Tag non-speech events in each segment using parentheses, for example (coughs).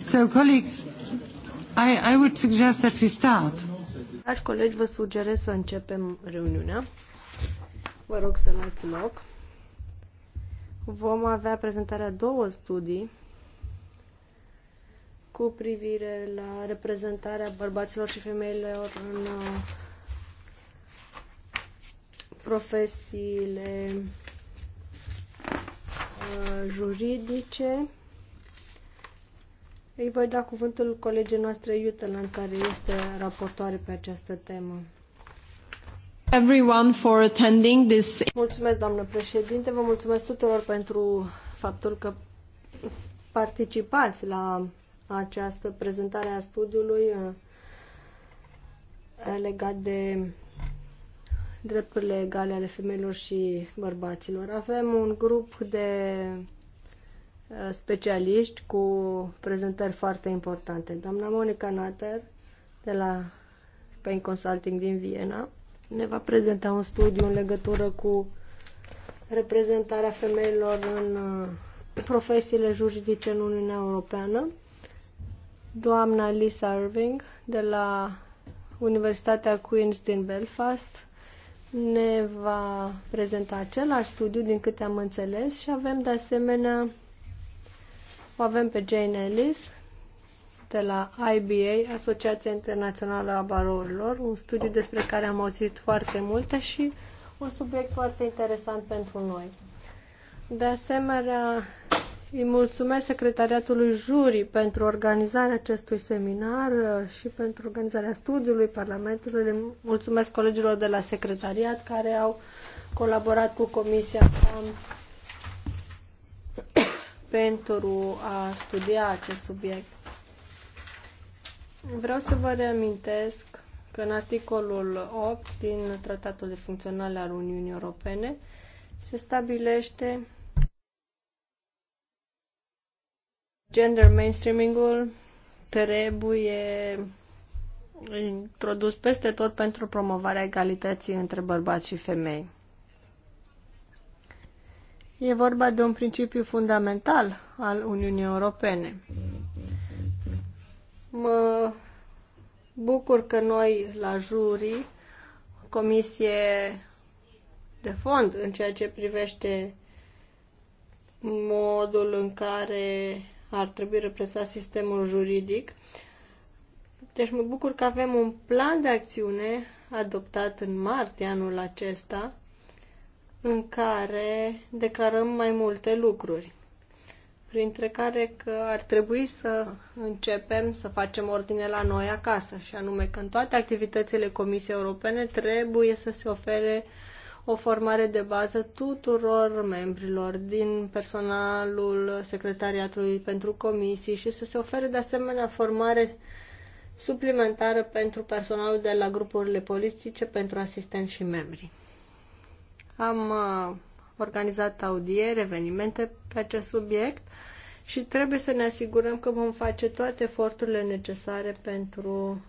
So, colleagues, I, I would suggest that we start. Dragi colegi, vă sugerez să începem reuniunea. Vă rog să luați loc. Vom avea prezentarea două studii cu privire la reprezentarea bărbaților și femeilor în uh, profesiile uh, juridice. Îi voi da cuvântul colegii noastre Iutelan, care este raportoare pe această temă. Everyone for attending this. Mulțumesc, doamnă președinte, vă mulțumesc tuturor pentru faptul că participați la această prezentare a studiului uh, legat de drepturile egale ale femeilor și bărbaților. Avem un grup de uh, specialiști cu prezentări foarte importante. Doamna Monica Natter de la Spain Consulting din Viena ne va prezenta un studiu în legătură cu reprezentarea femeilor în uh, profesiile juridice în Uniunea Europeană doamna Lisa Irving de la Universitatea Queen's din Belfast ne va prezenta același studiu din câte am înțeles și avem de asemenea o avem pe Jane Ellis de la IBA, Asociația Internațională a Barourilor, un studiu despre care am auzit foarte multe și un subiect foarte interesant pentru noi. De asemenea, îi mulțumesc secretariatului jurii pentru organizarea acestui seminar uh, și pentru organizarea studiului Parlamentului. Îi mulțumesc colegilor de la secretariat care au colaborat cu Comisia PAM (coughs) pentru a studia acest subiect. Vreau să vă reamintesc că în articolul 8 din Tratatul de Funcționare al Uniunii Europene se stabilește Gender mainstreaming-ul trebuie introdus peste tot pentru promovarea egalității între bărbați și femei. E vorba de un principiu fundamental al Uniunii Europene. Mă bucur că noi, la juri, comisie de fond în ceea ce privește modul în care ar trebui represat sistemul juridic. Deci mă bucur că avem un plan de acțiune adoptat în martie anul acesta, în care declarăm mai multe lucruri, printre care că ar trebui să începem să facem ordine la noi acasă, și anume că în toate activitățile Comisiei Europene trebuie să se ofere uh, o formare de bază tuturor membrilor din personalul secretariatului pentru comisii și să se ofere de asemenea formare suplimentară pentru personalul de la grupurile politice, pentru asistenți și membri. Am uh, organizat audieri, evenimente pe acest subiect și trebuie să ne asigurăm că vom face toate eforturile necesare pentru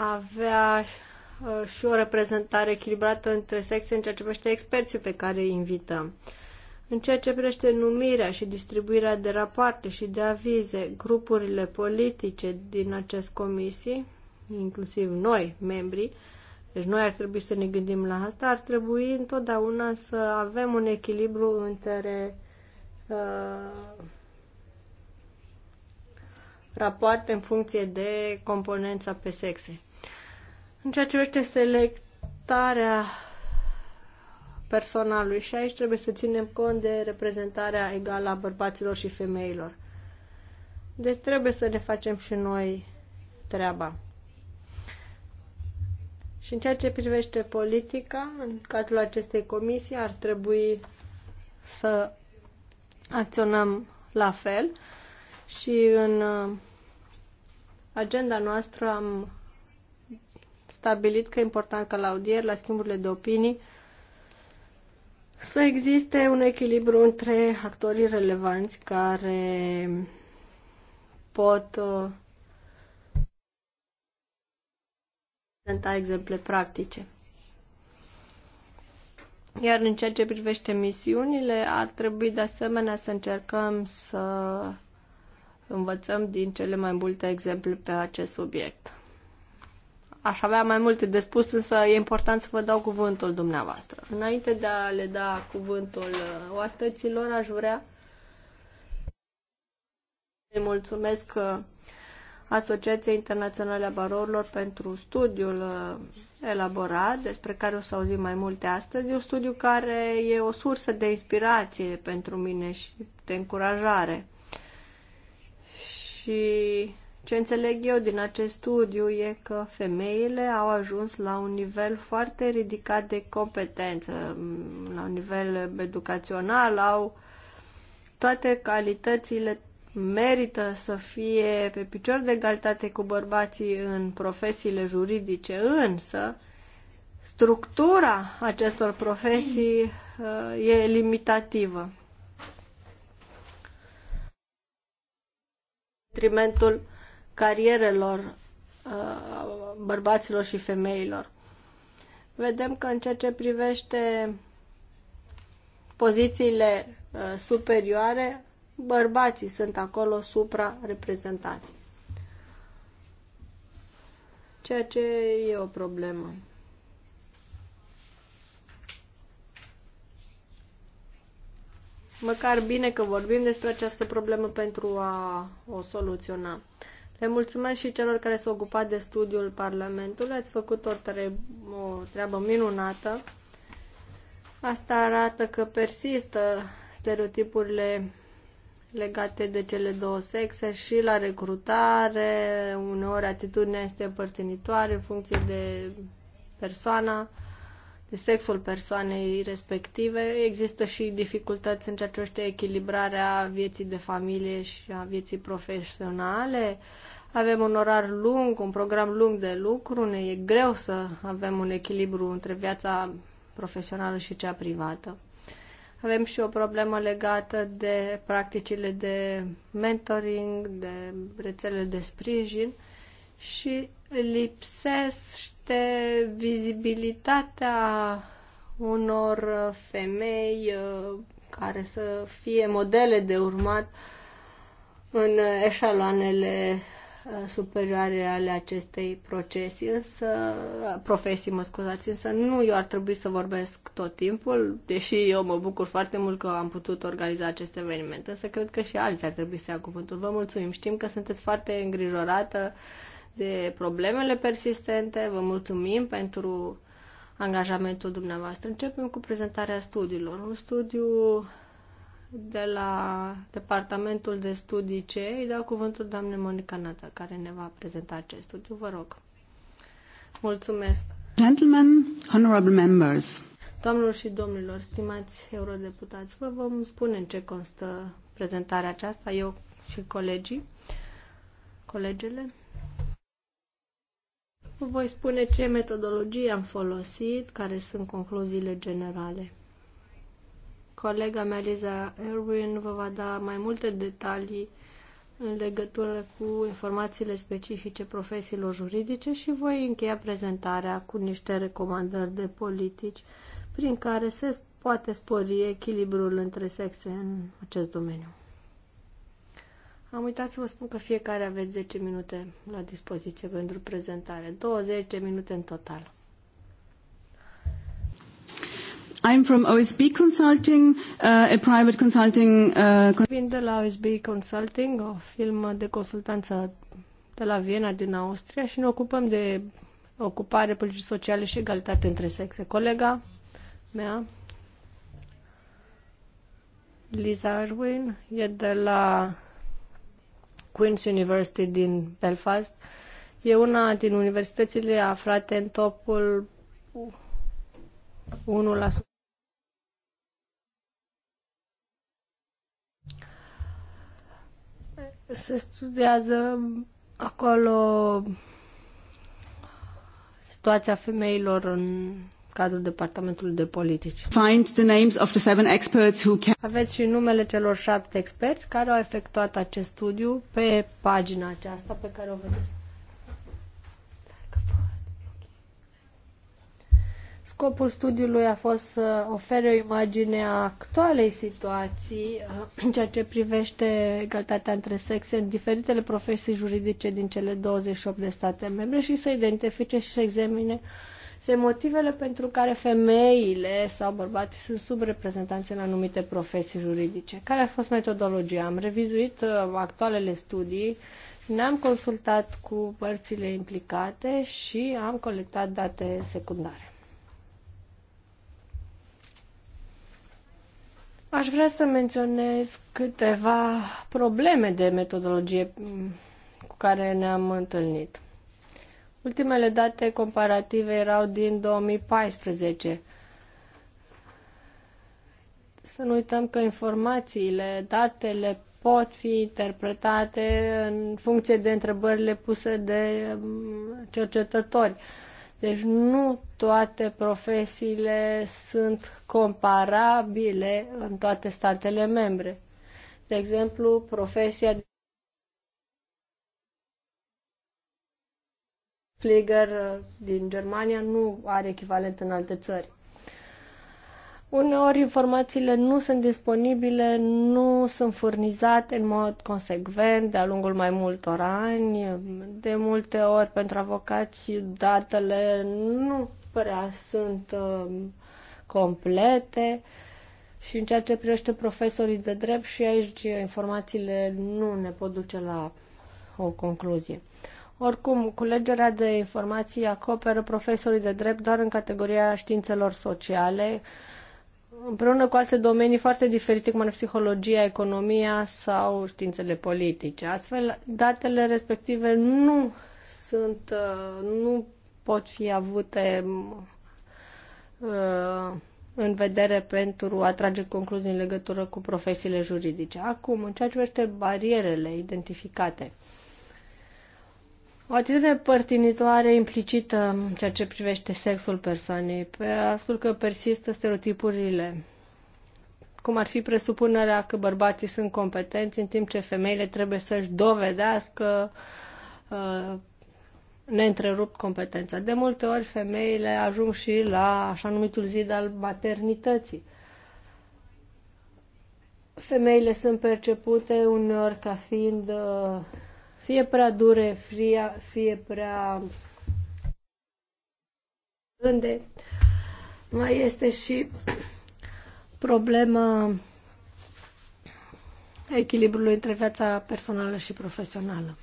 avea uh, și o reprezentare echilibrată între sexe în ceea ce privește experții pe care îi invităm. În ceea ce privește numirea și distribuirea de rapoarte și de avize, grupurile politice din acest comisii, inclusiv noi, membrii, deci noi ar trebui să ne gândim la asta, ar trebui întotdeauna să avem un echilibru între uh, rapoarte în funcție de componența pe sexe. În ceea ce privește selectarea personalului și aici trebuie să ținem cont de reprezentarea egală a bărbaților și femeilor. Deci trebuie să ne facem și noi treaba. Și în ceea ce privește politica, în cadrul acestei comisii ar trebui să acționăm la fel și în uh, agenda noastră am stabilit că e important ca la audier, la schimburile de opinii, să existe un echilibru între actorii relevanți care pot uh, prezenta exemple practice. Iar în ceea ce privește misiunile, ar trebui de asemenea să încercăm să învățăm din cele mai multe exemple pe acest subiect. Aș avea mai multe de spus, însă e important să vă dau cuvântul dumneavoastră. Înainte de a le da cuvântul uh, oaspeților, aș vrea să mulțumesc uh, Asociației Internaționale a Barorilor pentru studiul uh, elaborat, despre care o să auzim mai multe astăzi. E un studiu care e o sursă de inspirație pentru mine și de încurajare. Și ce înțeleg eu din acest studiu e că femeile au ajuns la un nivel foarte ridicat de competență, mm, la un nivel educațional, au toate calitățile merită să fie pe picior de egalitate cu bărbații în profesiile juridice, însă structura acestor profesii uh, e limitativă. Detrimentul carierelor uh, bărbaților și femeilor. Vedem că în ceea ce privește pozițiile uh, superioare, bărbații sunt acolo supra-reprezentați. Ceea ce e o problemă. Măcar bine că vorbim despre această problemă pentru a o soluționa. Le mulțumesc și celor care s-au ocupat de studiul Parlamentului. Ați făcut o, tre- o treabă minunată. Asta arată că persistă stereotipurile legate de cele două sexe și la recrutare, uneori atitudinea este părținitoare în funcție de persoana de sexul persoanei respective, există și dificultăți în ceea ce privește echilibrarea vieții de familie și a vieții profesionale. Avem un orar lung, un program lung de lucru, ne e greu să avem un echilibru între viața profesională și cea privată. Avem și o problemă legată de practicile de mentoring, de rețele de sprijin și lipsesc este vizibilitatea unor femei uh, care să fie modele de urmat în eșaloanele uh, superioare ale acestei procesii, însă, profesii, mă scuzați, însă nu eu ar trebui să vorbesc tot timpul, deși eu mă bucur foarte mult că am putut organiza acest eveniment, însă cred că și alții ar trebui să ia cuvântul. Vă mulțumim, știm că sunteți foarte îngrijorată de problemele persistente. Vă mulțumim pentru angajamentul dumneavoastră. Începem cu prezentarea studiilor. Un studiu de la Departamentul de Studii C. Îi dau cuvântul doamnei Monica Nata, care ne va prezenta acest studiu. Vă rog. Mulțumesc. Gentlemen, honorable members. Doamnelor și domnilor, stimați eurodeputați, vă vom spune în ce constă prezentarea aceasta, eu și colegii, colegele voi spune ce metodologie am folosit, care sunt concluziile generale. Colega mea, Liza Erwin, vă va da mai multe detalii în legătură cu informațiile specifice profesiilor juridice și voi încheia prezentarea cu niște recomandări de politici prin care se poate spori echilibrul între sexe în acest domeniu. Am uitat să vă spun că fiecare aveți 10 minute la dispoziție pentru prezentare. 20 minute în total. I'm from OSB Consulting, uh, a private consulting... Uh, Vin de la OSB Consulting, o firmă de consultanță de la Viena, din Austria, și ne ocupăm de ocupare, politici sociale și egalitate între sexe. Colega mea, Liza Arwin, e de la Queen's University din Belfast. E una din universitățile aflate în topul 1%. Se studiază acolo situația femeilor în cadrul Departamentului de Politici. Find the names of the seven experts who can... Aveți și numele celor șapte experți care au efectuat acest studiu pe pagina aceasta pe care o vedeți. Scopul studiului a fost să ofere o imagine a actualei situații uh, în ceea ce privește egalitatea între sexe în diferitele profesii juridice din cele 28 de state membre și să identifice și să examine se motivele pentru care femeile sau bărbații sunt subreprezentanți în anumite profesii juridice. Care a fost metodologia? Am revizuit uh, actualele studii, ne-am consultat cu părțile implicate și am colectat date secundare. Aș vrea să menționez câteva probleme de metodologie mm, cu care ne-am întâlnit. Ultimele date comparative erau din 2014. Să nu uităm că informațiile, datele pot fi interpretate în funcție de întrebările puse de um, cercetători. Deci nu toate profesiile sunt comparabile în toate statele membre. De exemplu, profesia Flieger uh, din Germania nu are echivalent în alte țări. Uneori informațiile nu sunt disponibile, nu sunt furnizate în mod consecvent de-a lungul mai multor ani. De multe ori pentru avocați datele nu prea sunt uh, complete și în ceea ce privește profesorii de drept și aici informațiile nu ne pot duce la o concluzie. Uh, oricum, culegerea de informații acoperă profesorii de drept doar în categoria științelor sociale, împreună cu alte domenii foarte diferite, cum ar fi psihologia, economia sau științele politice. Astfel, datele respective nu sunt, uh, nu pot fi avute uh, în vedere pentru a trage concluzii în legătură cu profesiile juridice. Acum, în ceea ce privește barierele identificate, o atitudine părtinitoare implicită în ceea ce privește sexul persoanei, pe faptul că persistă stereotipurile, cum ar fi presupunerea că bărbații sunt competenți în timp ce femeile trebuie să-și dovedească uh, neîntrerupt competența. De multe ori femeile ajung și la așa numitul zid al maternității. Femeile sunt percepute uneori ca fiind uh, fie prea dure, fie, fie prea unde mai este și problema echilibrului între viața personală și profesională.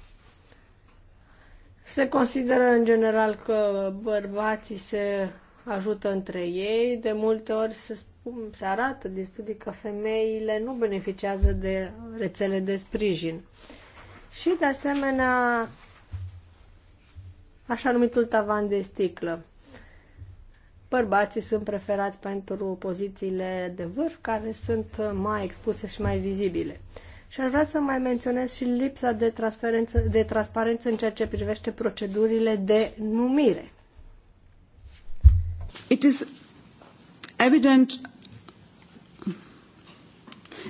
Se consideră în general că bărbații se ajută între ei, de multe ori se, spun, se arată din studii că femeile nu beneficiază de rețele de sprijin. Uh, și, de asemenea, așa numitul tavan de sticlă. Bărbații sunt preferați pentru pozițiile de vârf, care sunt mai expuse și mai vizibile. Și aș vrea să mai menționez și lipsa de transparență, de transparență în ceea ce privește procedurile de numire. It is evident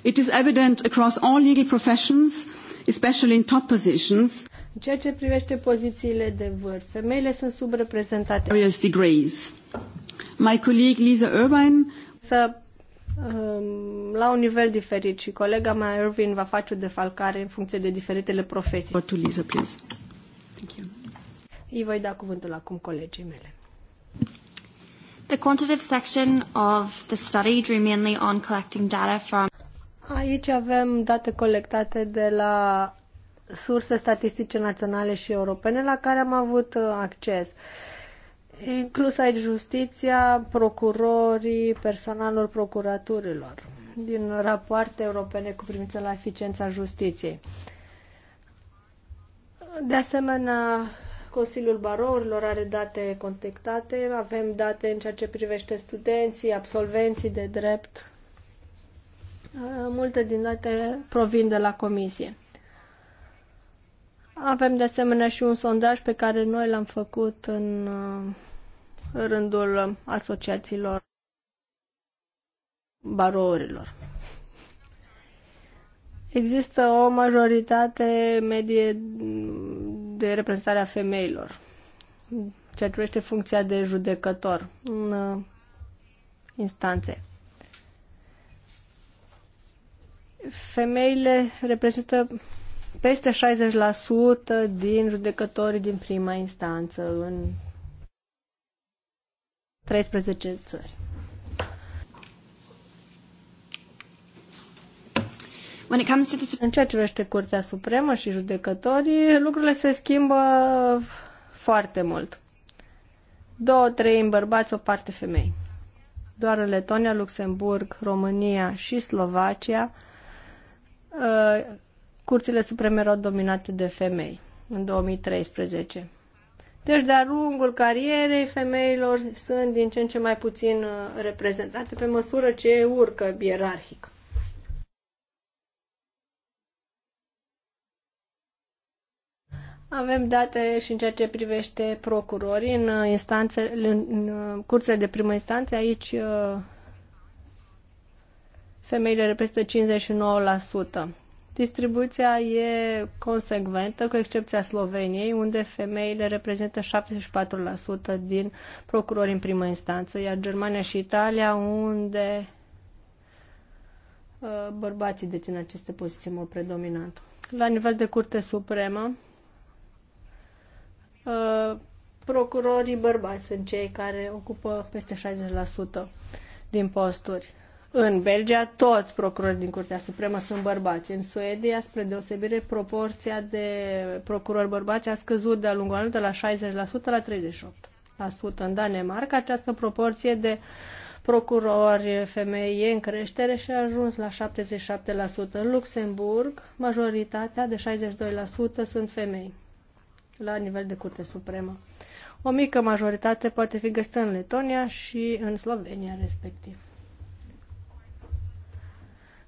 It is evident across all legal professions especially in top positions. În ceea ce privește pozițiile de vârf, femeile sunt subreprezentate. Various degrees. My colleague Lisa Irvine să um, la un nivel diferit și colega mea Irvine va face o defalcare în funcție de diferitele profesii. To Lisa, please. Thank you. Îi voi da cuvântul acum colegii mele. The quantitative section of the study drew mainly on collecting data from Aici avem date colectate de la surse statistice naționale și europene la care am avut uh, acces. Inclus aici justiția, procurorii, personalul procuraturilor din rapoarte europene cu privință la eficiența justiției. De asemenea, Consiliul Barourilor are date contactate, avem date în ceea ce privește studenții, absolvenții de drept, Eh, multe din date provin de la comisie. Avem de asemenea și un sondaj pe care noi l-am făcut în eh, rândul asociațiilor barourilor. Există o majoritate medie de reprezentare a femeilor, ceea ce privește funcția de judecător în eh, instanțe. femeile reprezintă peste 60% din judecătorii din prima instanță în 13 țări. When it comes to the... În ceea ce privește Curtea Supremă și judecătorii, lucrurile se schimbă foarte mult. Două, trei în bărbați, o parte femei. Doar în Letonia, Luxemburg, România și Slovacia Uh, curțile supreme erau dominate de femei în 2013. Deci, de-a lungul carierei, femeilor sunt din ce în ce mai puțin uh, reprezentate pe măsură ce urcă ierarhic. Avem date și în ceea ce privește procurorii în uh, instanțe, în curțile de primă instanță. Aici femeile reprezintă 59%. Distribuția e consecventă, cu excepția Sloveniei, unde femeile reprezintă 74% din procurori în primă instanță, iar Germania și Italia, unde uh, bărbații dețin aceste poziții mult predominant. La nivel de Curte Supremă, uh, procurorii bărbați sunt cei care ocupă peste 60% din posturi. În Belgia, toți procurorii din Curtea Supremă sunt bărbați. În Suedia, spre deosebire, proporția de procurori bărbați a scăzut de-a lungul anului de la 60% la 38%. În Danemarca, această proporție de procurori femei e în creștere și a ajuns la 77%. În Luxemburg, majoritatea de 62% sunt femei la nivel de Curte Supremă. O mică majoritate poate fi găsită în Letonia și în Slovenia, respectiv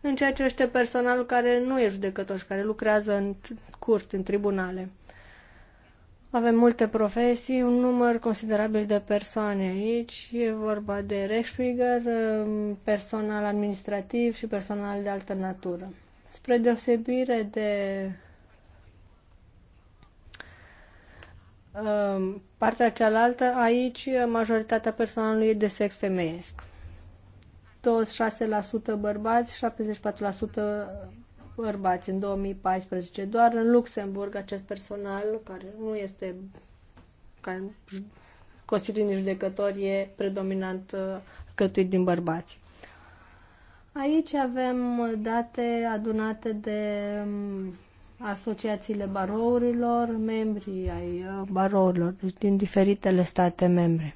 în ceea ce este personalul care nu e judecător și care lucrează în curt, în tribunale. Avem multe profesii, un număr considerabil de persoane aici. E vorba de reșpiger, um, personal administrativ și personal de altă natură. Spre deosebire de um, partea cealaltă, aici majoritatea personalului e de sex femeiesc. 26% bărbați, 74% bărbați în 2014. Doar în Luxemburg acest personal, care nu este care constituit judecători, e predominant uh, cătuit din bărbați. Aici avem date adunate de um, asociațiile barourilor, membrii ai uh, barourilor, deci din diferitele state membre.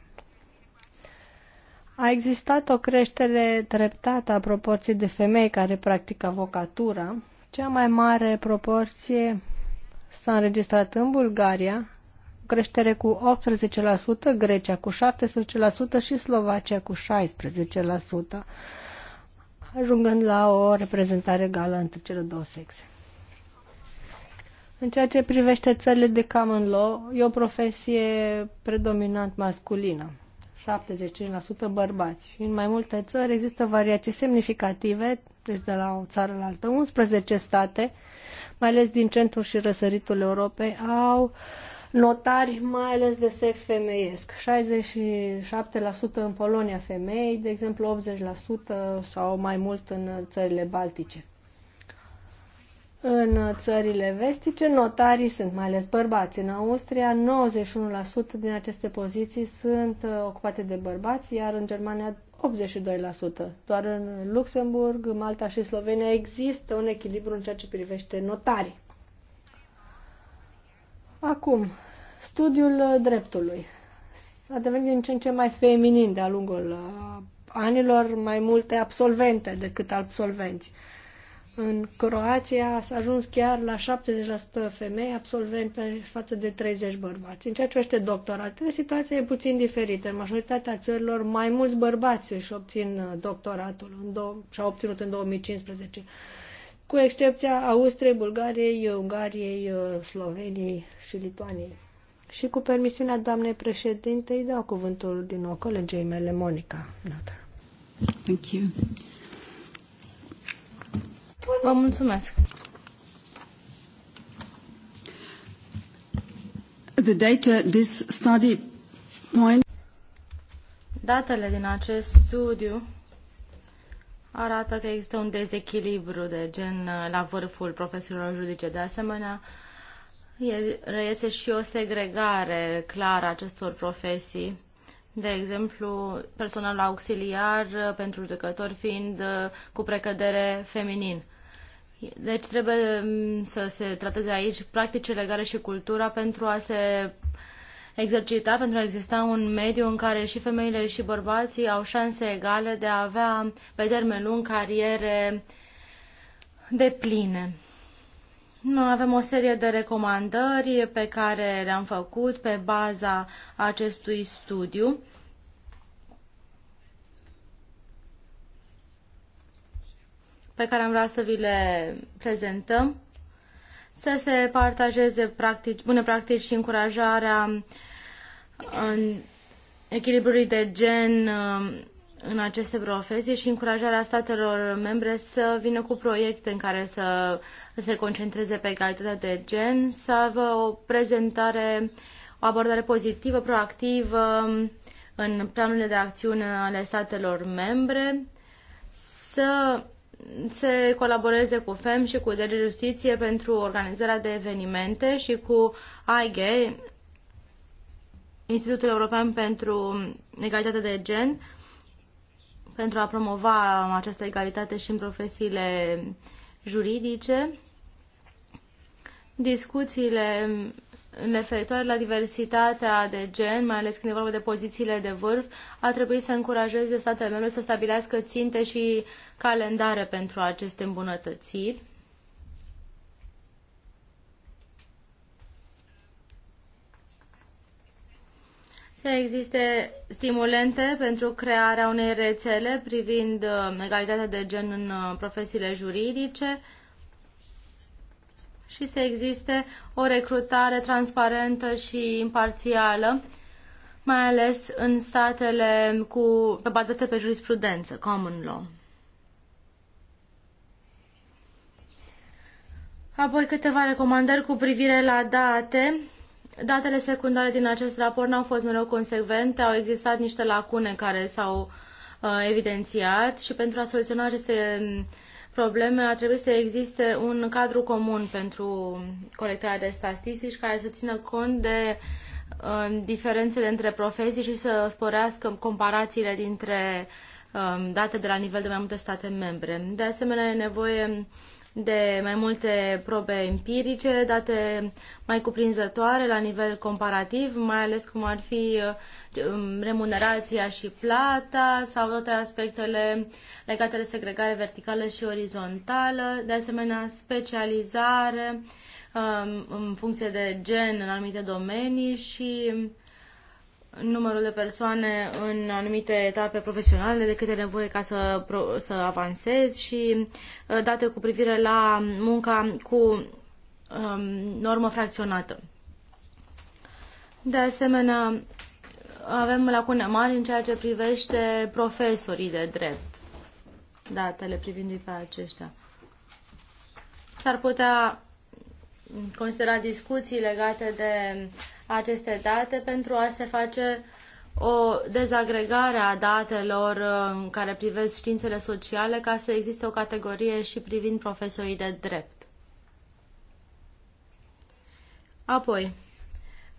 A existat o creștere treptată a proporției de femei care practică avocatura. Cea mai mare proporție s-a înregistrat în Bulgaria, creștere cu 18%, Grecia cu 17% și Slovacia cu 16%, ajungând la o reprezentare egală între cele două sexe. În ceea ce privește țările de common law, e o profesie predominant masculină. 75% bărbați. Și în mai multe țări există variații semnificative, deci de la o țară la altă. 11 state, mai ales din centrul și răsăritul Europei, au notari mai ales de sex femeiesc. 67% în Polonia femei, de exemplu 80% sau mai mult în țările baltice. În țările vestice, notarii sunt mai ales bărbați. În Austria, 91% din aceste poziții sunt uh, ocupate de bărbați, iar în Germania 82%. Doar în Luxemburg, Malta și Slovenia există un echilibru în ceea ce privește notarii. Acum, studiul uh, dreptului. A devenit din ce în ce mai feminin de-a lungul uh, anilor, mai multe absolvente decât absolvenți. În Croația s-a ajuns chiar la 70% femei absolvente față de 30 bărbați. În ceea ce este doctoratele, situația e puțin diferită. În majoritatea țărilor, mai mulți bărbați își obțin uh, doctoratul în și-au obținut în 2015, cu excepția Austriei, Bulgariei, Ungariei, uh, Sloveniei și Lituaniei. Și cu permisiunea doamnei președinte, îi dau cuvântul din nou colegei mele, Monica Thank you. Vă mulțumesc! The data, this study point... Datele din acest studiu arată că există un dezechilibru de gen uh, la vârful profesorilor judice. De asemenea, reiese și o segregare clară acestor profesii. De exemplu, personal auxiliar uh, pentru judecători fiind uh, cu precădere feminin. Deci trebuie mm, să se trateze aici practicile legale și cultura pentru a se exercita, pentru a exista un mediu în care și femeile și bărbații au șanse egale de a avea pe termen lung cariere de pline. Noi avem o serie de recomandări pe care le-am făcut pe baza acestui studiu pe care am vrea să vi le prezentăm, să se partajeze practici, bune practici și încurajarea în echilibrului de gen în aceste profesii și încurajarea statelor membre să vină cu proiecte în care să se concentreze pe egalitatea de gen, să aibă o prezentare, o abordare pozitivă, proactivă în planurile de acțiune ale statelor membre, să se colaboreze cu FEM și cu DG Justiție pentru organizarea de evenimente și cu AIGE, Institutul European pentru Egalitate de Gen, pentru a promova această egalitate și în profesiile juridice. Discuțiile referitoare la diversitatea de gen, mai ales când e vorba de pozițiile de vârf, a trebuit să încurajeze statele membre să stabilească ținte și calendare pentru aceste îmbunătățiri. Să existe stimulente pentru crearea unei rețele privind uh, egalitatea de gen în uh, profesiile juridice, și să existe o recrutare transparentă și imparțială, mai ales în statele cu, bazate pe jurisprudență, common law. Apoi câteva recomandări cu privire la date. Datele secundare din acest raport n-au fost mereu consecvente, au existat niște lacune care s-au uh, evidențiat și pentru a soluționa aceste uh, probleme, ar trebui să existe un cadru comun pentru colectarea de statistici care să țină cont de um, diferențele între profesii și să sporească comparațiile dintre um, date de la nivel de mai multe state membre. De asemenea, e nevoie de mai multe probe empirice, date mai cuprinzătoare la nivel comparativ, mai ales cum ar fi um, remunerația și plata sau toate aspectele legate de segregare verticală și orizontală, de asemenea specializare um, în funcție de gen în anumite domenii și numărul de persoane în anumite etape profesionale de câte nevoie ca să, să avansezi și uh, date cu privire la munca cu um, normă fracționată. De asemenea, avem lacune mari în ceea ce privește profesorii de drept, datele privind pe aceștia. S-ar putea considera discuții legate de uh, aceste date pentru a se face o dezagregare a datelor uh, care privesc științele sociale ca să existe o categorie și privind profesorii de drept. Apoi,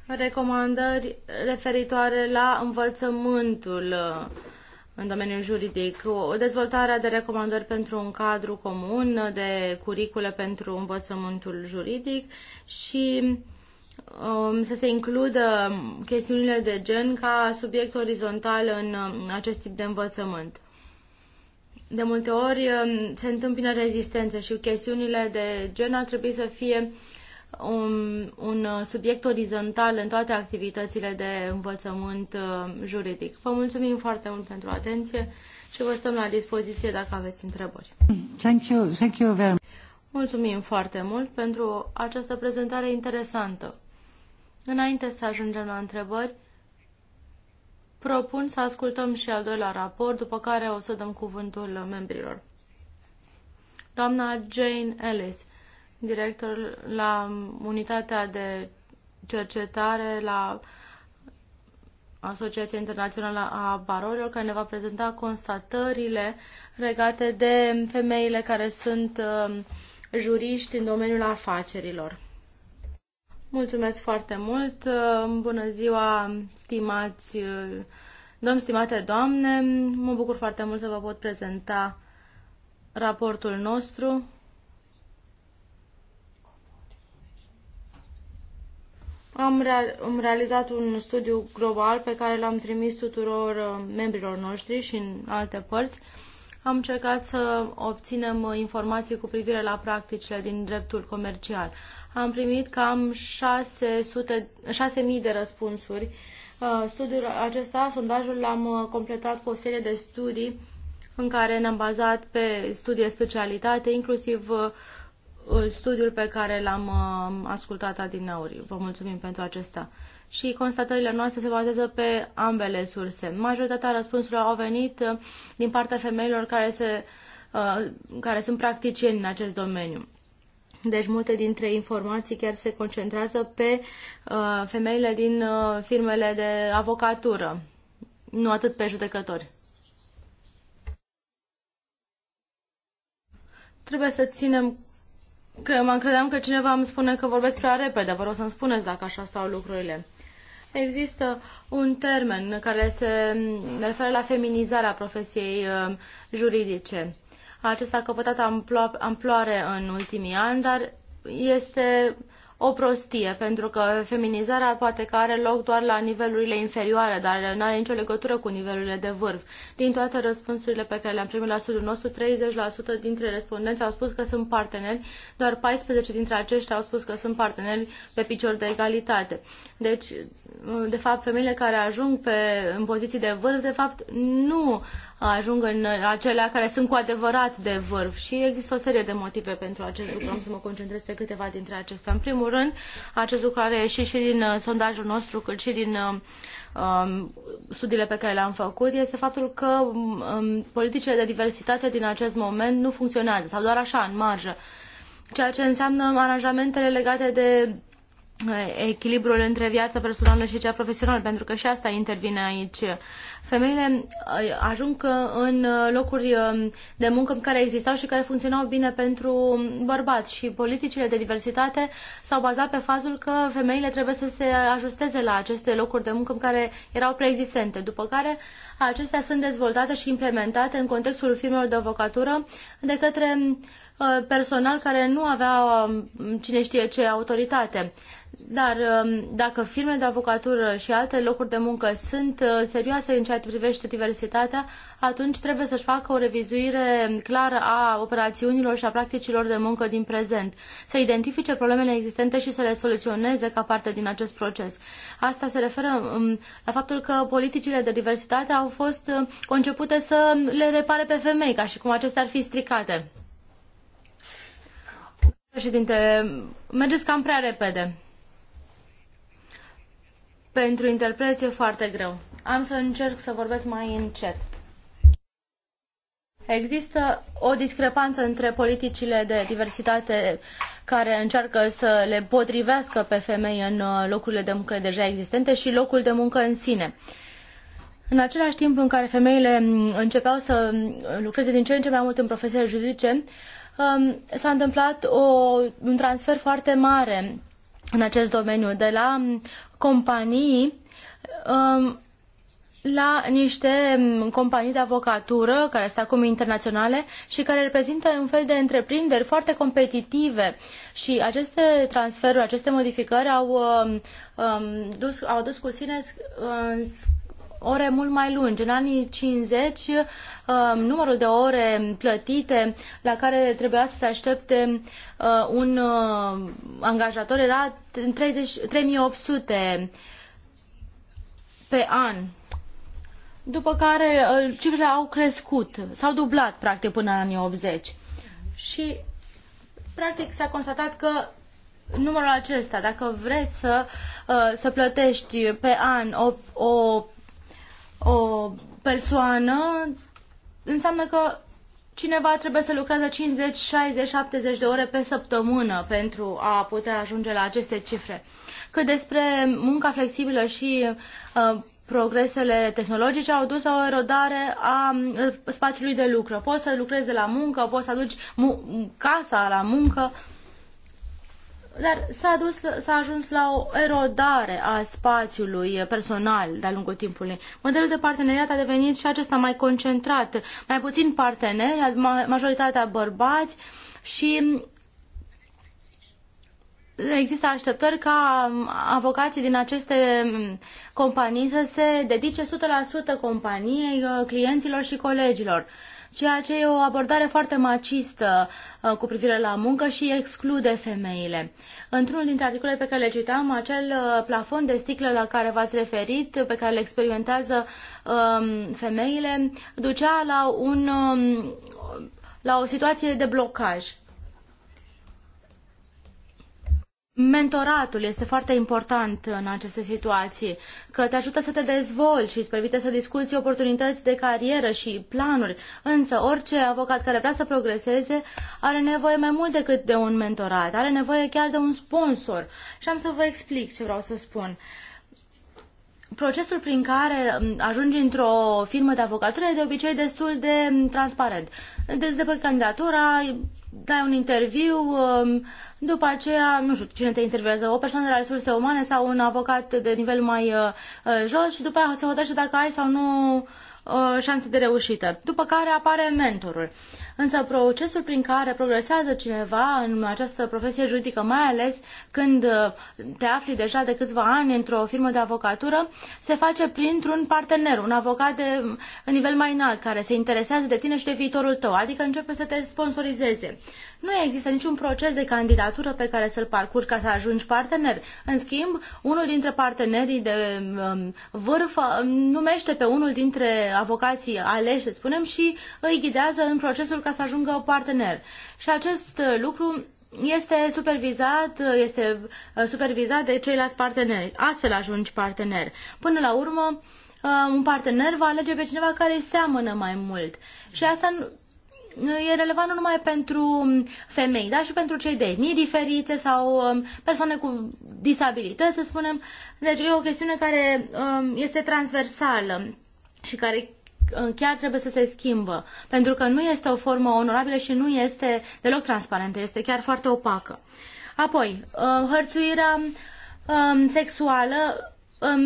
recomandări referitoare la învățământul uh, în domeniul juridic, o dezvoltare de recomandări pentru un cadru comun de curicule pentru învățământul juridic și um, să se includă chestiunile de gen ca subiect orizontal în, um, acest tip de învățământ. De multe ori um, se întâmplă rezistență și chestiunile de gen ar trebui să fie um, un, un uh, subiect orizontal în toate activitățile de învățământ uh, juridic. Vă mulțumim foarte mult pentru atenție și vă stăm la dispoziție dacă aveți întrebări. Thank you, thank you very much. Mulțumim foarte mult pentru această prezentare interesantă. Înainte să ajungem la întrebări, propun să ascultăm și al doilea raport, după care o să dăm cuvântul membrilor. Doamna Jane Ellis, director la unitatea de cercetare la Asociația Internațională a Barorilor, care ne va prezenta constatările legate de femeile care sunt uh, juriști în domeniul afacerilor. Mulțumesc foarte mult. Uh, bună ziua, stimați uh, domn, stimate doamne. Mă bucur foarte mult să vă pot prezenta raportul nostru. Am, real, am realizat un studiu global pe care l-am trimis tuturor uh, membrilor noștri și în alte părți. Uh, am încercat să obținem uh, informații cu privire la practicile din dreptul comercial. Am primit cam 600, 6.000 de răspunsuri. Uh, studiul acesta, sondajul, l-am uh, completat cu o serie de studii în care ne-am bazat pe studii de specialitate, inclusiv studiul pe care l-am ascultat adineauri. Vă mulțumim pentru acesta și constatările noastre se bazează pe ambele surse. Majoritatea răspunsurilor au venit uh, din partea femeilor care, se, uh, care sunt practicieni în acest domeniu. Deci multe dintre informații chiar se concentrează pe uh, femeile din uh, firmele de avocatură, nu atât pe judecători. Trebuie să ținem... Cre- mă credeam că cineva îmi spune că vorbesc prea repede. Vă rog să-mi spuneți dacă așa stau lucrurile. Există un termen care se referă la feminizarea profesiei um, juridice. Acesta a căpătat amploare în ultimii ani, dar este o prostie, pentru că feminizarea poate că are loc doar la nivelurile inferioare, dar nu are nicio legătură cu nivelurile de vârf. Din toate răspunsurile pe care le-am primit la studiul nostru, 30% dintre respondenți au spus că sunt parteneri, doar 14 dintre aceștia au spus că sunt parteneri pe picior de egalitate. Deci, de fapt, femeile care ajung pe, în poziții de vârf, de fapt, nu ajung în acelea care sunt cu adevărat de vârf și există o serie de motive pentru acest lucru. Am să mă concentrez pe câteva dintre acestea. În primul rând, acest lucru are ieșit și din uh, sondajul nostru, cât și din uh, um, studiile pe care le-am făcut, este faptul că um, politicile de diversitate din acest moment nu funcționează sau doar așa, în marjă. Ceea ce înseamnă aranjamentele legate de echilibrul între viața personală și cea profesională, pentru că și asta intervine aici. Femeile uh, ajung în uh, locuri um, de muncă care existau și care funcționau bine pentru bărbați și politicile de diversitate s-au bazat pe fazul că femeile trebuie să se ajusteze la aceste locuri de muncă care erau preexistente, după care acestea sunt dezvoltate și implementate în contextul firmelor de avocatură de către Uh, personal care nu avea um, cine știe ce autoritate. Dar um, dacă firmele de avocatură și alte locuri de muncă sunt uh, serioase în ceea ce privește diversitatea, atunci trebuie să-și facă o revizuire clară a operațiunilor și a practicilor de muncă din prezent, să identifice problemele existente și să le soluționeze ca parte din acest proces. Asta se referă um, la faptul că politicile de diversitate au fost uh, concepute să le repare pe femei, ca și cum acestea ar fi stricate mergeți cam prea repede. Pentru interpreție foarte greu. Am să încerc să vorbesc mai încet. Există o discrepanță între politicile de diversitate care încearcă să le potrivească pe femei în uh, locurile de muncă deja existente și locul de muncă în sine. În același timp în care femeile mm, începeau să mm, lucreze din ce în ce mai mult în profesiile juridice, Um, s-a întâmplat o, un transfer foarte mare în acest domeniu, de la um, companii um, la niște companii de avocatură care sunt acum internaționale și care reprezintă un fel de întreprinderi foarte competitive și aceste transferuri, aceste modificări au, um, dus, au dus cu sine uh, ore mult mai lungi. În anii 50, um, numărul de ore plătite la care trebuia să se aștepte uh, un uh, angajator era 30, 3800 pe an. După care uh, cifrele au crescut, s-au dublat practic până în anii 80. Și practic s-a constatat că numărul acesta, dacă vreți să, să plătești pe an o, o o persoană, înseamnă că cineva trebuie să lucreze 50, 60, 70 de ore pe săptămână pentru a putea ajunge la aceste cifre. Că despre munca flexibilă și uh, progresele tehnologice au dus la o erodare a uh, spațiului de lucru. Poți să lucrezi de la muncă, poți să aduci mu- casa la muncă, dar s-a, dus, s-a ajuns la o erodare a spațiului personal de-a lungul timpului. Modelul de parteneriat a devenit și acesta mai concentrat, mai puțin parteneri, majoritatea bărbați și există așteptări ca um, avocații din aceste um, companii să se dedice 100% companiei, uh, clienților și colegilor ceea ce e o abordare foarte macistă uh, cu privire la muncă și exclude femeile. Într-unul dintre articolele pe care le citam, acel uh, plafon de sticlă la care v-ați referit, pe care le experimentează um, femeile, ducea la, un, um, la o situație de blocaj Mentoratul este foarte important în aceste situații, că te ajută să te dezvolți și îți permite să discuți oportunități de carieră și planuri. Însă, orice avocat care vrea să progreseze are nevoie mai mult decât de un mentorat, are nevoie chiar de un sponsor. Și am să vă explic ce vreau să spun. Procesul prin care ajungi într-o firmă de avocatură e de obicei destul de transparent. după deci, candidatura, dai un interviu, um, după aceea, nu știu cine te intervievează, o persoană de la resurse umane sau un avocat de nivel mai uh, uh, jos și după aceea se hotărăște dacă ai sau nu Uh, șanse de reușită. După care apare mentorul. Însă procesul prin care progresează cineva în această profesie juridică, mai ales când uh, te afli deja de câțiva ani într-o firmă de avocatură, se face printr-un partener, un avocat de uh, nivel mai înalt, care se interesează de tine și de viitorul tău, adică începe să te sponsorizeze. Nu există niciun proces de candidatură pe care să-l parcurgi ca să ajungi partener. În schimb, unul dintre partenerii de um, vârf numește pe unul dintre avocații aleși, să spunem, și îi ghidează în procesul ca să ajungă partener. Și acest uh, lucru este supervizat, uh, este uh, supervizat de ceilalți parteneri. Astfel ajungi partener. Până la urmă, un partener va alege pe cineva care îi seamănă mai mult. Și asta e relevant nu numai pentru um, femei, dar și pentru cei de etnii diferite sau um, persoane cu disabilități, să spunem. Deci e o chestiune care um, este transversală și care uh, chiar trebuie să se schimbă, pentru că nu este o formă onorabilă și nu este deloc transparentă, este chiar foarte opacă. Apoi, uh, hărțuirea sexuală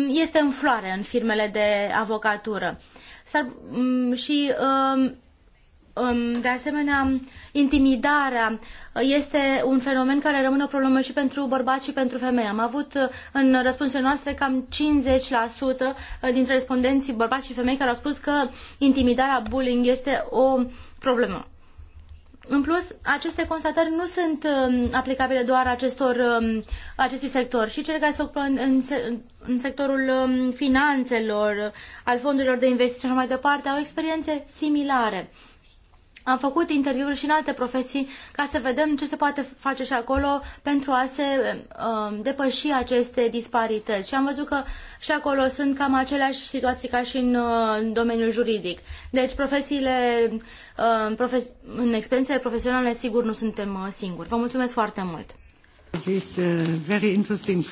este în floare în firmele de avocatură. Mm, și de asemenea, intimidarea este un fenomen care rămâne o problemă și pentru bărbați și pentru femei. Am avut uh, în răspunsurile noastre cam 50% dintre respondenții bărbați și femei care au spus că intimidarea, bullying este o problemă. În plus, aceste constatări nu sunt um, aplicabile doar acestor, um, acestui sector și cele care se ocupă în, în, în sectorul um, finanțelor, al fondurilor de investiții și așa mai departe, au experiențe similare. Am făcut interviuri și în alte profesii ca să vedem ce se poate face și acolo pentru a se uh, depăși aceste disparități. Și am văzut că și acolo sunt cam aceleași situații ca și în, uh, în domeniul juridic. Deci profesiile, uh, profes- în experiențele profesionale, sigur, nu suntem uh, singuri. Vă mulțumesc foarte mult! This very interesting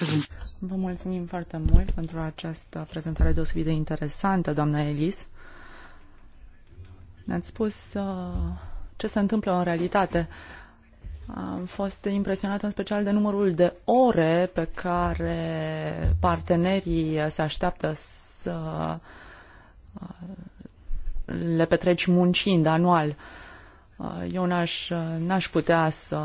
Vă mulțumim foarte mult pentru această prezentare deosebit de interesantă, doamna Elis. Ne-ați spus uh, ce se întâmplă în realitate. Am fost impresionat în special de numărul de ore pe care partenerii se așteaptă să uh, le petreci muncind anual. Uh, eu n-aș, n-aș putea să,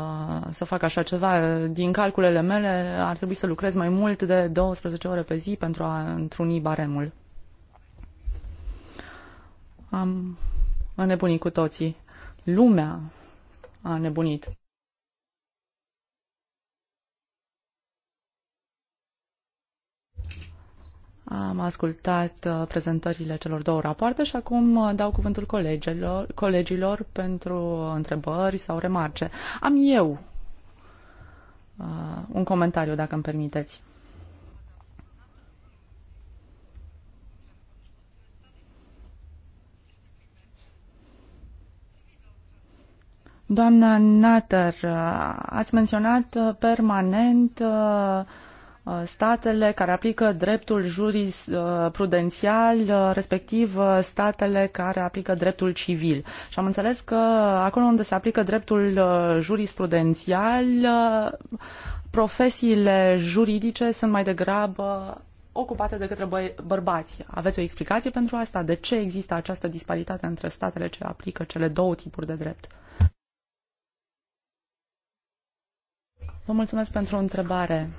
să fac așa ceva. Din calculele mele ar trebui să lucrez mai mult de 12 ore pe zi pentru a întruni baremul. Am a nebunit cu toții. Lumea a nebunit. Am ascultat uh, prezentările celor două rapoarte și acum uh, dau cuvântul colegilor, colegilor pentru întrebări sau remarce. Am eu uh, un comentariu, dacă îmi permiteți. Doamna Natter, ați menționat uh, permanent uh, uh, statele care aplică dreptul jurisprudențial, respectiv statele care aplică dreptul civil. Și am înțeles că acolo unde se aplică dreptul jurisprudențial, profesiile juridice sunt mai degrabă ocupate de către bă- bărbați. Aveți o explicație pentru asta? De ce există această disparitate între statele ce aplică cele două tipuri de drept? Vă mulțumesc pentru întrebare.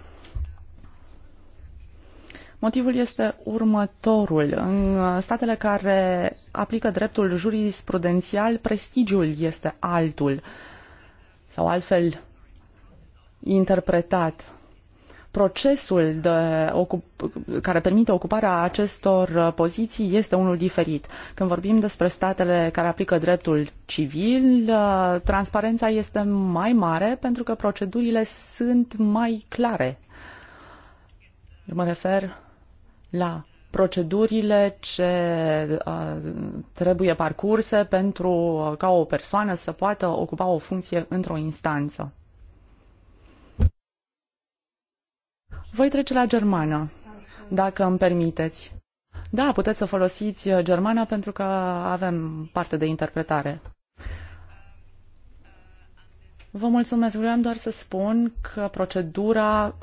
Motivul este următorul. În statele care aplică dreptul jurisprudențial, prestigiul este altul sau altfel interpretat procesul de ocup- care permite ocuparea acestor uh, poziții este unul diferit. Când vorbim despre statele care aplică dreptul civil, uh, transparența este mai mare pentru că procedurile sunt mai clare. Eu mă refer la procedurile ce uh, trebuie parcurse pentru uh, ca o persoană să poată ocupa o funcție într-o instanță. Voi trece la germană, dacă îmi permiteți. Da, puteți să folosiți uh, germana pentru că avem parte de interpretare. Vă mulțumesc. Vreau doar să spun că procedura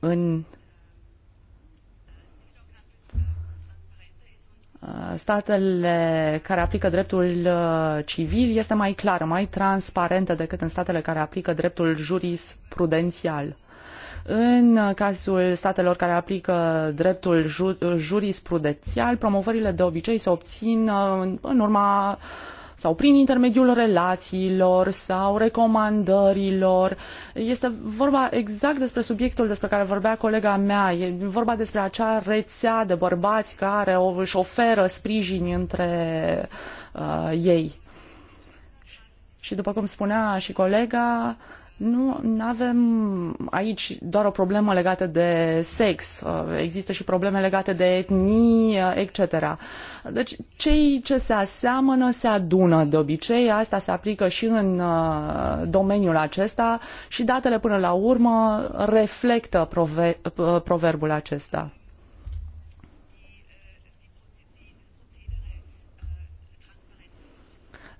în uh, statele care aplică dreptul uh, civil este mai clară, mai transparentă decât în statele care aplică dreptul jurisprudențial. În cazul statelor care aplică dreptul jurisprudențial, promovările de obicei se obțin uh, în urma sau prin intermediul relațiilor sau recomandărilor. Este vorba exact despre subiectul despre care vorbea colega mea. E vorba despre acea rețea de bărbați care își oferă sprijin între uh, ei. Și după cum spunea și colega, uh, nu avem aici doar o problemă legată de sex, uh, există și probleme legate de etnie, uh, etc. Deci cei ce se aseamănă se adună de obicei, asta se aplică și în uh, domeniul acesta și datele până la urmă reflectă proverbul acesta.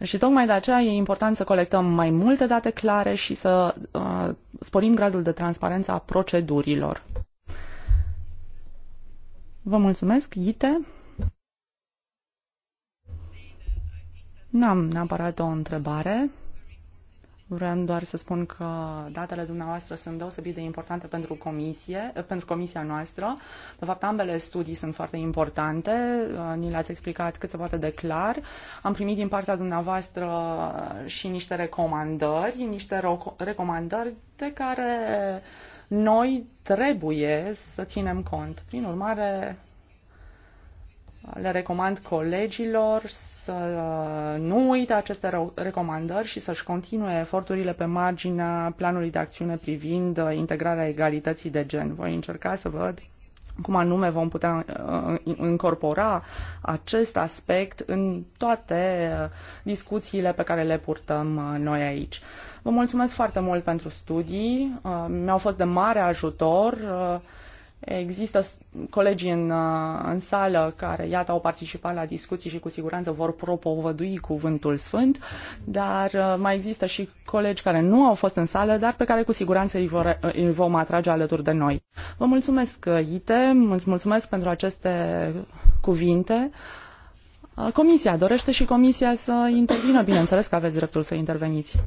Și tocmai de aceea e important să colectăm mai multe date clare și să uh, sporim gradul de transparență a procedurilor. Vă mulțumesc, Ite. N-am neapărat o întrebare. Vreau doar să spun că datele dumneavoastră sunt deosebit de importante pentru, comisie, pentru comisia noastră. De fapt, ambele studii sunt foarte importante. Ni le-ați explicat cât se poate de clar. Am primit din partea dumneavoastră și niște recomandări, niște recomandări de care noi trebuie să ținem cont. Prin urmare, le recomand colegilor să nu uite aceste recomandări și să-și continue eforturile pe marginea planului de acțiune privind uh, integrarea egalității de gen. Voi încerca să văd cum anume vom putea uh, incorpora acest aspect în toate uh, discuțiile pe care le purtăm noi aici. Vă mulțumesc foarte mult pentru studii, mi-au fost de mare ajutor. Există colegii în, uh, în sală care, iată, au participat la discuții și cu siguranță vor propovădui cuvântul sfânt, dar uh, mai există și colegi care nu au fost în sală, dar pe care cu siguranță îi, vor, uh, îi vom atrage alături de noi. Vă mulțumesc, Ite, îți mulțumesc pentru aceste cuvinte. Comisia dorește și comisia să intervină, bineînțeles că aveți dreptul să interveniți.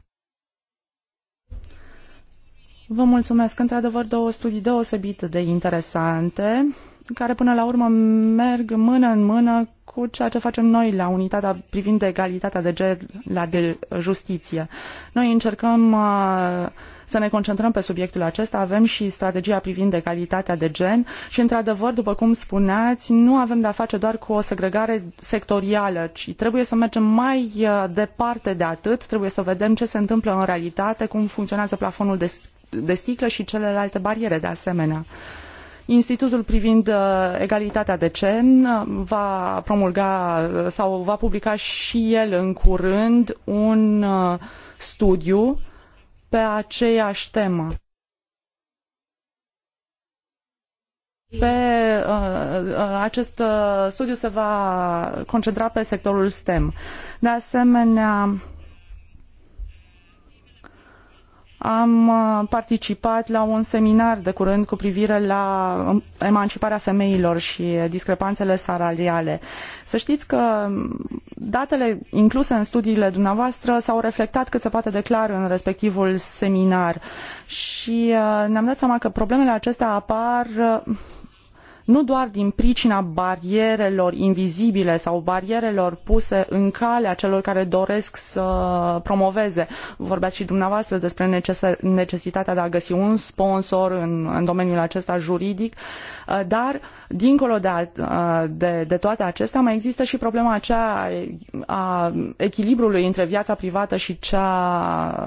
Vă mulțumesc. Într-adevăr, două studii deosebit de interesante, care până la urmă merg mână în mână cu ceea ce facem noi la unitatea privind egalitatea de gen la de justiție. Noi încercăm uh, să ne concentrăm pe subiectul acesta. Avem și strategia privind egalitatea de gen și, într-adevăr, după cum spuneați, nu avem de-a face doar cu o segregare sectorială, ci trebuie să mergem mai uh, departe de atât, trebuie să vedem ce se întâmplă în realitate, cum funcționează plafonul de de sticlă și celelalte bariere de asemenea. Institutul privind uh, egalitatea de gen uh, va promulga uh, sau va publica și el în curând un studiu pe aceeași temă. Pe uh, acest uh, studiu se va concentra pe sectorul STEM. De asemenea, am uh, participat la un seminar de curând cu privire la um, emanciparea femeilor și discrepanțele salariale. Să știți că um, datele incluse în studiile dumneavoastră s-au reflectat cât se poate de clar în respectivul seminar și uh, ne-am dat seama că problemele acestea apar uh, nu doar din pricina barierelor invizibile sau barierelor puse în calea celor care doresc să promoveze. Vorbeați și dumneavoastră despre necesitatea de a găsi un sponsor în, în domeniul acesta juridic, uh, dar dincolo de, a, uh, de, de toate acestea mai există și problema aceea a echilibrului între viața privată și cea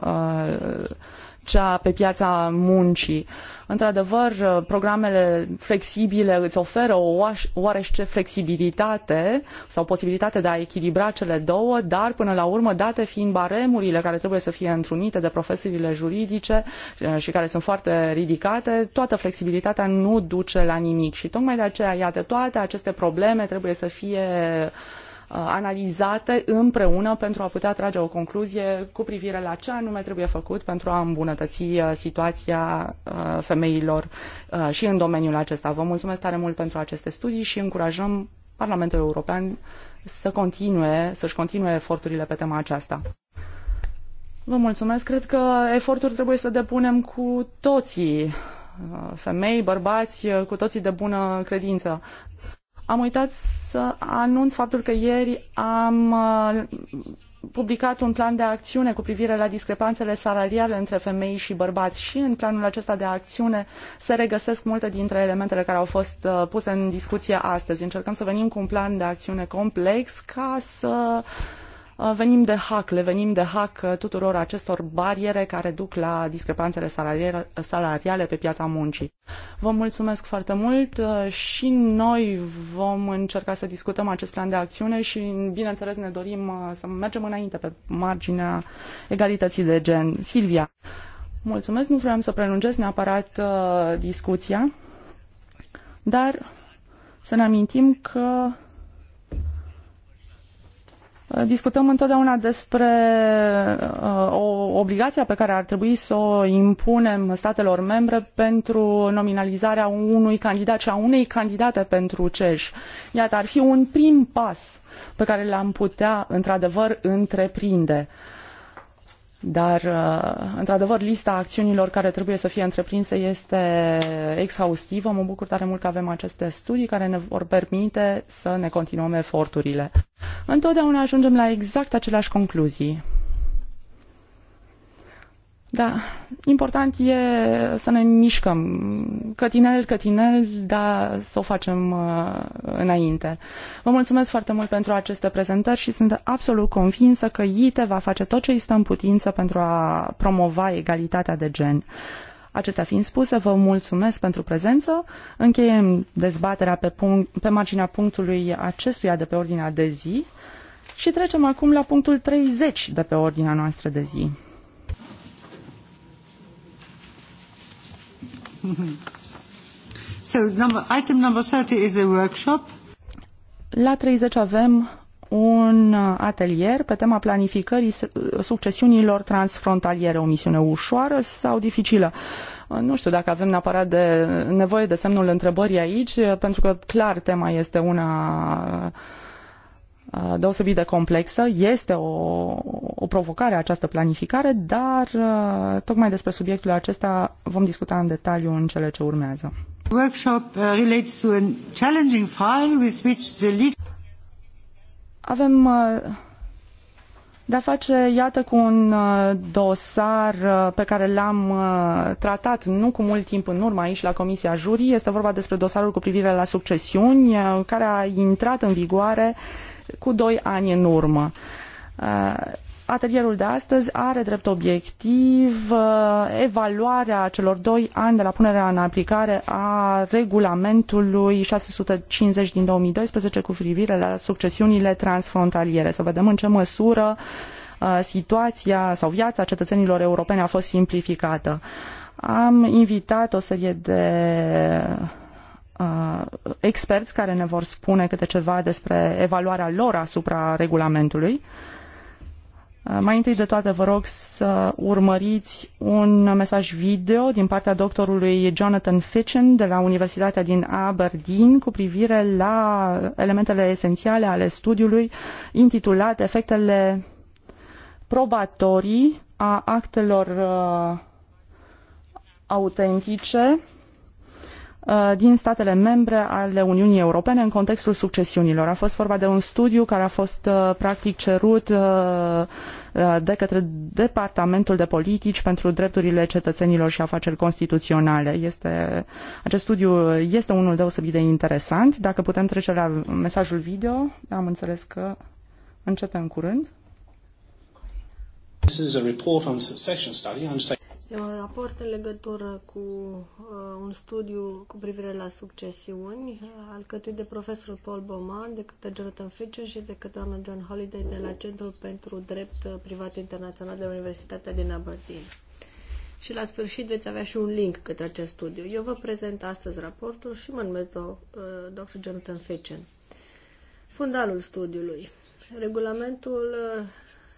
uh, cea pe piața muncii. Într-adevăr, programele flexibile îi oferă o oarece flexibilitate sau posibilitate de a echilibra cele două, dar până la urmă, date fiind baremurile care trebuie să fie întrunite de profesiile juridice eh, și care sunt foarte ridicate, toată flexibilitatea nu duce la nimic și tocmai de aceea, iată, toate aceste probleme trebuie să fie uh, Uh, analizate împreună pentru a putea trage o concluzie cu privire la ce anume trebuie făcut pentru a îmbunătăți uh, situația uh, femeilor și în domeniul acesta. Vă mulțumesc tare mult pentru aceste studii și încurajăm Parlamentul European să continue, să-și continue eforturile pe tema aceasta. Vă mulțumesc. Cred că eforturi trebuie să depunem cu toții, femei, bărbați, cu toții de bună credință. Am uitat să anunț faptul că ieri am uh, publicat un plan de acțiune cu privire la discrepanțele salariale între femei și bărbați și în planul acesta de acțiune se regăsesc multe dintre elementele care au fost uh, puse în discuție astăzi. Încercăm să venim cu un plan de acțiune complex ca să uh, Uh, venim de hack, le venim de hack uh, tuturor acestor bariere care duc la discrepanțele salariale pe piața muncii. Vă mulțumesc foarte mult uh, și noi vom încerca să discutăm acest plan de acțiune și, bineînțeles, ne dorim să mergem înainte pe marginea egalității de gen. Silvia, mulțumesc, nu vreau să prelungesc neapărat discuția, dar să ne amintim că Discutăm întotdeauna despre uh, o obligație pe care ar trebui să o impunem statelor membre pentru nominalizarea unui candidat și a unei candidate pentru CEJ. Iată, ar fi un prim pas pe care l-am putea, într-adevăr, întreprinde. Uh, dar, uh, într-adevăr, lista acțiunilor care trebuie să fie întreprinse este exhaustivă. Mă bucur tare mult că avem aceste studii care ne vor permite să ne continuăm eforturile. Întotdeauna ajungem la exact aceleași concluzii. Da, important e să ne mișcăm, cătinel, cătinel, dar să o facem uh, înainte. Vă mulțumesc foarte mult pentru aceste prezentări și sunt absolut convinsă că ITE va face tot ce îi stă în putință pentru a promova egalitatea de gen. Acestea fiind spuse, vă mulțumesc pentru prezență. Încheiem dezbaterea pe, punct, pe marginea punctului acestuia de pe ordinea de zi și trecem acum la punctul 30 de pe ordinea noastră de zi. (laughs) so, number, item number 30 is a workshop. La 30 avem un atelier pe tema planificării succesiunilor transfrontaliere, o misiune ușoară sau dificilă. Nu știu dacă avem neapărat de nevoie de semnul întrebării aici, pentru că clar tema este una Uh, deosebit de complexă, este o, o provocare această planificare, dar uh, tocmai despre subiectul acesta vom discuta în detaliu în cele ce urmează. Workshop uh, relates to a challenging file with which the lead... Avem de-a face, iată, cu un dosar pe care l-am tratat nu cu mult timp în urmă aici la Comisia Jurii. Este vorba despre dosarul cu privire la succesiuni, care a intrat în vigoare uh, cu doi ani în urmă. Uh, atelierul de astăzi are drept obiectiv uh, evaluarea celor doi ani de la punerea în aplicare a regulamentului 650 din 2012 cu privire la succesiunile transfrontaliere. Să vedem în ce măsură uh, situația sau viața cetățenilor europeni a fost simplificată. Am invitat o serie de uh, experți care ne vor spune câte ceva despre evaluarea lor asupra regulamentului. Uh, mai întâi de toate vă rog să urmăriți un mesaj video din partea doctorului Jonathan Fitchin de la Universitatea din Aberdeen cu privire la elementele esențiale ale studiului intitulat Efectele probatorii a actelor uh, autentice Uh, din statele membre ale Uniunii Europene în contextul succesiunilor. A fost vorba de un studiu care a fost uh, practic cerut uh, de către Departamentul de Politici pentru Drepturile Cetățenilor și Afaceri Constituționale. Este, acest studiu este unul deosebit de interesant. Dacă putem trece la mesajul video, am înțeles că începem curând. This is a report on succession study undertaken. E un raport în legătură cu uh, un studiu cu privire la succesiuni, uh, alcătuit de profesorul Paul Bowman, de către Jonathan Fitcher și de către doamna John Holiday de la Centrul pentru Drept uh, Privat Internațional de la Universitatea din Aberdeen. Și la sfârșit veți avea și un link către acest studiu. Eu vă prezent astăzi raportul și mă numesc do, uh, Dr. Jonathan Fitchen. Fundalul studiului. Regulamentul uh,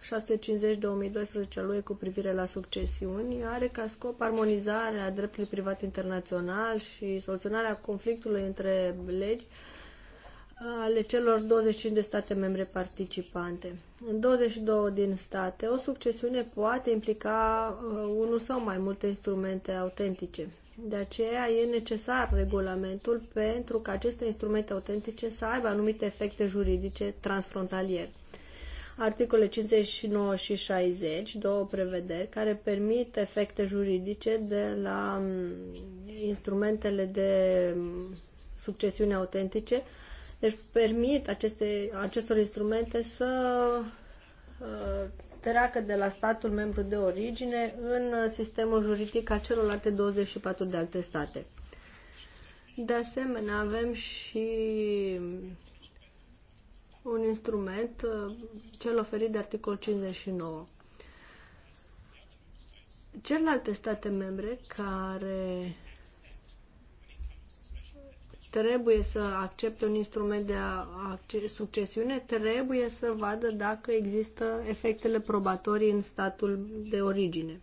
650-2012 lui cu privire la succesiuni are ca scop armonizarea dreptului privat internațional și soluționarea conflictului între legi ale celor 25 de state membre participante. În 22 din state, o succesiune poate implica uh, unul sau mai multe instrumente autentice. De aceea e necesar regulamentul pentru ca aceste instrumente autentice să aibă anumite efecte juridice transfrontaliere articole 59 și 60, două prevederi care permit efecte juridice de la mm, instrumentele de mm, succesiune autentice, deci permit aceste, acestor instrumente să uh, treacă de la statul membru de origine în sistemul juridic a celorlalte 24 de alte state. De asemenea, avem și un instrument, uh, cel oferit de articol 59. Celelalte state membre care trebuie să accepte un instrument de succesiune, trebuie să vadă dacă există efectele probatorii în statul de origine.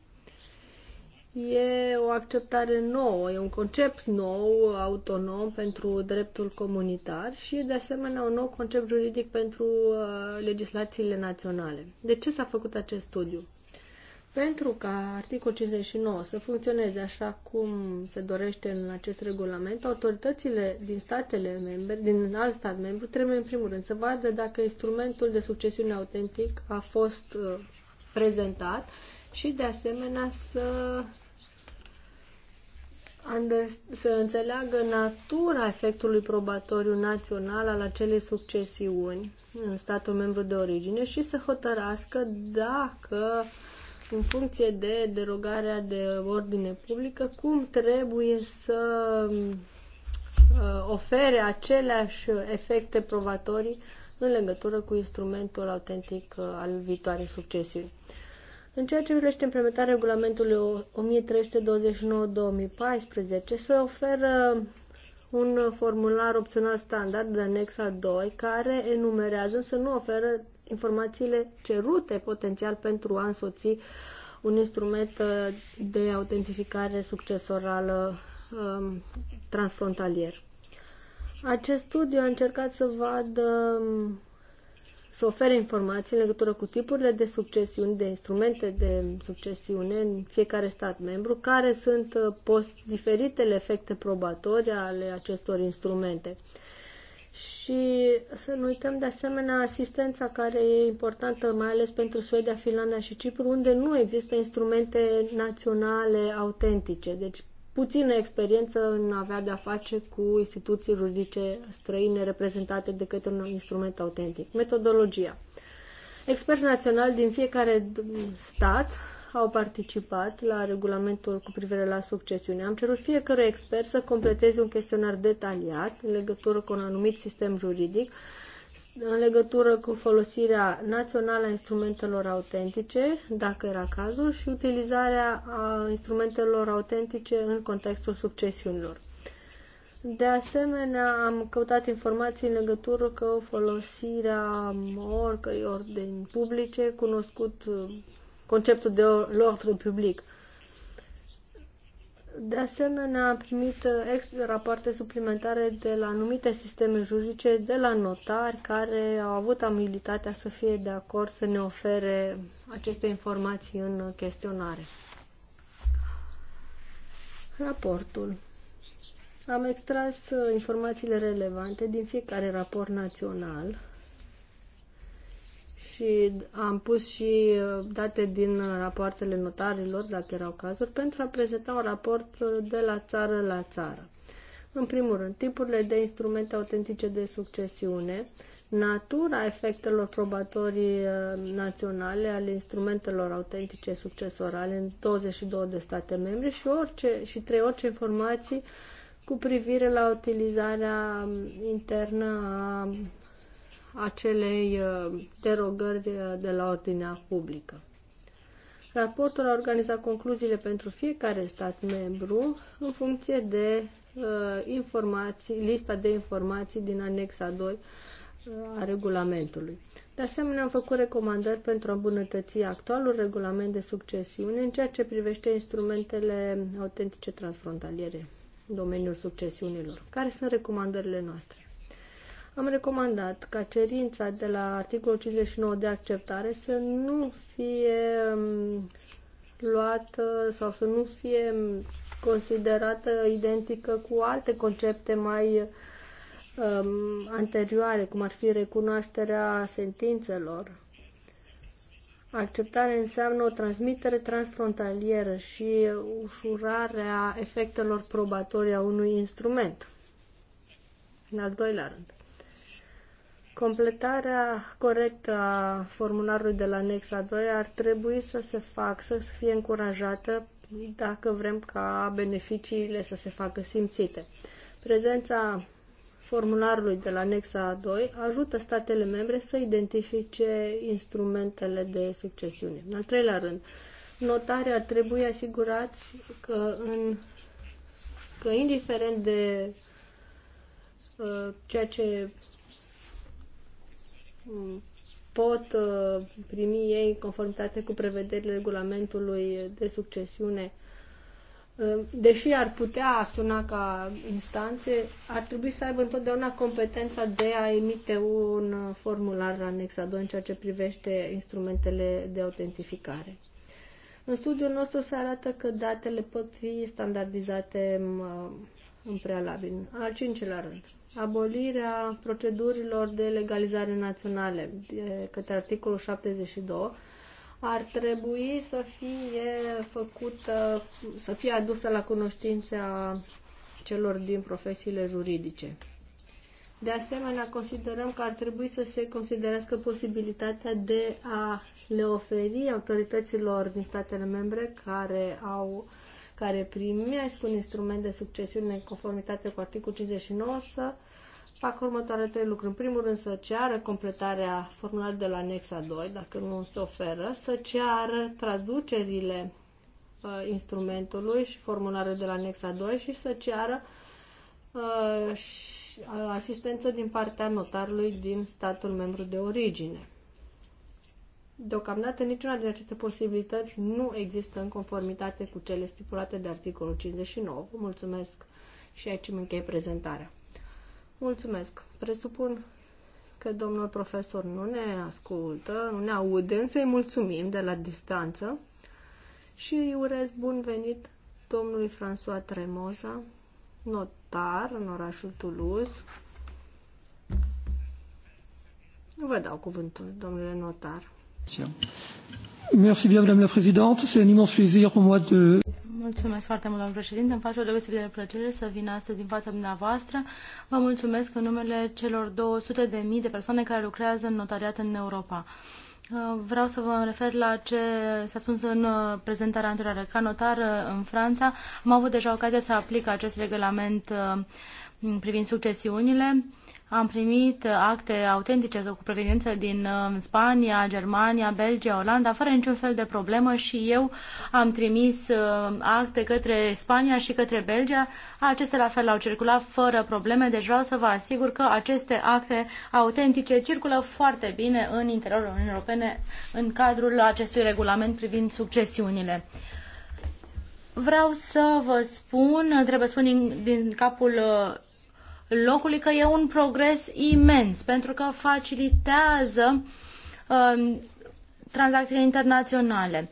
E o acceptare nouă, e un concept nou, autonom pentru dreptul comunitar și, de asemenea, un nou concept juridic pentru uh, legislațiile naționale. De ce s-a făcut acest studiu? Pentru ca articolul 59 să funcționeze așa cum se dorește în acest regulament, autoritățile din statele membre, din alt stat membru, trebuie în primul rând să vadă dacă instrumentul de succesiune autentic a fost uh, prezentat și de asemenea să să înțeleagă natura efectului probatoriu național al acelei succesiuni în statul membru de origine și să hotărască dacă, în funcție de derogarea de ordine publică, cum trebuie să uh, ofere aceleași efecte probatorii în legătură cu instrumentul autentic uh, al viitoarei succesiuni. În ceea ce privește implementarea regulamentului 1329-2014, se oferă un formular opțional standard de anexa 2 care enumerează, însă nu oferă informațiile cerute potențial pentru a însoți un instrument uh, de autentificare succesorală um, transfrontalier. Acest studiu a încercat să vadă um, să ofere informații în legătură cu tipurile de succesiuni, de instrumente de succesiune în fiecare stat membru, care sunt uh, post diferitele efecte probatorii ale acestor instrumente. Și să nu uităm de asemenea asistența care e importantă, mai ales pentru Suedia, Finlanda și Cipru, unde nu există instrumente naționale autentice. Deci puțină experiență în a avea de-a face cu instituții juridice străine reprezentate de către un instrument autentic. Metodologia. Experți naționali din fiecare stat au participat la regulamentul cu privire la succesiune. Am cerut fiecare expert să completeze un chestionar detaliat în legătură cu un anumit sistem juridic în legătură cu folosirea națională a instrumentelor autentice, dacă era cazul, și utilizarea a instrumentelor autentice în contextul succesiunilor. De asemenea, am căutat informații în legătură cu folosirea oricărei ordini publice, cunoscut conceptul de l'ordre public. De asemenea, am primit uh, ex rapoarte suplimentare de la anumite sisteme juridice, de la notari care au avut amabilitatea să fie de acord să ne ofere aceste informații în chestionare. Raportul. Am extras uh, informațiile relevante din fiecare raport național și am pus și uh, date din uh, rapoartele notarilor, dacă erau cazuri, pentru a prezenta un raport uh, de la țară la țară. În primul rând, tipurile de instrumente autentice de succesiune, natura efectelor probatorii naționale ale instrumentelor autentice succesorale în 22 de state membre și, orice, și trei orice informații cu privire la utilizarea um, internă a acelei uh, derogări uh, de la ordinea publică. Raportul a organizat concluziile pentru fiecare stat membru în funcție de uh, informații, lista de informații din anexa 2 uh, a regulamentului. De asemenea, am făcut recomandări pentru a îmbunătăți actualul regulament de succesiune în ceea ce privește instrumentele autentice transfrontaliere în domeniul succesiunilor. Care sunt recomandările noastre? am recomandat ca cerința de la articolul 59 de acceptare să nu fie um, luată sau să nu fie considerată identică cu alte concepte mai um, anterioare, cum ar fi recunoașterea sentințelor. Acceptare înseamnă o transmitere transfrontalieră și ușurarea efectelor probatorii a unui instrument. În al doilea rând. Completarea corectă a formularului de la anexa 2 ar trebui să se facă, să fie încurajată dacă vrem ca beneficiile să se facă simțite. Prezența formularului de la anexa 2 ajută statele membre să identifice instrumentele de succesiune. În al treilea rând, notarea ar trebui asigurați că, în, că indiferent de uh, ceea ce pot uh, primi ei în conformitate cu prevederile regulamentului de succesiune. Uh, deși ar putea acționa ca instanțe, ar trebui să aibă întotdeauna competența de a emite un formular anexat, în ceea ce privește instrumentele de autentificare. În studiul nostru se arată că datele pot fi standardizate uh, în prealabil. Al cincilea rând, abolirea procedurilor de legalizare naționale de către articolul 72 ar trebui să fie făcută, să fie adusă la cunoștința celor din profesiile juridice. De asemenea, considerăm că ar trebui să se considerească posibilitatea de a le oferi autorităților din statele membre care au uh, care primesc un instrument de succesiune în conformitate cu articolul 59 să fac următoarele trei lucruri. În primul rând să ceară completarea formularului de la anexa 2, dacă nu se oferă, să ceară traducerile uh, instrumentului și formularul de la anexa 2 și să ceară uh, și, uh, asistență din partea notarului din statul membru de origine. Deocamdată niciuna din aceste posibilități nu există în conformitate cu cele stipulate de articolul 59. mulțumesc și aici îmi închei prezentarea. Mulțumesc. Presupun că domnul profesor nu ne ascultă, nu ne aude, însă îi mulțumim de la distanță și îi urez bun venit domnului François Tremosa, notar în orașul Toulouse. Vă dau cuvântul, domnule notar. Merci bien, Madame la Présidente. C'est un immense plaisir pour moi de... Mulțumesc foarte mult, domnul președinte. Îmi face o deosebită plăcere să vin astăzi în fața dumneavoastră. Vă mulțumesc în numele celor 200 de mii de persoane care lucrează în notariat în Europa. Uh, vreau să vă refer la ce s-a spus în uh, prezentarea anterioară. Ca notar uh, în Franța am avut deja ocazia să aplic acest regulament privind succesiunile. Am primit acte autentice cu proveniență din um, Spania, Germania, Belgia, Olanda, fără niciun fel de problemă și eu am trimis um, acte către Spania și către Belgia. Acestea la fel au circulat fără probleme, deci vreau să vă asigur că aceste acte autentice circulă foarte bine în interiorul Uniunii Europene în cadrul acestui regulament privind succesiunile. Vreau să vă spun, trebuie să spun din, din capul uh, locului că e un progres imens pentru că facilitează uh, tranzacțiile internaționale.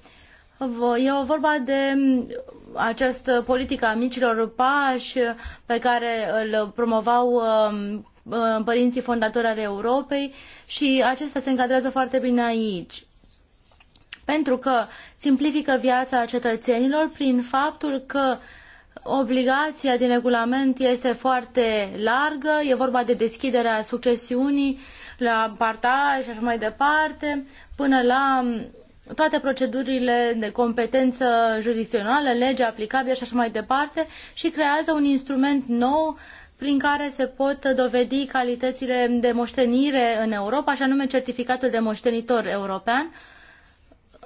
E o vorba de um, această politică a micilor pași pe care îl promovau um, uh, părinții fondatori ale Europei și acesta se încadrează foarte bine aici. Pentru că simplifică viața cetățenilor prin faptul că Obligația din regulament este foarte largă, e vorba de deschiderea succesiunii la partaj și așa mai departe, până la toate procedurile de competență jurisdicțională, legea aplicabilă și așa mai departe și creează un instrument nou prin care se pot dovedi calitățile de moștenire în Europa, și anume certificatul de moștenitor european,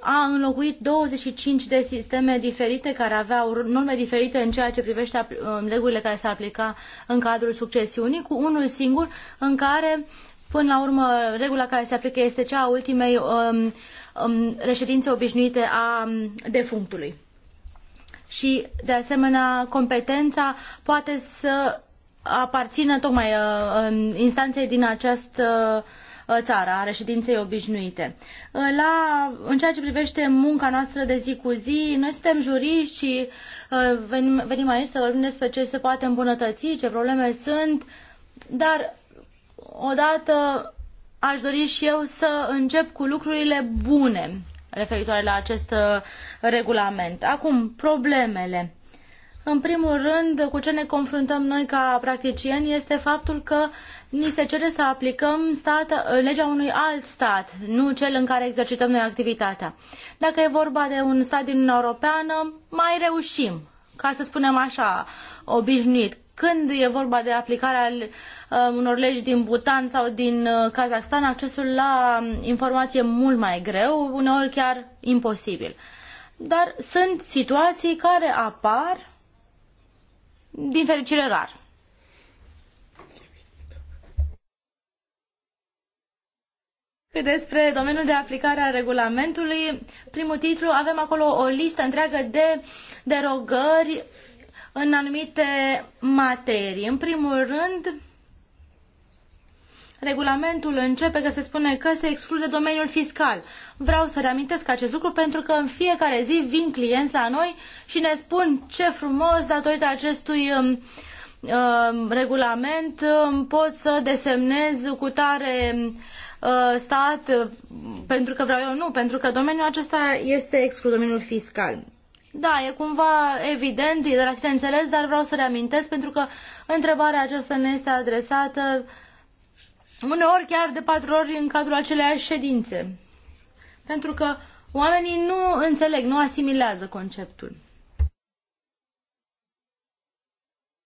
a înlocuit 25 de sisteme diferite care aveau norme diferite în ceea ce privește uh, regulile care se aplica în cadrul succesiunii, cu unul singur în care, până la urmă, regula care se aplică este cea a ultimei um, um, reședințe obișnuite a um, defunctului. Și, de asemenea, competența poate să aparțină tocmai uh, um, instanței din această uh, Uh, țara, a reședinței obișnuite. Uh, la, în ceea ce privește munca noastră de zi cu zi, noi suntem juriști și uh, venim, venim aici să vorbim despre ce se poate îmbunătăți, ce probleme sunt, dar odată aș dori și eu să încep cu lucrurile bune referitoare la acest regulament. Acum, problemele. În primul rând, cu ce ne confruntăm noi ca practicieni este faptul că ni se cere să aplicăm stat, uh, legea unui alt stat, nu cel în care exercităm noi activitatea. Dacă e vorba de un stat din Uniunea Europeană, mai reușim, ca să spunem așa, obișnuit. Când e vorba de aplicarea uh, unor legi din Bhutan sau din uh, Kazakhstan, accesul la um, informație e mult mai greu, uneori chiar imposibil. Dar sunt situații care apar din fericire rar. Cât despre domeniul de aplicare a regulamentului, primul titlu, avem acolo o listă întreagă de derogări în anumite materii. În primul rând, regulamentul începe că se spune că se exclude domeniul fiscal. Vreau să reamintesc acest lucru pentru că în fiecare zi vin clienți la noi și ne spun ce frumos datorită acestui uh, regulament uh, pot să desemnez cu tare uh, Uh, stat uh, pentru că vreau eu, nu, pentru că domeniul acesta este exclus domeniul fiscal. Da, e cumva evident, e de la sine înțeles, dar vreau să reamintesc pentru că întrebarea aceasta ne este adresată uneori chiar de patru ori în cadrul aceleiași ședințe. Pentru că oamenii nu înțeleg, nu asimilează conceptul.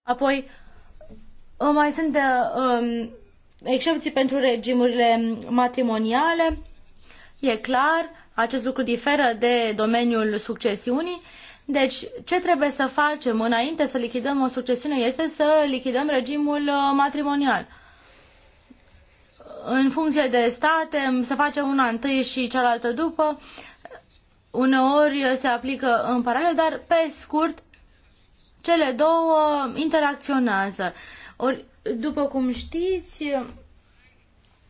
Apoi, uh, mai sunt de, um, excepții pentru regimurile matrimoniale. E clar, acest lucru diferă de domeniul succesiunii. Deci, ce trebuie să facem înainte să lichidăm o succesiune este să lichidăm regimul uh, matrimonial. În funcție de state, se face una întâi și cealaltă după. Uneori se aplică în paralel, dar pe scurt, cele două interacționează. Ori după cum știți,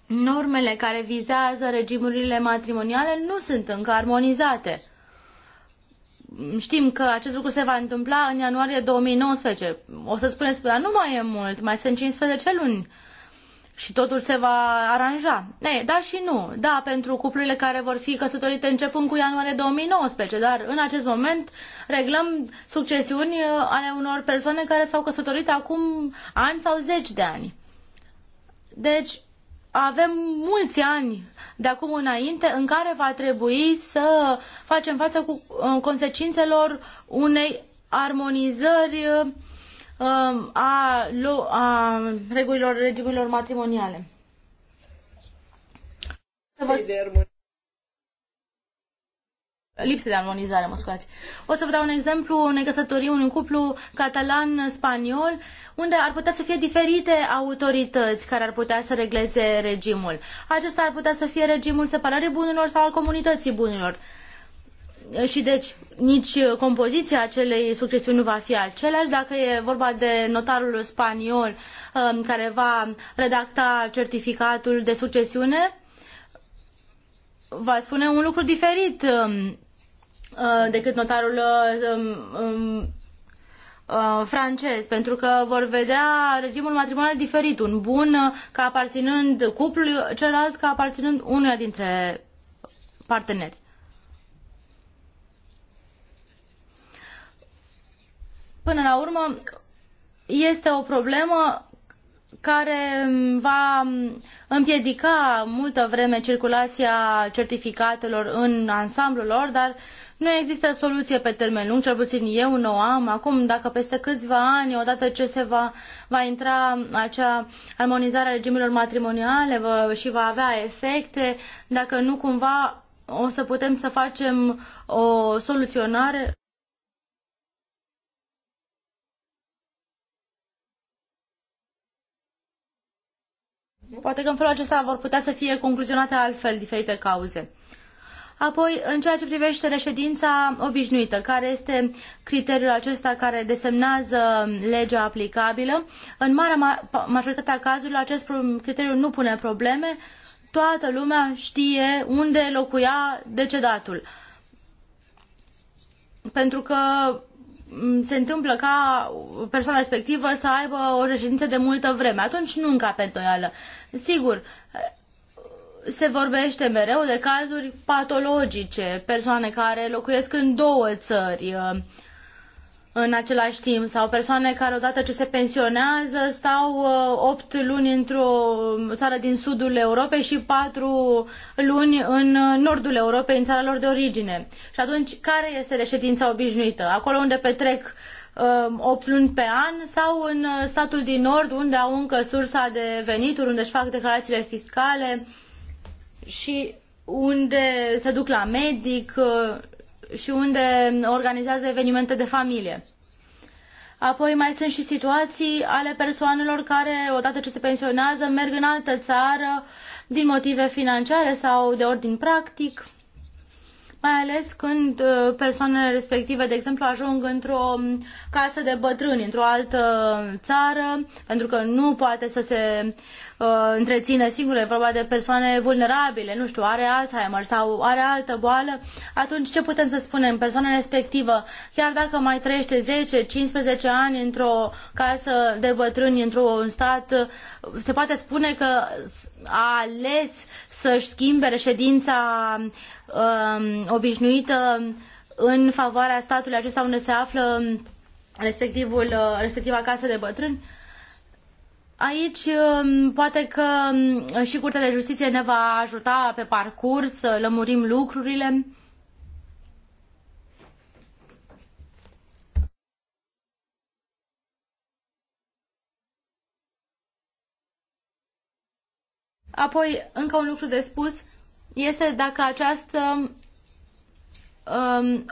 normele care vizează regimurile matrimoniale nu sunt încă armonizate. Știm că acest lucru se va întâmpla în ianuarie 2019. O să spuneți că nu mai e mult, mai sunt 15 luni și totul se va aranja. E, da și nu. Da, pentru cuplurile care vor fi căsătorite începând cu ianuarie 2019, dar în acest moment reglăm succesiuni uh, ale unor persoane care s-au căsătorit acum ani sau zeci de ani. Deci, avem mulți ani de acum înainte în care va trebui să facem față cu uh, consecințelor unei armonizări uh, Um, a, a regulilor regimurilor matrimoniale. vă... Lipsă de armonizare, mă scuzați. O să vă dau un exemplu unei căsătorii, unui cuplu catalan-spaniol, unde ar putea să fie diferite autorități care ar putea să regleze regimul. Acesta ar putea să fie regimul separării bunurilor sau al comunității bunurilor și deci nici compoziția acelei succesiuni nu va fi aceleași. Dacă e vorba de notarul spaniol um, care va redacta certificatul de succesiune, va spune un lucru diferit um, uh, decât notarul um, uh, francez, pentru că vor vedea regimul matrimonial diferit, un bun ca aparținând cuplului, celălalt ca aparținând unuia dintre parteneri. Până la urmă, este o problemă care va împiedica multă vreme circulația certificatelor în ansamblul lor, dar nu există soluție pe termen lung, cel puțin eu nu o am. Acum, dacă peste câțiva ani, odată ce se va, va intra acea armonizare a regimurilor matrimoniale vă, și va avea efecte, dacă nu cumva o să putem să facem o soluționare Poate că în felul acesta vor putea să fie concluzionate altfel diferite cauze. Apoi, în ceea ce privește reședința obișnuită, care este criteriul acesta care desemnează legea aplicabilă, în marea majoritatea cazurilor acest criteriu nu pune probleme, toată lumea știe unde locuia decedatul. Pentru că se întâmplă ca persoana respectivă să aibă o reședință de multă vreme. Atunci nu încape întoială. Sigur, se vorbește mereu de cazuri patologice, persoane care locuiesc în două țări, în același timp sau persoane care odată ce se pensionează stau uh, opt luni într-o țară din sudul Europei și patru luni în uh, nordul Europei, în țara lor de origine. Și atunci, care este reședința obișnuită? Acolo unde petrec uh, opt luni pe an sau în statul din nord unde au încă sursa de venituri, unde își fac declarațiile fiscale și unde se duc la medic și unde organizează evenimente de familie. Apoi mai sunt și situații ale persoanelor care, odată ce se pensionează, merg în altă țară din motive financiare sau de ordin practic, mai ales când uh, persoanele respective, de exemplu, ajung într-o casă de bătrâni, într-o altă țară, pentru că nu poate să se uh, întreține singură, e vorba de persoane vulnerabile, nu știu, are Alzheimer sau are altă boală, atunci ce putem să spunem? Persoana respectivă, chiar dacă mai trăiește 10-15 ani într-o casă de bătrâni, într-un stat, uh, se poate spune că a ales să-și schimbe reședința uh, obișnuită în favoarea statului acesta unde se află um, respectivul, uh, respectiva casă de bătrâni? Aici um, poate că um, și Curtea de Justiție ne va ajuta pe parcurs să lămurim lucrurile. Apoi, încă un lucru de spus este dacă această um,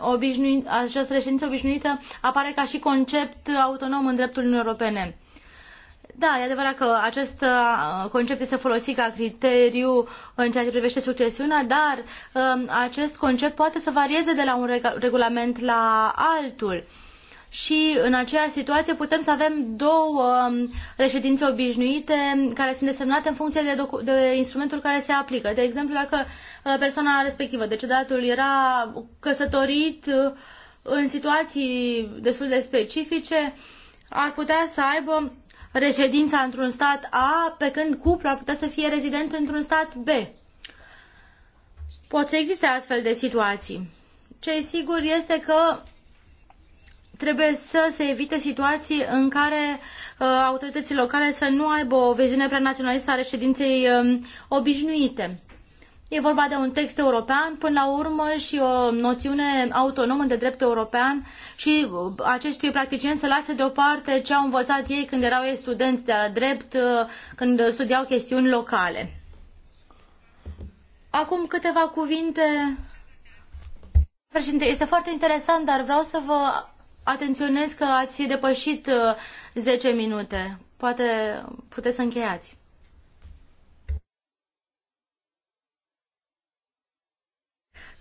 această reședință obișnuită apare ca și concept autonom în dreptul Uniunii Europene. Da, e adevărat că acest uh, concept este folosit ca criteriu în ceea ce privește succesiunea, dar um, acest concept poate să varieze de la un regulament la altul. Și în aceeași situație putem să avem două um, reședințe obișnuite care sunt desemnate în funcție de, de instrumentul care se aplică. De exemplu, dacă uh, persoana respectivă, decedatul, era căsătorit uh, în situații destul de specifice, ar putea să aibă reședința într-un stat A, pe când cuplul ar putea să fie rezident într-un stat B. Pot să existe astfel de situații. Ce e sigur este că trebuie să se evite situații în care uh, autoritățile locale să nu aibă o viziune prea naționalistă a reședinței uh, obișnuite. E vorba de un text european, până la urmă, și o noțiune autonomă de drept european și uh, acești practicieni să lase deoparte ce au învățat ei când erau ei studenți de drept, uh, când studiau chestiuni locale. Acum câteva cuvinte. Președinte, este foarte interesant, dar vreau să vă atenționez că ați depășit 10 uh, minute. Poate puteți să încheiați.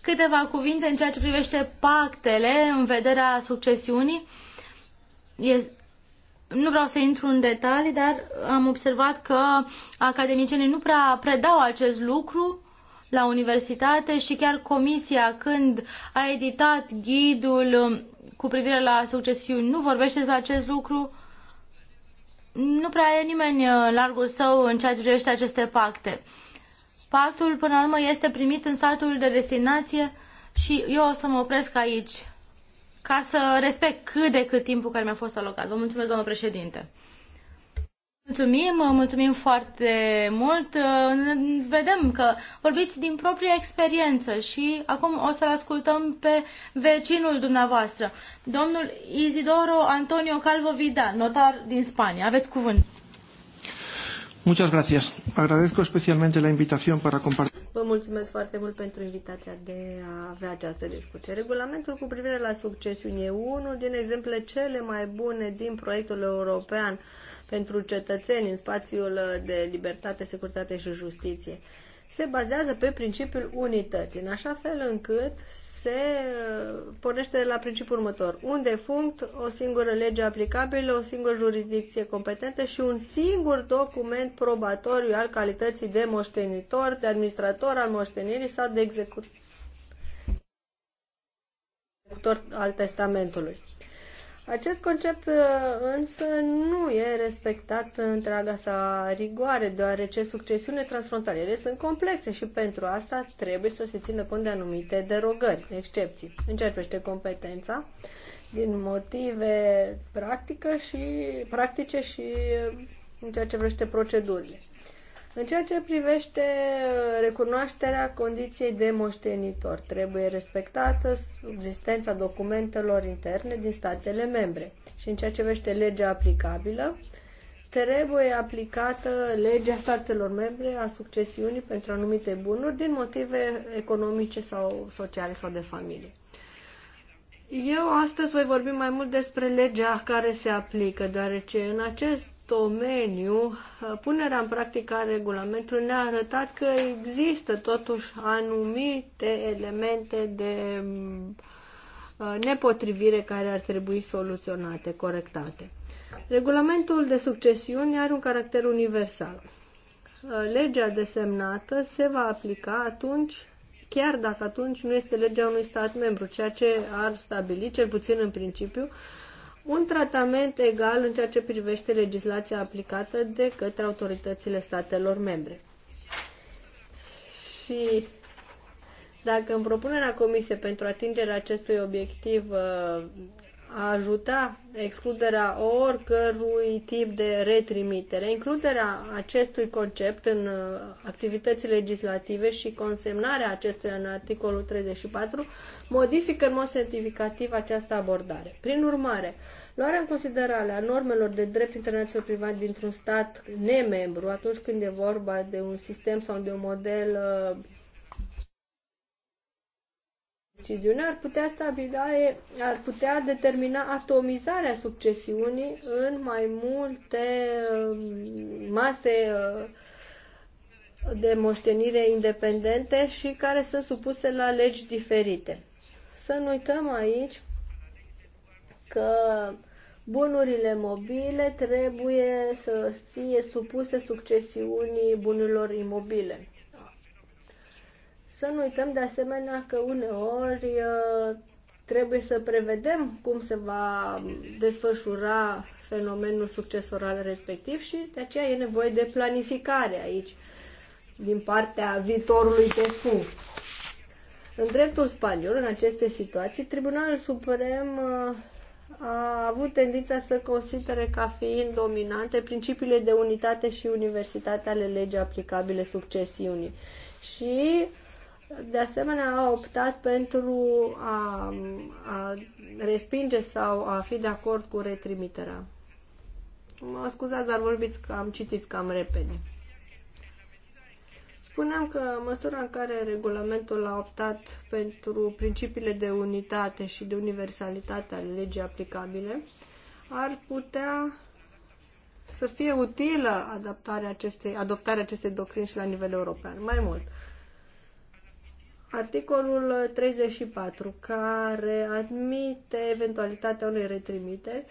Câteva cuvinte în ceea ce privește pactele în vederea succesiunii. E... nu vreau să intru în detalii, dar am observat că academicienii nu prea predau acest lucru la universitate și chiar comisia când a editat ghidul um, cu privire la succesiuni nu vorbește despre acest lucru. Nu prea e nimeni uh, în largul său în ceea ce privește aceste pacte. Pactul, până la urmă, este primit în statul de destinație și eu o să mă opresc aici ca să respect cât de cât timpul care mi-a fost alocat. Vă mulțumesc, doamnă președinte. Mulțumim, mulțumim foarte mult. Vedem că vorbiți din propria experiență și acum o să-l ascultăm pe vecinul dumneavoastră, domnul Isidoro Antonio Calvo Vidal, notar din Spania. Aveți cuvânt. Muchas gracias. Agradezco especialmente la invitación para compartir. Vă mulțumesc foarte mult pentru invitația de a avea această discuție. Regulamentul cu privire la succesiune e unul din exemplele cele mai bune din proiectul european pentru cetățeni în spațiul de libertate, securitate și justiție. Se bazează pe principiul unității, în așa fel încât se uh, pornește de la principiul următor. Un defunct, o singură lege aplicabilă, o singură jurisdicție competentă și un singur document probatoriu al calității de moștenitor, de administrator al moștenirii sau de executor al testamentului. Acest concept uh, însă nu e respectat în întreaga sa rigoare, deoarece succesiune transfrontaliere sunt complexe și pentru asta trebuie să se țină cont de anumite derogări, excepții. Încerpește competența din motive practică și, practice și uh, în ceea ce vrește procedurile. În ceea ce privește uh, recunoașterea condiției de moștenitor, trebuie respectată subsistența documentelor interne din statele membre. Și în ceea ce privește legea aplicabilă, trebuie aplicată legea statelor membre a succesiunii pentru anumite bunuri din motive economice sau sociale sau de familie. Eu astăzi voi vorbi mai mult despre legea care se aplică, deoarece în acest domeniu, uh, punerea în practică a regulamentului ne-a arătat că există totuși anumite elemente de uh, nepotrivire care ar trebui soluționate, corectate. Regulamentul de succesiuni are un caracter universal. Uh, legea desemnată se va aplica atunci, chiar dacă atunci nu este legea unui stat membru, ceea ce ar stabili, cel puțin în principiu, un tratament egal în ceea ce privește legislația aplicată de către autoritățile statelor membre. Și dacă în propunerea Comisiei pentru atingerea acestui obiectiv uh, a ajuta excluderea oricărui tip de retrimitere. Includerea acestui concept în uh, activități legislative și consemnarea acestuia în articolul 34 modifică în mod semnificativ această abordare. Prin urmare, luarea în considerare a normelor de drept internațional privat dintr-un stat nemembru atunci când e vorba de un sistem sau de un model uh, deciziune ar putea stabila, ar putea determina atomizarea succesiunii în mai multe um, mase uh, de moștenire independente și care sunt supuse la legi diferite. Să nu uităm aici că bunurile mobile trebuie să fie supuse succesiunii bunurilor imobile. Să nu uităm de asemenea că uneori uh, trebuie să prevedem cum se va desfășura fenomenul succesoral respectiv și de aceea e nevoie de planificare aici din partea viitorului fum. În dreptul spaniol, în aceste situații, Tribunalul Suprem uh, a avut tendința să considere ca fiind dominante principiile de unitate și universitate ale legii aplicabile succesiunii. Și de asemenea a optat pentru a, a respinge sau a fi de acord cu retrimiterea. Mă scuzați, dar vorbiți că am citit cam repede. Spuneam că măsura în care regulamentul a optat pentru principiile de unitate și de universalitate ale legii aplicabile, ar putea să fie utilă adaptarea acestei, adoptarea acestei doctrini și la nivel european. Mai mult, Articolul 34, care admite eventualitatea unei retrimiteri,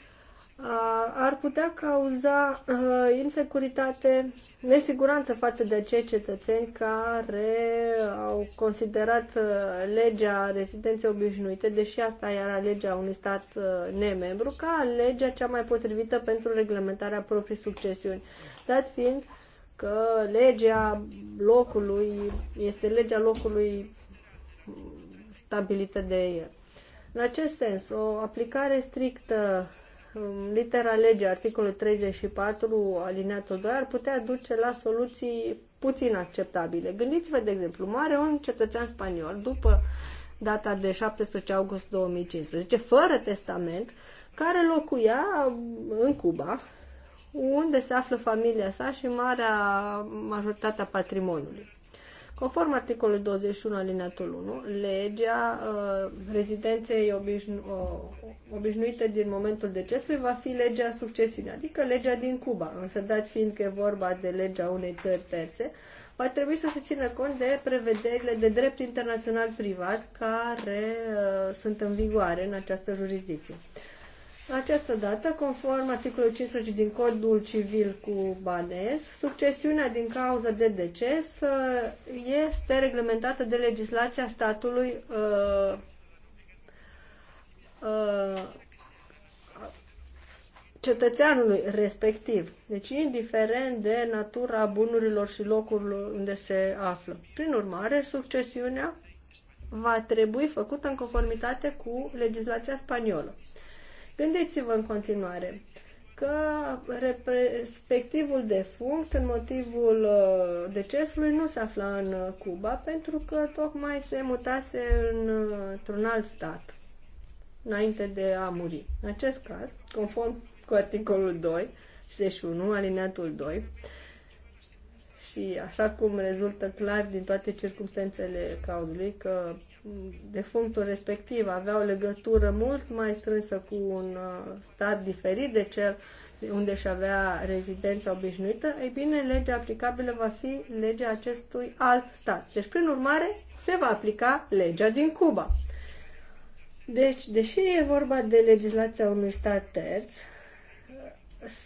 ar putea cauza insecuritate, nesiguranță față de cei cetățeni care au considerat legea rezidenței obișnuite, deși asta era legea unui stat nemembru, ca legea cea mai potrivită pentru reglementarea proprii succesiuni. Dat fiind că legea locului este legea locului stabilită de el. În acest sens, o aplicare strictă um, litera legii articolului 34 alineatul 2 ar putea duce la soluții puțin acceptabile. Gândiți-vă, de exemplu, mare un cetățean spaniol după data de 17 august 2015, fără testament, care locuia în Cuba, unde se află familia sa și marea majoritatea patrimoniului. Conform articolului 21 alineatul 1, legea uh, rezidenței obișnu, uh, obișnuite din momentul decesului va fi legea succesiunii, adică legea din Cuba. Însă, dați fiind că e vorba de legea unei țări terțe, va trebui să se țină cont de prevederile de drept internațional privat care uh, sunt în vigoare în această jurisdicție. Uh, această dată, conform articolului 15 din Codul Civil cu Banez, succesiunea din cauză de deces uh, este reglementată de legislația statului uh, uh, cetățeanului respectiv, deci indiferent de natura bunurilor și locurilor unde se află. Prin urmare, succesiunea va trebui făcută în conformitate cu legislația spaniolă. Gândiți-vă în continuare că respectivul defunct, în motivul uh, decesului, nu se afla în uh, Cuba pentru că tocmai se mutase uh, într-un alt stat înainte de a muri. În acest caz, conform cu articolul 2, 61, alineatul 2, și așa cum rezultă clar din toate circumstanțele cauzului că de functul respectiv avea o legătură mult mai strânsă cu un uh, stat diferit de cel unde și avea rezidența obișnuită, ei bine, legea aplicabilă va fi legea acestui alt stat. Deci, prin urmare, se va aplica legea din Cuba. Deci, deși e vorba de legislația unui stat terț,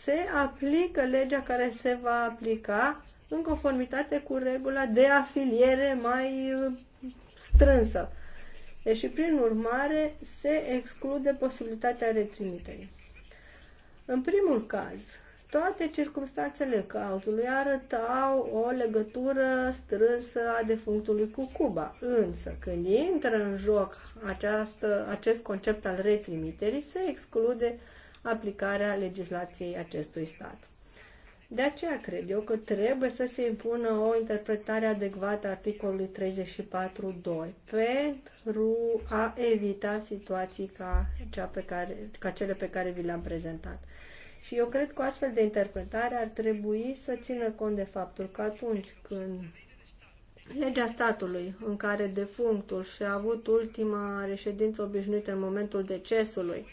se aplică legea care se va aplica în conformitate cu regula de afiliere mai uh, strânsă. Deci, prin urmare, se exclude posibilitatea retrimiterii. În primul caz, toate circunstanțele cauzului arătau o legătură strânsă a defunctului cu Cuba, însă când intră în joc această, acest concept al retrimiterii, se exclude aplicarea legislației acestui stat. De aceea cred eu că trebuie să se impună o interpretare adecvată a articolului 34.2 pentru a evita situații ca, cea pe care, ca cele pe care vi le-am prezentat. Și eu cred că o astfel de interpretare ar trebui să țină cont de faptul că atunci când legea statului în care defunctul și-a avut ultima reședință obișnuită în momentul decesului,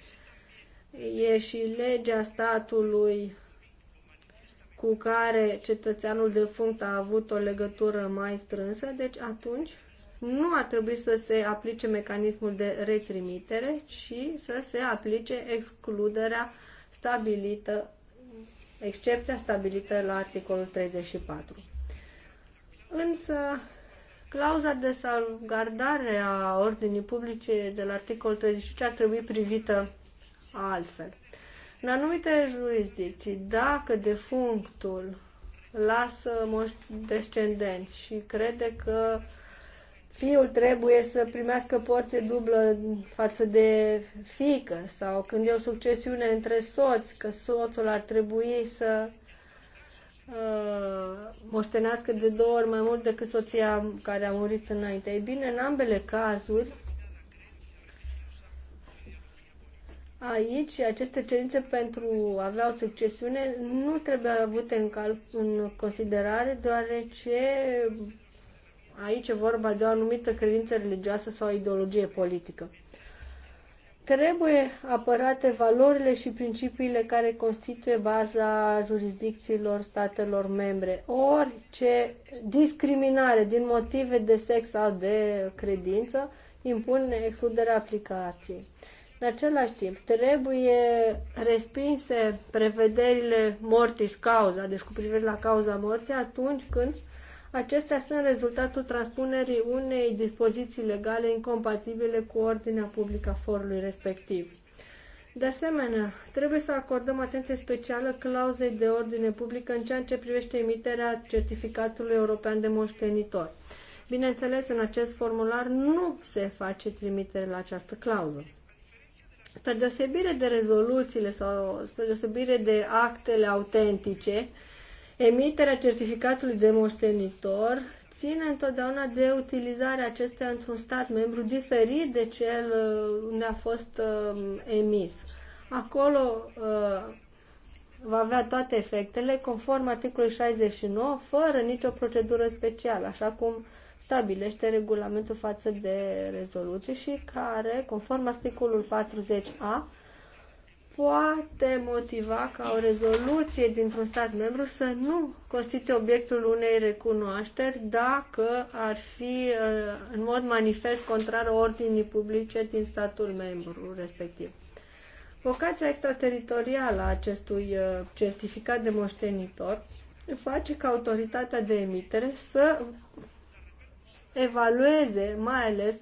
e și legea statului cu care cetățeanul defunct a avut o legătură mai strânsă, deci atunci nu ar trebui să se aplice mecanismul de retrimitere, ci să se aplice excluderea stabilită, excepția stabilită la articolul 34. Însă, clauza de salvgardare a ordinii publice de la articolul 35 ar trebui privită altfel. În anumite jurisdicții, dacă defunctul lasă descendenți și crede că fiul trebuie să primească porție dublă față de fică sau când e o succesiune între soți, că soțul ar trebui să uh, moștenească de două ori mai mult decât soția care a murit înainte. Ei bine, în ambele cazuri, Aici, aceste cerințe pentru a avea o succesiune nu trebuie avute în, cal- în considerare, deoarece aici e vorba de o anumită credință religioasă sau ideologie politică. Trebuie apărate valorile și principiile care constituie baza jurisdicțiilor statelor membre. Orice discriminare din motive de sex sau de credință impune excluderea aplicației. În același timp, trebuie respinse prevederile mortis cauza, deci cu privire la cauza morții, atunci când acestea sunt rezultatul transpunerii unei dispoziții legale incompatibile cu ordinea publică a forului respectiv. De asemenea, trebuie să acordăm atenție specială clauzei de ordine publică în ceea ce privește emiterea certificatului european de moștenitor. Bineînțeles, în acest formular nu se face trimitere la această clauză. Spre deosebire de rezoluțiile sau spre deosebire de actele autentice, emiterea certificatului de moștenitor ține întotdeauna de utilizarea acestea într-un stat membru diferit de cel uh, unde a fost uh, emis. Acolo uh, va avea toate efectele conform articolului 69, fără nicio procedură specială, așa cum stabilește regulamentul față de rezoluție și care, conform articolul 40a, poate motiva ca o rezoluție dintr-un stat membru să nu constituie obiectul unei recunoașteri dacă ar fi uh, în mod manifest contrar ordinii publice din statul membru respectiv. Vocația extrateritorială a acestui uh, certificat de moștenitor face ca autoritatea de emitere să evalueze mai ales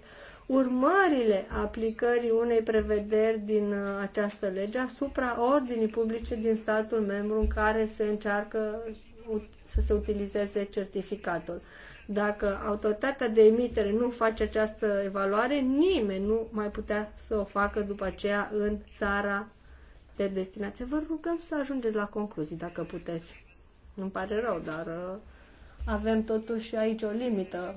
urmările aplicării unei prevederi din uh, această lege asupra ordinii publice din statul membru în care se încearcă să se utilizeze certificatul. Dacă autoritatea de emitere nu face această evaluare, nimeni nu mai putea să o facă după aceea în țara de destinație. Vă rugăm să ajungeți la concluzii, dacă puteți. Îmi pare rău, dar uh, avem totuși aici o limită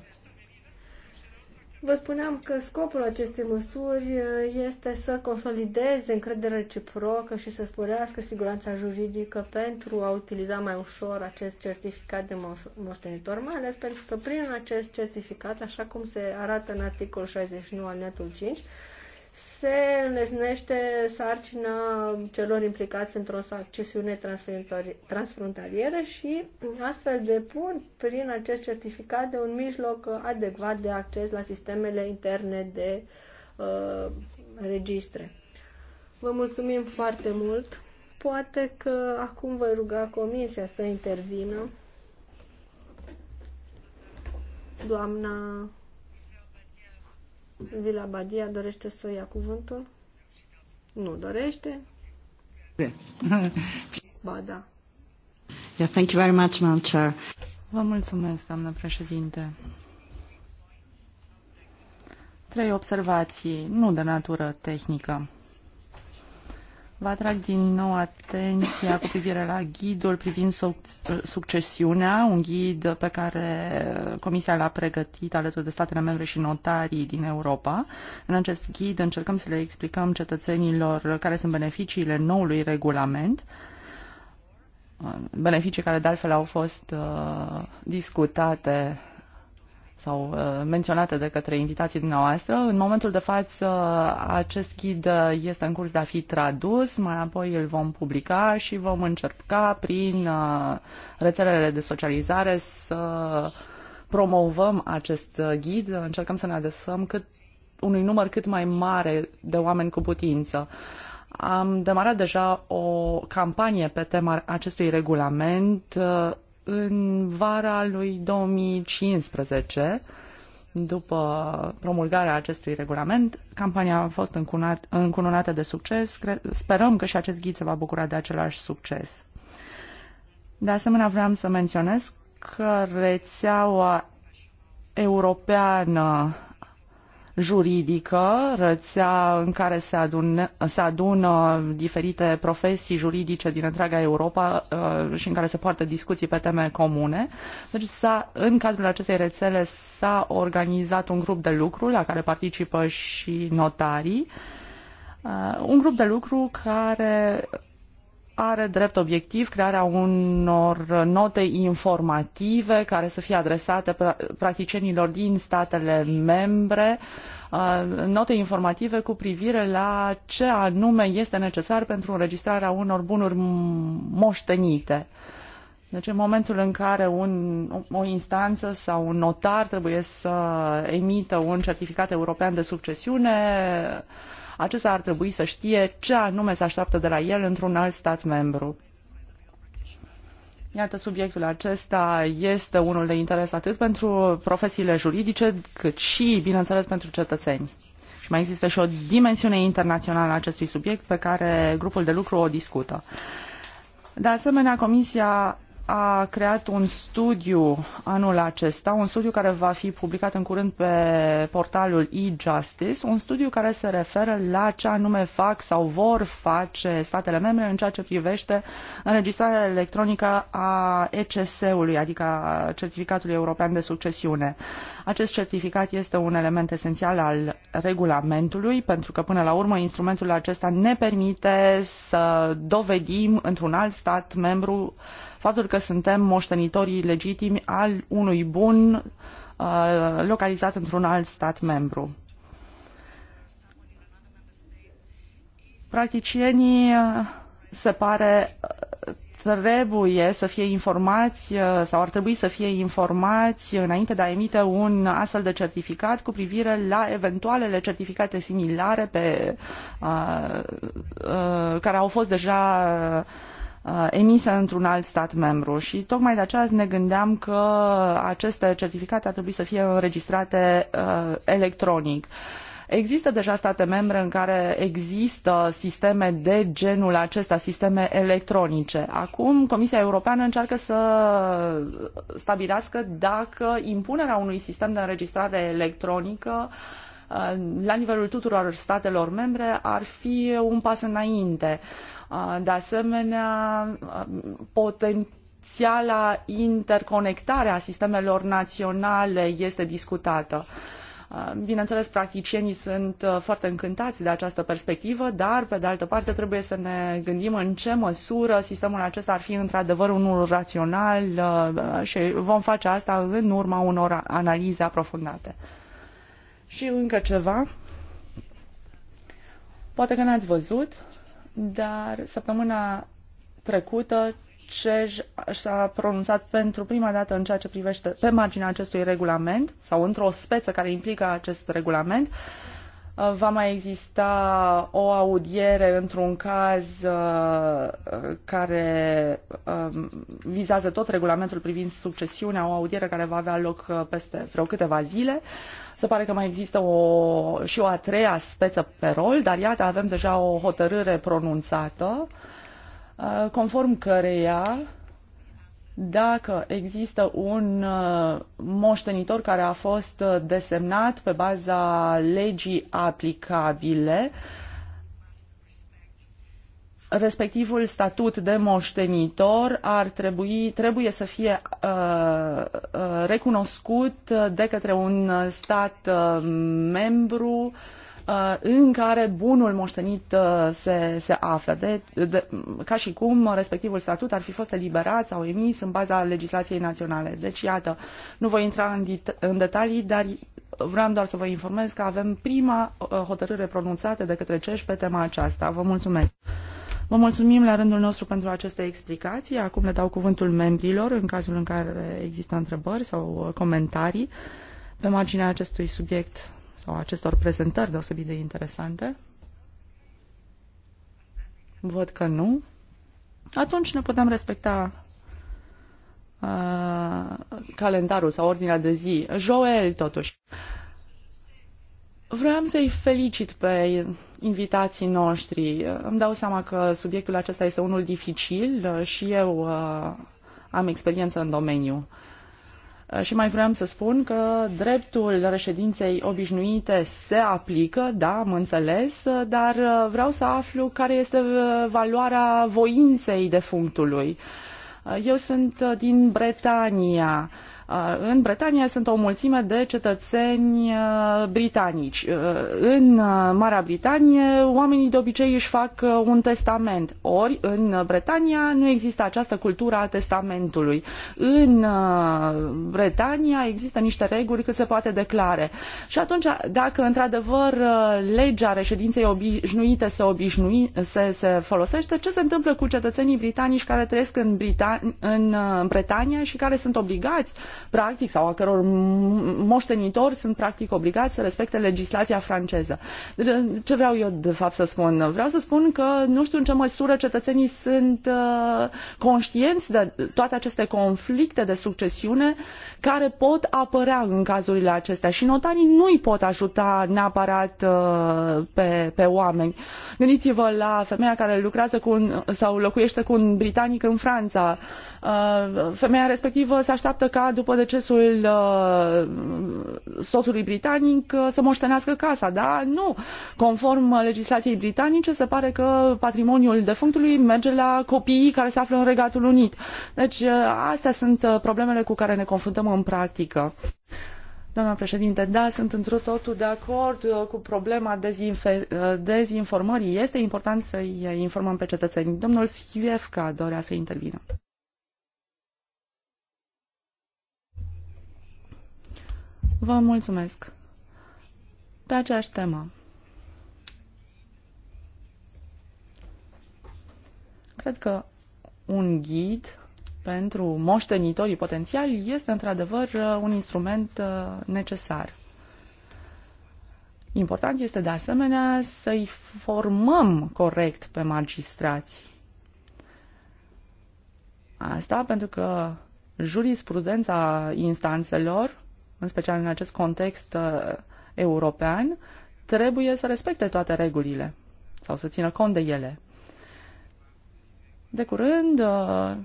Vă spuneam că scopul acestei măsuri uh, este să consolideze încrederea reciprocă și să sporească siguranța juridică pentru a utiliza mai ușor acest certificat de moștenitor, mai ales pentru că prin acest certificat, așa cum se arată în articolul 69 al netul 5, se înlesnește sarcina celor implicați într-o accesiune transfrontalieră și astfel depun prin acest certificat de un mijloc adecvat de acces la sistemele interne de uh, registre. Vă mulțumim foarte mult. Poate că acum voi ruga comisia să intervină. Doamna Vila Badia dorește să ia cuvântul? Nu dorește? Ba da. Yeah, thank you very much, Madam Chair. Vă mulțumesc, doamnă președinte. Trei observații, nu de natură tehnică. Vă atrag din nou atenția cu privire la ghidul privind succesiunea, un ghid pe care Comisia l-a pregătit alături de statele membre și notarii din Europa. În acest ghid încercăm să le explicăm cetățenilor care sunt beneficiile noului regulament, beneficii care de altfel au fost uh, discutate sau uh, menționate de către invitații dumneavoastră. În momentul de față, uh, acest ghid uh, este în curs de a fi tradus, mai apoi îl vom publica și vom încerca prin rețelele de socializare să promovăm acest ghid, încercăm să ne adresăm cât, unui număr cât mai mare de oameni cu putință. Am demarat deja o campanie pe tema acestui regulament în vara lui 2015, după promulgarea acestui regulament, campania a fost încununată de succes. Sperăm că și acest ghid se va bucura de același succes. De asemenea, vreau să menționez că rețeaua europeană juridică, rățea în care se, adune, se adună diferite profesii juridice din întreaga Europa uh, și în care se poartă discuții pe teme comune. Deci s-a, în cadrul acestei rețele s-a organizat un grup de lucru la care participă și notarii. Uh, un grup de lucru care are drept obiectiv crearea unor note informative care să fie adresate practicienilor din statele membre, uh, note informative cu privire la ce anume este necesar pentru înregistrarea unor bunuri moștenite. Deci în momentul în care un, o instanță sau un notar trebuie să emită un certificat european de succesiune, acesta ar trebui să știe ce anume se așteaptă de la el într-un alt stat membru. Iată, subiectul acesta este unul de interes atât pentru profesiile juridice, cât și, bineînțeles, pentru cetățeni. Și mai există și o dimensiune internațională a acestui subiect pe care grupul de lucru o discută. De asemenea, Comisia a creat un studiu anul acesta, un studiu care va fi publicat în curând pe portalul e-Justice, un studiu care se referă la ce anume fac sau vor face statele membre în ceea ce privește înregistrarea electronică a ECS-ului, adică a Certificatului European de Succesiune. Acest certificat este un element esențial al regulamentului, pentru că până la urmă instrumentul acesta ne permite să dovedim într-un alt stat membru faptul că suntem moștenitorii legitimi al unui bun uh, localizat într-un alt stat membru. Practicienii uh, se pare uh, trebuie să fie informați sau ar trebui să fie informați înainte de a emite un astfel de certificat cu privire la eventualele certificate similare pe, uh, uh, care au fost deja Uh, emise într-un alt stat membru și tocmai de aceea ne gândeam că aceste certificate ar trebui să fie înregistrate uh, electronic. Există deja state membre în care există sisteme de genul acesta, sisteme electronice. Acum Comisia Europeană încearcă să stabilească dacă impunerea unui sistem de înregistrare electronică uh, la nivelul tuturor statelor membre ar fi un pas înainte. Uh, de asemenea, potențiala interconectare a sistemelor naționale este discutată. Bineînțeles, practicienii sunt foarte încântați de această perspectivă, dar, pe de altă parte, trebuie să ne gândim în ce măsură sistemul acesta ar fi într-adevăr unul rațional și vom face asta în urma unor analize aprofundate. Și încă ceva. Poate că n-ați văzut, dar săptămâna trecută CEJ s-a pronunțat pentru prima dată în ceea ce privește pe marginea acestui regulament sau într-o speță care implică acest regulament. Va mai exista o audiere într-un caz uh, care um, vizează tot regulamentul privind succesiunea, o audiere care va avea loc uh, peste vreo câteva zile. Se pare că mai există o, și o a treia speță pe rol, dar iată, avem deja o hotărâre pronunțată, uh, conform căreia dacă există un uh, moștenitor care a fost uh, desemnat pe baza legii aplicabile, respectivul statut de moștenitor ar trebui, trebuie să fie uh, uh recunoscut de către un stat uh, membru uh, în care bunul moștenit uh, se, se află, de, de, ca și cum respectivul statut ar fi fost eliberat sau emis în baza legislației naționale. Deci, iată, nu voi intra în, în detalii, dar vreau doar să vă informez că avem prima hotărâre pronunțată de către CEJ pe tema aceasta. Vă mulțumesc! Vă mulțumim la rândul nostru pentru aceste explicații. Acum le dau cuvântul membrilor în cazul în care există întrebări sau comentarii pe marginea acestui subiect sau acestor prezentări deosebit de interesante. Văd că nu. Atunci ne putem respecta uh, calendarul sau ordinea de zi. Joel, totuși. Uh, Vreau să-i felicit pe invitații noștri. Îmi dau seama că subiectul acesta este unul dificil uh, și eu uh, am experiență în domeniu. Uh, și mai vreau să spun că dreptul reședinței obișnuite se aplică, da, am înțeles, dar vreau să aflu care este valoarea voinței defunctului. Eu sunt din Bretania Uh, în Bretania sunt o mulțime de cetățeni uh, britanici. Uh, în Marea Britanie, oamenii de obicei își fac un testament. Ori, în Bretania nu există această cultură a testamentului. În Bretania există niște reguli cât se poate declare. Și atunci, dacă într-adevăr legea reședinței obișnuite se, obișnui, se, se folosește, ce se întâmplă cu cetățenii britanici care trăiesc în, Britan- în Bretania și care sunt obligați practic, sau a căror moștenitori sunt practic obligați să respecte legislația franceză. Deci, ce vreau eu de fapt să spun? Vreau să spun că nu știu în ce măsură cetățenii sunt uh, conștienți de toate aceste conflicte de succesiune care pot apărea în cazurile acestea și notarii nu îi pot ajuta neapărat uh, pe, pe oameni. Gândiți-vă la femeia care lucrează cu un, sau locuiește cu un britanic în Franța Uh, femeia respectivă se așteaptă ca după decesul uh, soțului britanic uh, să moștenească casa, da? Nu. Conform legislației britanice, se pare că patrimoniul defunctului merge la copiii care se află în Regatul Unit. Deci astea sunt problemele cu care ne confruntăm în practică. Doamna președinte, da, sunt într totul de acord cu problema dezinfe- dezinformării. Este important să-i informăm pe cetățenii. Domnul Sivievca dorea să intervină. Vă mulțumesc. Pe aceeași temă. Cred că un ghid pentru moștenitorii potențiali este într-adevăr uh, un instrument uh, necesar. Important este de asemenea să-i formăm corect pe magistrați. Asta pentru că jurisprudența instanțelor în special în acest context uh, european, trebuie să respecte toate regulile sau să țină cont de ele. De curând, uh,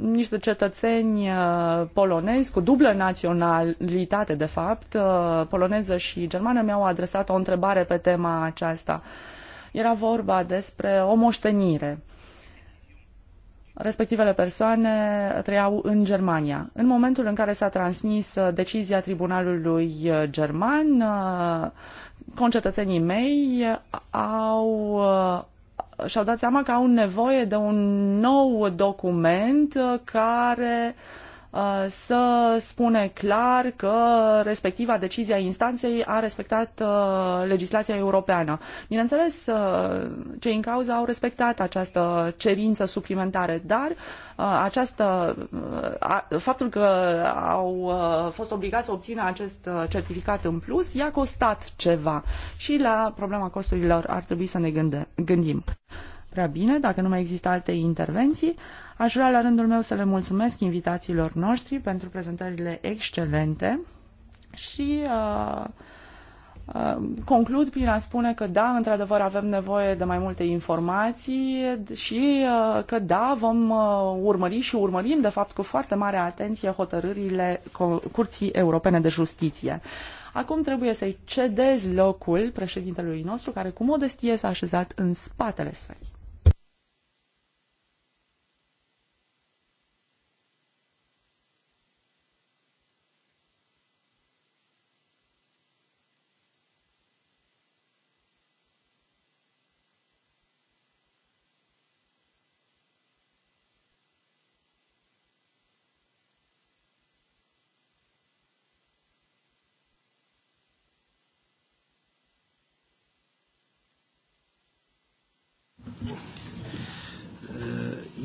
niște cetățeni uh, polonezi cu dublă naționalitate, de fapt, uh, poloneză și germană, mi-au adresat o întrebare pe tema aceasta. Era vorba despre o moștenire. Uh, respectivele persoane trăiau în Germania. În momentul în care s-a transmis uh, decizia tribunalului uh, german, uh, concetățenii mei au și-au dat seama că au nevoie de un nou document care uh, Uh, să spune clar că respectiva decizie a instanței a respectat uh, legislația europeană. Bineînțeles, uh, cei în cauză au respectat această cerință suplimentare, dar această, faptul că au fost obligați să obțină acest certificat în plus i-a costat ceva și la problema costurilor ar trebui să ne gândim. Prea bine, dacă nu mai există alte intervenții, Aș vrea la rândul meu să le mulțumesc invitațiilor noștri pentru prezentările excelente și uh, uh, conclud prin a spune că da, într-adevăr avem nevoie de mai multe informații și uh, că da, vom uh, urmări și urmărim de fapt cu foarte mare atenție hotărârile Curții Europene de Justiție. Acum trebuie să-i cedez locul președintelui nostru, care cu modestie s-a așezat în spatele săi.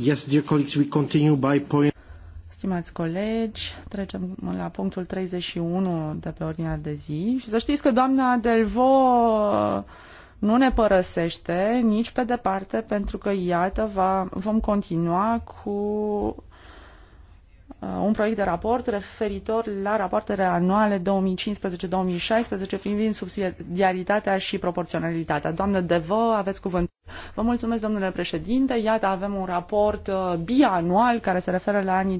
Yes, dear colleagues, we continue by point... Stimați colegi, trecem la punctul 31 de pe ordinea de zi și să știți că doamna Delvo nu ne părăsește nici pe departe pentru că, iată, va, vom continua cu uh, un proiect de raport referitor la rapoartele anuale 2015-2016 privind subsidiaritatea și proporționalitatea. Doamnă Devo, aveți cuvânt. Vă mulțumesc, domnule președinte. Iată, avem un raport uh, bianual care se referă la anii 2015-2016.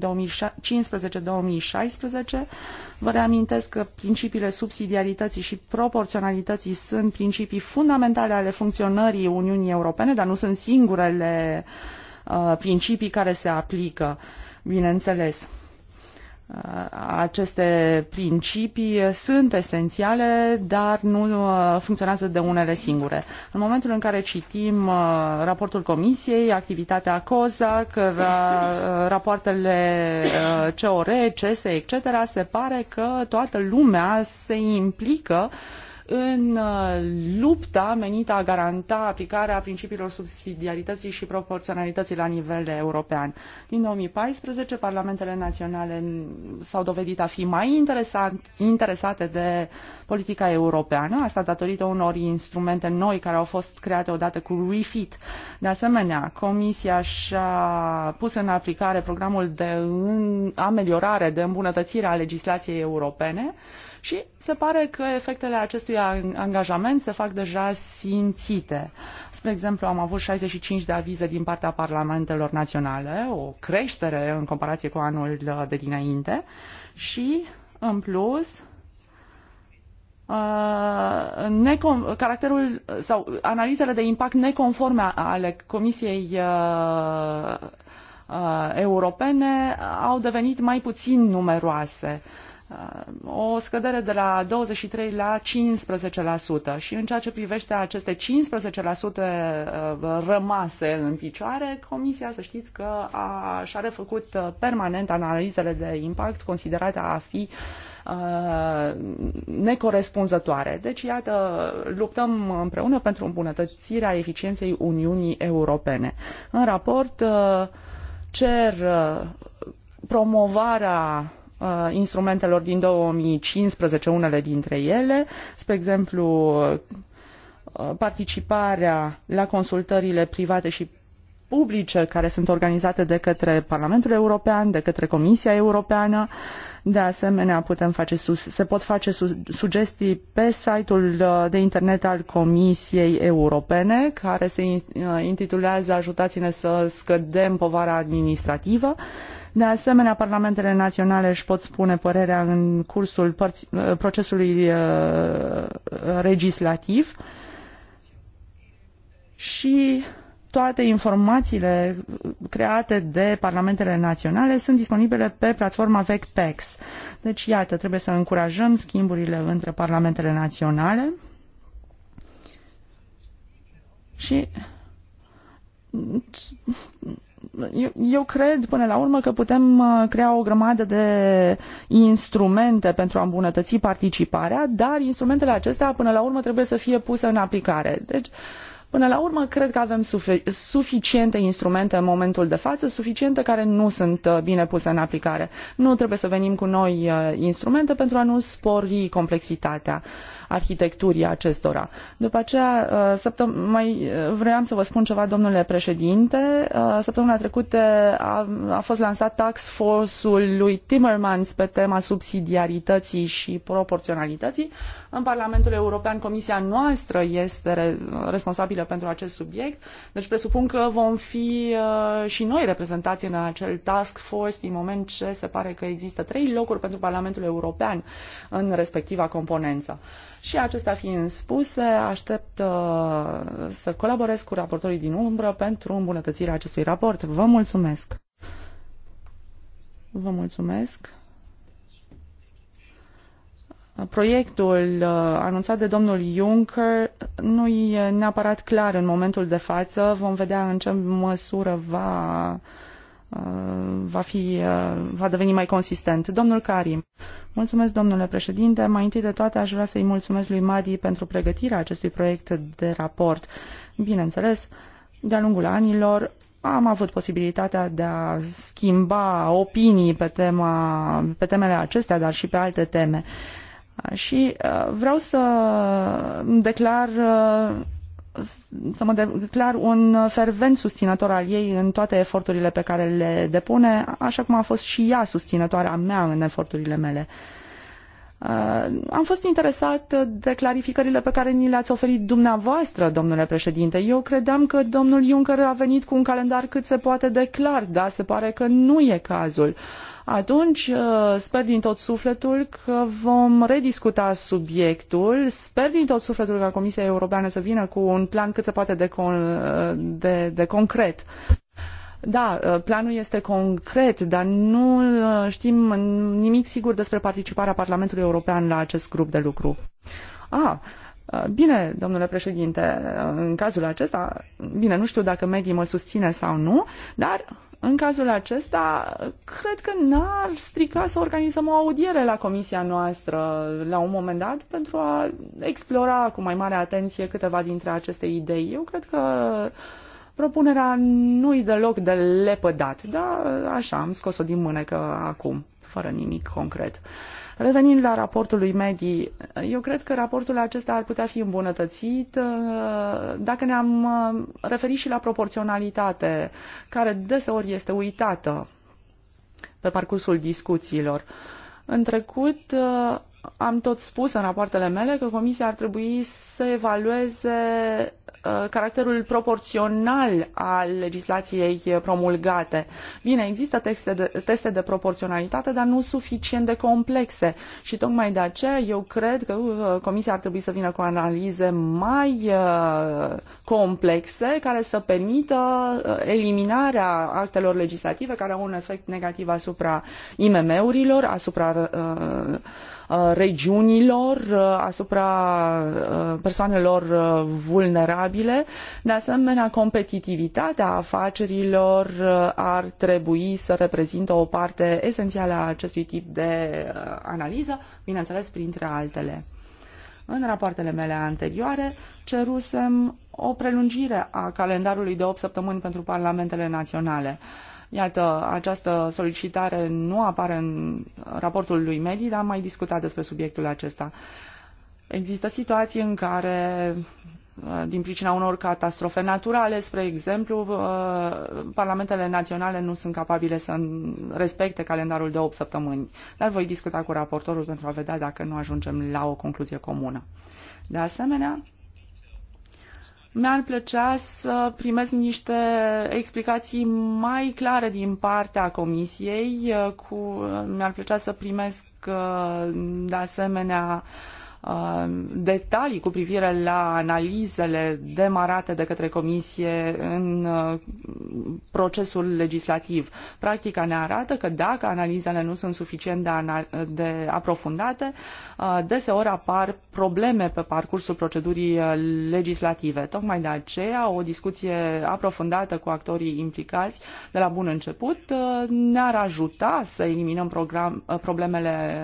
Vă reamintesc că principiile subsidiarității și proporționalității sunt principii fundamentale ale funcționării Uniunii Europene, dar nu sunt singurele uh, principii care se aplică, bineînțeles aceste principii sunt esențiale, dar nu uh, funcționează de unele singure. În momentul în care citim uh, raportul Comisiei, activitatea COSAC, uh, rapoartele COR, CESE, etc., se pare că toată lumea se implică în uh, lupta menită a garanta aplicarea principiilor subsidiarității și proporționalității la nivel european. Din 2014, parlamentele naționale s-au dovedit a fi mai interesate de politica europeană, asta datorită unor instrumente noi care au fost create odată cu REFIT. De asemenea, Comisia și-a pus în aplicare programul de ameliorare, de îmbunătățire a legislației europene, și se pare că efectele acestui angajament se fac deja simțite. Spre exemplu, am avut 65 de avize din partea parlamentelor naționale, o creștere în comparație cu anul uh, de dinainte și, în plus, uh, necon- caracterul sau analizele de impact neconforme ale Comisiei uh, uh, Europene au devenit mai puțin numeroase. Uh, Uh, o scădere de la 23 la 15% și în ceea ce privește aceste 15% uh, rămase în picioare, Comisia să știți că a, și-a refăcut uh, permanent analizele de impact considerate a fi necorespunzătoare. Deci, iată, luptăm împreună pentru îmbunătățirea eficienței Uniunii Europene. În raport cer promovarea Uh, instrumentelor din 2015, unele dintre ele, spre exemplu uh, participarea la consultările private și publice care sunt organizate de către Parlamentul European, de către Comisia Europeană. De asemenea, putem face, se pot face sugestii pe site-ul uh, de internet al Comisiei Europene, care se intitulează Ajutați-ne să scădem povara administrativă. Uh, de asemenea, parlamentele naționale își pot spune părerea în cursul procesului uh, legislativ și toate informațiile create de parlamentele naționale sunt disponibile pe platforma VECPEX. Deci, iată, trebuie să încurajăm schimburile între parlamentele naționale și eu, cred până la urmă că putem uh, crea o grămadă de instrumente pentru a îmbunătăți participarea, dar instrumentele acestea până la urmă trebuie să fie puse în aplicare. Deci, Până la urmă, cred că avem suficiente instrumente în momentul de față, suficiente care nu sunt uh, bine puse în aplicare. Nu trebuie să venim cu noi uh, instrumente pentru a nu spori complexitatea arhitecturii acestora. După aceea, uh, săptăm- mai uh, vreau să vă spun ceva, domnule președinte. Uh, săptămâna trecută a, a fost lansat tax force-ul lui Timmermans pe tema subsidiarității și proporționalității. În Parlamentul European, Comisia noastră este re- responsabilă pentru acest subiect, deci presupun că vom fi și noi reprezentați în acel task force din moment ce se pare că există trei locuri pentru Parlamentul European în respectiva componență. Și acestea fiind spuse, aștept uh, să colaborez cu raportorii din umbră pentru îmbunătățirea acestui raport. Vă mulțumesc! Vă mulțumesc! Proiectul uh, anunțat de domnul Juncker nu e neapărat clar în momentul de față. Vom vedea în ce măsură va Uh, va, fi, uh, va deveni mai consistent. Domnul Karim. Mulțumesc, domnule președinte. Mai întâi de toate aș vrea să-i mulțumesc lui Madi pentru pregătirea acestui proiect de raport. Bineînțeles, de-a lungul anilor am avut posibilitatea de a schimba opinii pe, tema, pe temele acestea, dar și pe alte teme. Și uh, vreau să declar să mă declar un fervent susținător al ei în toate eforturile pe care le depune, așa cum a fost și ea susținătoarea mea în eforturile mele. Uh, am fost interesat de clarificările pe care ni le-ați oferit dumneavoastră, domnule președinte. Eu credeam că domnul Juncker a venit cu un calendar cât se poate de clar, dar se pare că nu e cazul. Uh, atunci uh, sper din tot sufletul că vom rediscuta subiectul, sper din tot sufletul ca Comisia Europeană să vină cu un plan cât se poate de, con- uh, de, de concret. Da, uh, planul este concret, dar nu știm nimic sigur despre participarea Parlamentului European la acest grup de lucru. Ah, Bine, domnule președinte, în cazul acesta, bine, nu știu dacă Maggie mă susține sau nu, dar în cazul acesta, cred că n-ar strica să organizăm o audiere la comisia noastră la un moment dat pentru a explora cu mai mare atenție câteva dintre aceste idei. Eu cred că propunerea nu-i deloc de lepădat, dar așa am scos-o din mânecă acum, fără nimic concret. Uh, Revenind la raportul lui Medi, eu cred că raportul acesta ar putea fi îmbunătățit uh, dacă ne-am uh, referit și la proporționalitate, care deseori este uitată pe parcursul discuțiilor. În trecut uh, am tot spus în rapoartele mele că Comisia ar trebui să evalueze Uh, caracterul proporțional al legislației promulgate. Bine, există teste de, teste de proporționalitate, dar nu suficient de complexe și tocmai de aceea eu cred că uh, Comisia ar trebui să vină cu analize mai uh, complexe care să permită eliminarea actelor legislative care au un efect negativ asupra IMM-urilor, asupra uh, Uh, regiunilor, uh, asupra uh, persoanelor vulnerabile. De asemenea, competitivitatea afacerilor ar trebui să reprezintă o parte esențială a acestui tip de analiză, bineînțeles, printre altele. În rapoartele mele anterioare cerusem o prelungire a calendarului de 8 săptămâni pentru parlamentele naționale. Uh, Iată, această solicitare nu apare în raportul lui Medi, dar am mai discutat despre subiectul acesta. Există situații în care uh, din pricina unor catastrofe naturale, spre exemplu, uh, parlamentele naționale nu sunt capabile să respecte calendarul de 8 săptămâni. Dar voi discuta cu raportorul pentru a vedea dacă nu ajungem la o concluzie comună. De asemenea, mi-ar plăcea să primesc niște explicații mai clare din partea Comisiei. Cu... Mi-ar plăcea să primesc uh, de asemenea uh, Uh, detalii cu privire la analizele demarate de către Comisie în uh, procesul legislativ. Practica ne arată că dacă analizele nu sunt suficient de, de aprofundate, uh, deseori apar probleme pe parcursul procedurii legislative. Tocmai de aceea, o discuție aprofundată cu actorii implicați de la bun început ne-ar ajuta să eliminăm program, problemele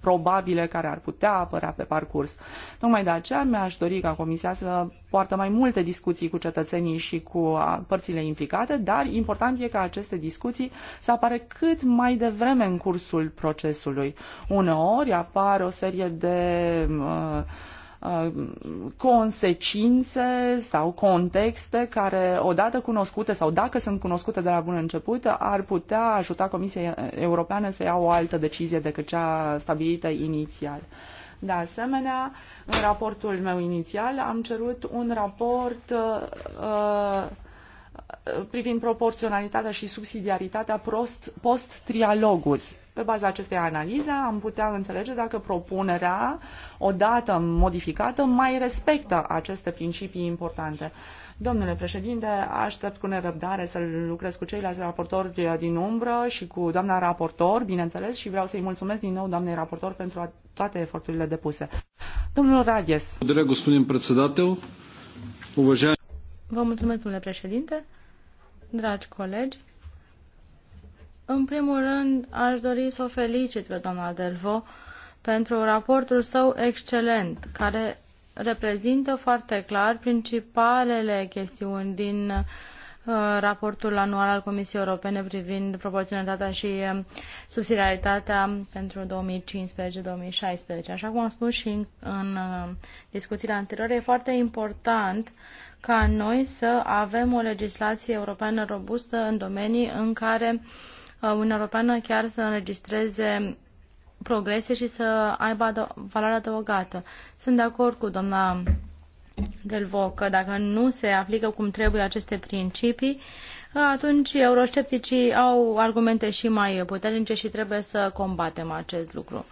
probabile care ar putea apărea dezvoltarea pe parcurs. Tocmai de aceea mi-aș dori ca Comisia să poartă mai multe discuții cu cetățenii și cu părțile implicate, dar important e ca aceste discuții să apară cât mai devreme în cursul procesului. Uneori apar o serie de uh, consecințe sau contexte care, odată cunoscute sau dacă sunt cunoscute de la bun început, ar putea ajuta Comisia Europeană să ia o altă decizie decât cea stabilită inițial. De asemenea, în raportul meu inițial am cerut un raport uh, uh privind proporționalitatea și subsidiaritatea post-trialoguri. Pe baza acestei analize am putea înțelege dacă propunerea, odată modificată, mai respectă aceste principii importante. Domnule președinte, aștept cu nerăbdare să lucrez cu ceilalți raportori din umbră și cu doamna raportor, bineînțeles, și vreau să-i mulțumesc din nou doamnei raportor pentru toate eforturile depuse. Domnul Rages. Vă mulțumesc, domnule președinte, dragi colegi. În primul rând, aș dori să o felicit pe doamna Delvo pentru raportul său excelent, care reprezintă foarte clar principalele chestiuni din uh, raportul anual al Comisiei Europene privind proporționalitatea și uh, subsidiaritatea pentru 2015-2016. Așa cum am spus și în, în uh, discuțiile anterioare, e foarte important ca noi să avem o legislație europeană robustă în domenii în care Uniunea Europeană chiar să înregistreze progrese și să aibă ado- valoare adăugată. Sunt de acord cu doamna Delvo că dacă nu se aplică cum trebuie aceste principii, atunci euroscepticii au argumente și mai puternice și trebuie să combatem acest lucru.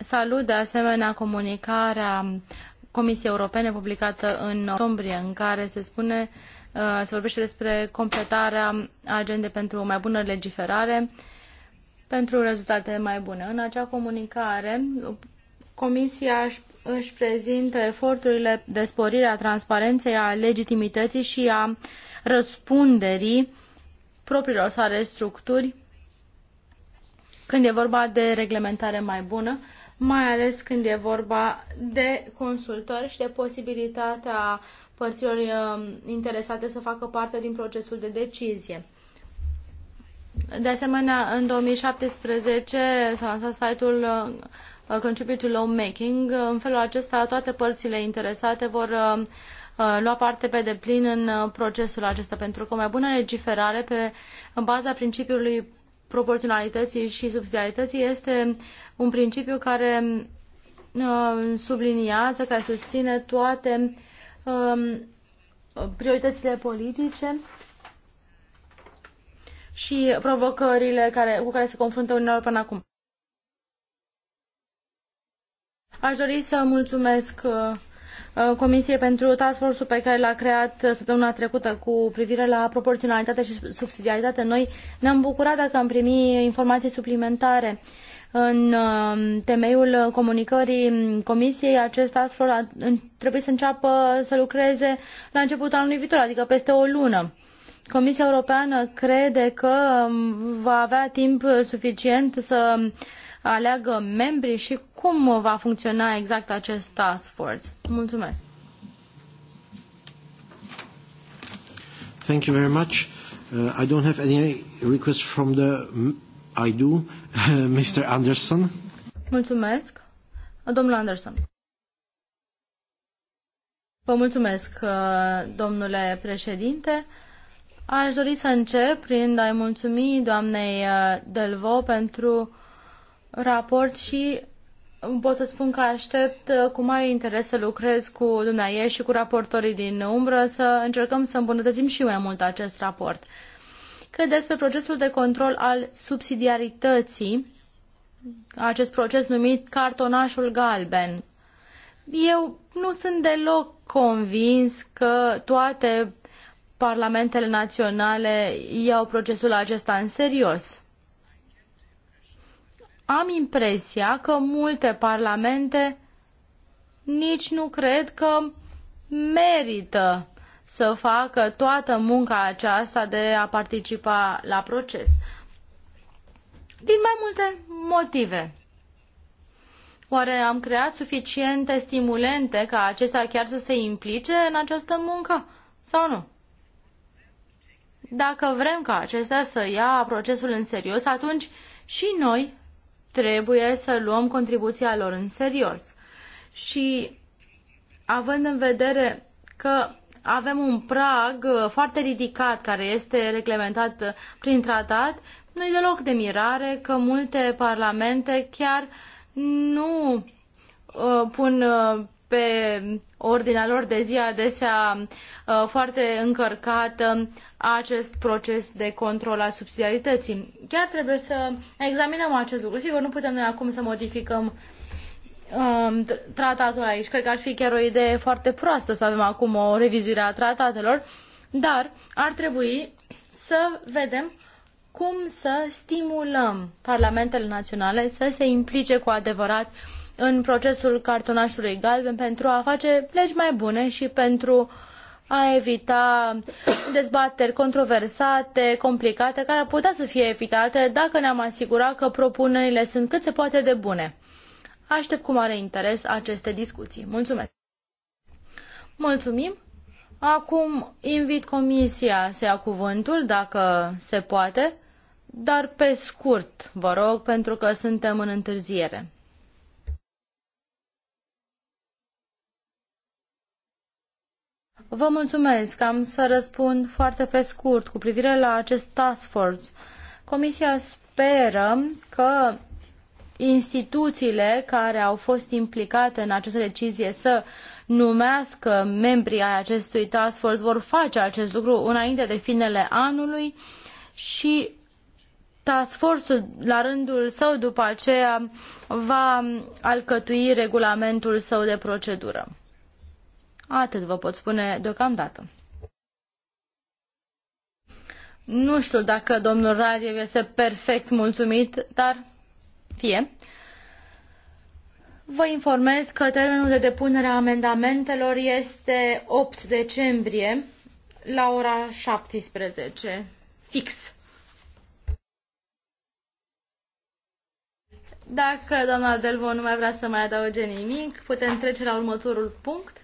Salut de asemenea comunicarea Comisiei Europene publicată în octombrie, în care se spune, uh, se vorbește despre completarea agendei pentru o mai bună legiferare pentru rezultate mai bune. În acea comunicare, Comisia își, prezintă eforturile de sporire a transparenței, a legitimității și a răspunderii propriilor sale structuri când e vorba de reglementare mai bună, mai ales când e vorba de consultări și de posibilitatea părților um, interesate să facă parte din procesul de decizie. De asemenea, în 2017 s-a lansat site-ul uh, Contribute to Lawmaking. În felul acesta, toate părțile interesate vor uh, uh, lua parte pe deplin în procesul acesta, pentru că o mai bună legiferare pe baza principiului proporționalității și subsidiarității este un principiu care subliniază, care susține toate um, prioritățile politice și provocările care, cu care se confruntă Uniunea Europeană acum. Aș dori să mulțumesc uh, uh, Comisiei pentru task force-ul pe care l-a creat uh, săptămâna trecută cu privire la proporționalitate și subsidiaritate. Noi ne-am bucurat dacă am primit informații suplimentare în temeiul comunicării Comisiei, acest task force trebuie să înceapă să lucreze la începutul anului viitor, adică peste o lună. Comisia Europeană crede că um, va avea timp suficient să aleagă membrii și cum va funcționa exact acest task force. Mulțumesc. Thank you very much. Uh, I don't have any requests from the I do, uh, (laughs) Mr. Anderson. Mulțumesc. Domnul Anderson. Vă mulțumesc, uh, domnule președinte. Aș dori să încep prin a-i mulțumi doamnei uh, Delvo pentru raport și pot să spun că aștept uh, cu mare interes să lucrez cu dumneavoastră și cu raportorii din umbră să încercăm să îmbunătățim și mai mult acest raport. Că despre procesul de control al subsidiarității, acest proces numit cartonașul galben, eu nu sunt deloc convins că toate parlamentele naționale iau procesul acesta în serios. Am impresia că multe parlamente nici nu cred că merită să facă toată munca aceasta de a participa la proces. Din mai multe motive. Oare am creat suficiente stimulente ca acesta chiar să se implice în această muncă sau nu? Dacă vrem ca acesta să ia procesul în serios, atunci și noi trebuie să luăm contribuția lor în serios. Și având în vedere că avem un prag foarte ridicat care este reglementat prin tratat, nu-i deloc de mirare că multe parlamente chiar nu uh, pun uh, pe ordinea lor de zi adesea uh, foarte încărcată uh, acest proces de control al subsidiarității. Chiar trebuie să examinăm acest lucru. Sigur, nu putem noi acum să modificăm um, tratatul aici. Cred că ar fi chiar o idee foarte proastă să avem acum o revizuire a tratatelor, dar ar trebui să vedem cum să stimulăm parlamentele naționale să se implice cu adevărat uh, în procesul cartonașului galben pentru a face legi mai bune și pentru a evita dezbateri controversate, complicate, care ar putea să fie evitate dacă ne-am asigurat că propunerile sunt cât se poate de bune. Aștept cu mare interes aceste discuții. Mulțumesc! Mulțumim! Acum invit comisia să ia cuvântul, dacă se poate, dar pe scurt, vă rog, pentru că suntem în întârziere. Vă mulțumesc. Am să răspund foarte pe scurt cu privire la acest task force. Comisia speră că instituțiile care au fost implicate în această decizie să numească membrii ai acestui task force vor face acest lucru înainte de finele anului și task force-ul la rândul său după aceea va alcătui regulamentul său de procedură. Atât vă pot spune deocamdată. Nu știu dacă domnul Radiev este perfect mulțumit, dar fie. Vă informez că termenul de depunere a amendamentelor este 8 decembrie la ora 17, fix. Dacă doamna Delvo nu mai vrea să mai adauge nimic, putem trece la următorul punct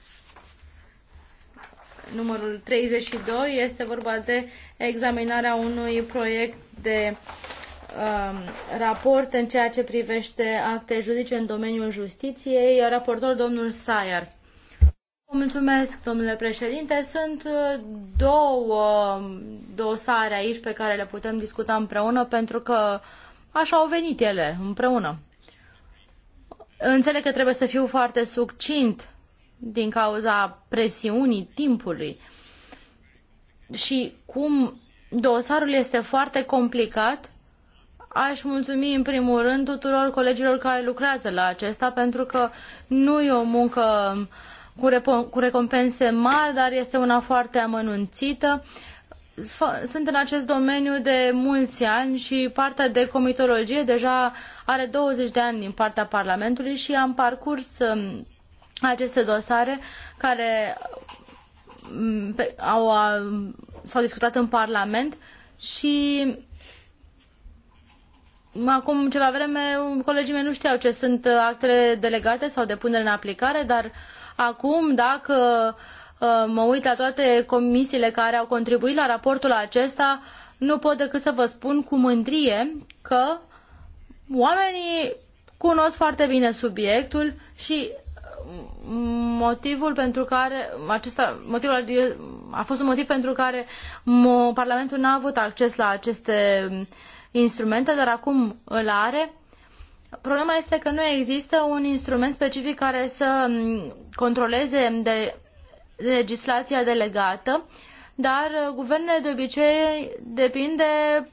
numărul 32. Este vorba de examinarea unui proiect de um, raport în ceea ce privește acte judice în domeniul justiției, raportor domnul Sayar. Mulțumesc, domnule președinte. Sunt uh, două um, dosare aici pe care le putem discuta împreună pentru că așa au venit ele împreună. Înțeleg că trebuie să fiu foarte succint din cauza presiunii timpului și cum dosarul este foarte complicat, aș mulțumi în primul rând tuturor colegilor care lucrează la acesta, pentru că nu e o muncă cu, cu recompense mari, dar este una foarte amănunțită. Sunt în acest domeniu de mulți ani și partea de comitologie deja are 20 de ani din partea Parlamentului și am parcurs um, aceste dosare care mm, au, s-au discutat în Parlament și acum ceva vreme colegii mei nu știau ce sunt actele delegate sau de punere în aplicare, dar acum dacă ă, mă uit la toate comisiile care au contribuit la raportul acesta, nu pot decât să vă spun cu mândrie că oamenii cunosc foarte bine subiectul și motivul pentru care acesta, motivul a fost un motiv pentru care Parlamentul n-a avut acces la aceste instrumente, dar acum îl are. Problema este că nu există un instrument specific care să controleze de legislația delegată, dar guvernele de obicei depind de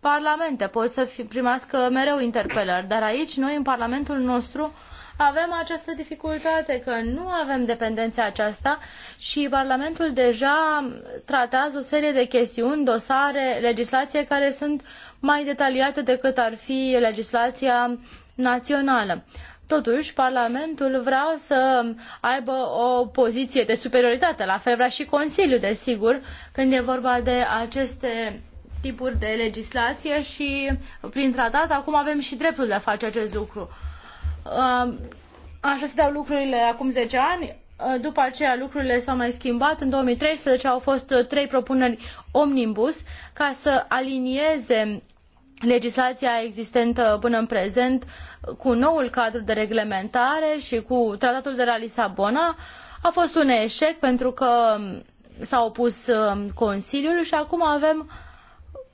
parlamente, pot să fi, primească mereu interpelări, dar aici noi în Parlamentul nostru avem această dificultate, că nu avem dependența aceasta și Parlamentul deja tratează o serie de chestiuni, dosare, legislație care sunt mai detaliate decât ar fi legislația națională. Totuși, Parlamentul vrea să aibă o poziție de superioritate, la fel vrea și Consiliul, desigur, când e vorba de aceste tipuri de legislație și prin tratat acum avem și dreptul de a face acest lucru. Așa se dau lucrurile acum zece ani. Ă, după aceea lucrurile s-au mai schimbat. În 2013 au fost trei propuneri omnibus ca să alinieze legislația existentă până în prezent cu noul cadru de reglementare și cu tratatul de la Lisabona. A fost un eșec pentru că s-a opus ă, Consiliul și acum avem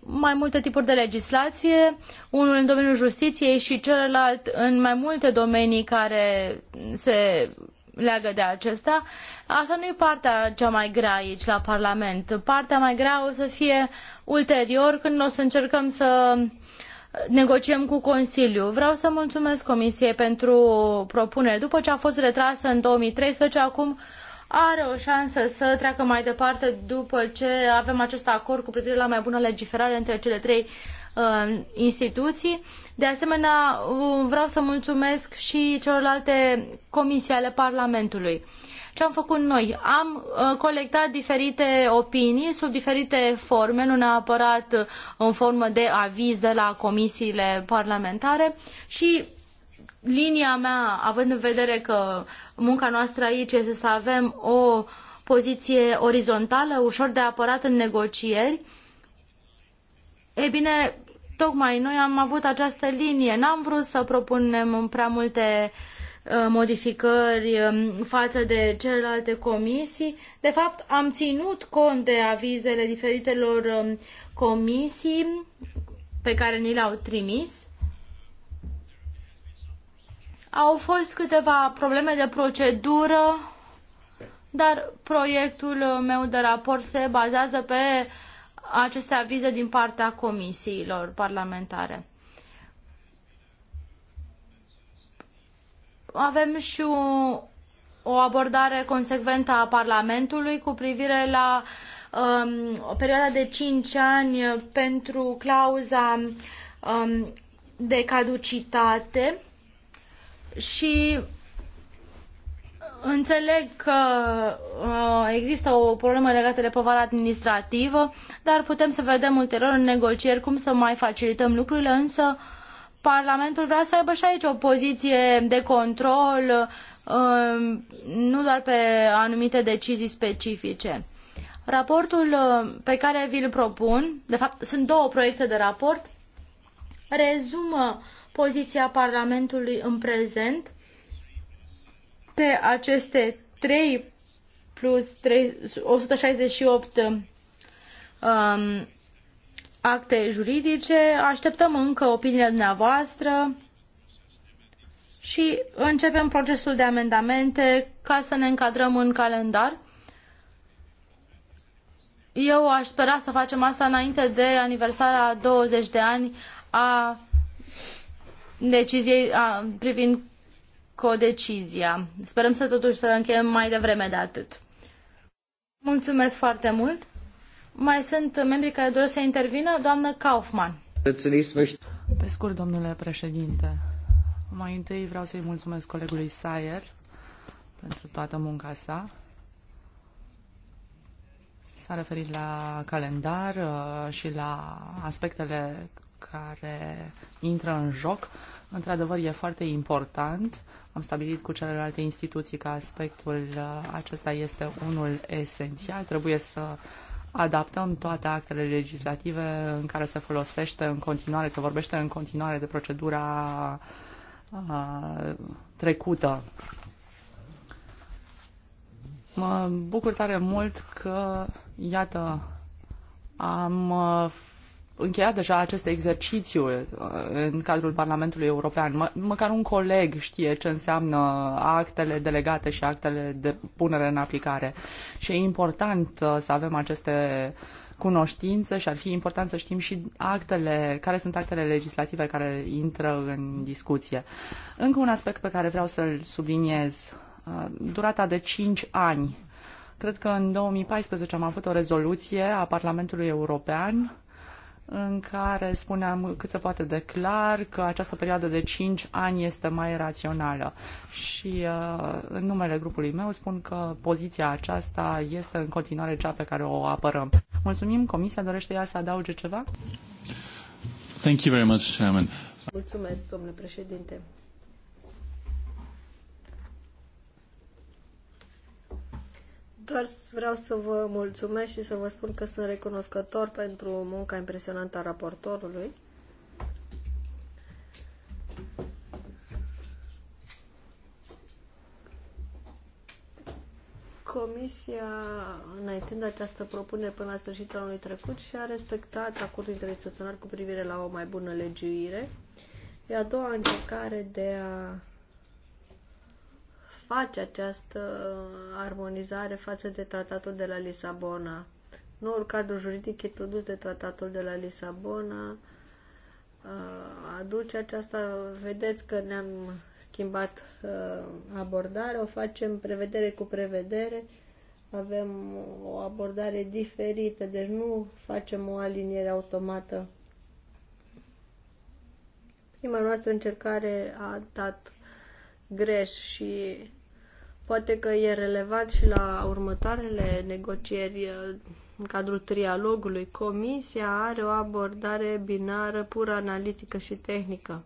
mai multe tipuri de legislație, unul în domeniul justiției și celălalt în mai multe domenii care se leagă de acesta. Asta nu e partea cea mai grea aici la Parlament. Partea mai grea o să fie ulterior când o să încercăm să negociem cu Consiliul. Vreau să mulțumesc Comisiei pentru propunere. După ce a fost retrasă în 2013, acum are o șansă să treacă mai departe după ce avem acest acord cu privire la mai bună legiferare între cele trei uh, instituții. De asemenea, uh, vreau să mulțumesc și celorlalte comisii ale Parlamentului. Ce am făcut noi? Am uh, colectat diferite opinii sub diferite forme, nu neapărat uh, în formă de aviz de la comisiile parlamentare și linia mea, având în vedere că Munca noastră aici este să avem o poziție orizontală, ușor de apărat în negocieri. Ei bine, tocmai noi am avut această linie. N-am vrut să propunem prea multe uh, modificări um, față de celelalte comisii. De fapt, am ținut cont de avizele diferitelor um, comisii pe care ni le-au trimis au fost câteva probleme de procedură, dar proiectul meu de raport se bazează pe aceste avize din partea comisiilor parlamentare. Avem și o, o abordare consecventă a Parlamentului cu privire la um, o perioadă de 5 ani pentru clauza um, de caducitate și înțeleg că uh, există o problemă legată de povara administrativă, dar putem să vedem ulterior în negocieri cum să mai facilităm lucrurile, însă Parlamentul vrea să aibă și aici o poziție de control, uh, nu doar pe anumite decizii specifice. Raportul uh, pe care vi-l propun, de fapt sunt două proiecte de raport, rezumă poziția Parlamentului în prezent pe aceste 3 plus 3, 168 um, acte juridice. Așteptăm încă opiniile dumneavoastră și începem procesul de amendamente ca să ne încadrăm în calendar. Eu aș spera să facem asta înainte de aniversarea 20 de ani a deciziei a, privind codecizia. Sperăm să totuși să încheiem mai devreme de atât. Mulțumesc foarte mult. Mai sunt membri care doresc să intervină. Doamnă Kaufmann. Pe scurt, domnule președinte, mai întâi vreau să-i mulțumesc colegului Sayer pentru toată munca sa. S-a referit la calendar uh, și la aspectele care intră în joc, într-adevăr e foarte important. Am stabilit cu celelalte instituții că aspectul uh, acesta este unul esențial. Trebuie să adaptăm toate actele legislative în care se folosește în continuare, se vorbește în continuare de procedura uh, trecută. Mă bucur tare mult că, iată, am uh, încheiat deja acest exercițiu uh, în cadrul Parlamentului European. Mă, măcar un coleg știe ce înseamnă actele delegate și actele de punere în aplicare. Și e important uh, să avem aceste cunoștințe și ar fi important să știm și actele, care sunt actele legislative care intră în discuție. Încă un aspect pe care vreau să-l subliniez. Uh, durata de 5 ani. Cred că în 2014 am avut o rezoluție a Parlamentului European în care spuneam cât se poate de clar că această perioadă de 5 ani este mai rațională. Și uh, în numele grupului meu spun că poziția aceasta este în continuare cea pe care o apărăm. Mulțumim. Comisia dorește ea să adauge ceva? Thank you very much, Chairman. Mulțumesc, domnule președinte. Doar vreau să vă mulțumesc și să vă spun că sunt recunoscător pentru munca impresionantă a raportorului. Comisia, înaintând această propunere până la sfârșitul anului trecut, și-a respectat acordul interinstituțional cu privire la o mai bună legiuire. E a doua încercare de a face această armonizare față de tratatul de la Lisabona. Noul cadru juridic introdus de tratatul de la Lisabona uh, aduce aceasta, vedeți că ne-am schimbat uh, abordarea, o facem prevedere cu prevedere, avem o abordare diferită, deci nu facem o aliniere automată. Prima noastră încercare a dat greș și Poate că e relevant și la următoarele negocieri uh, în cadrul trialogului. Comisia are o abordare binară, pur analitică și tehnică.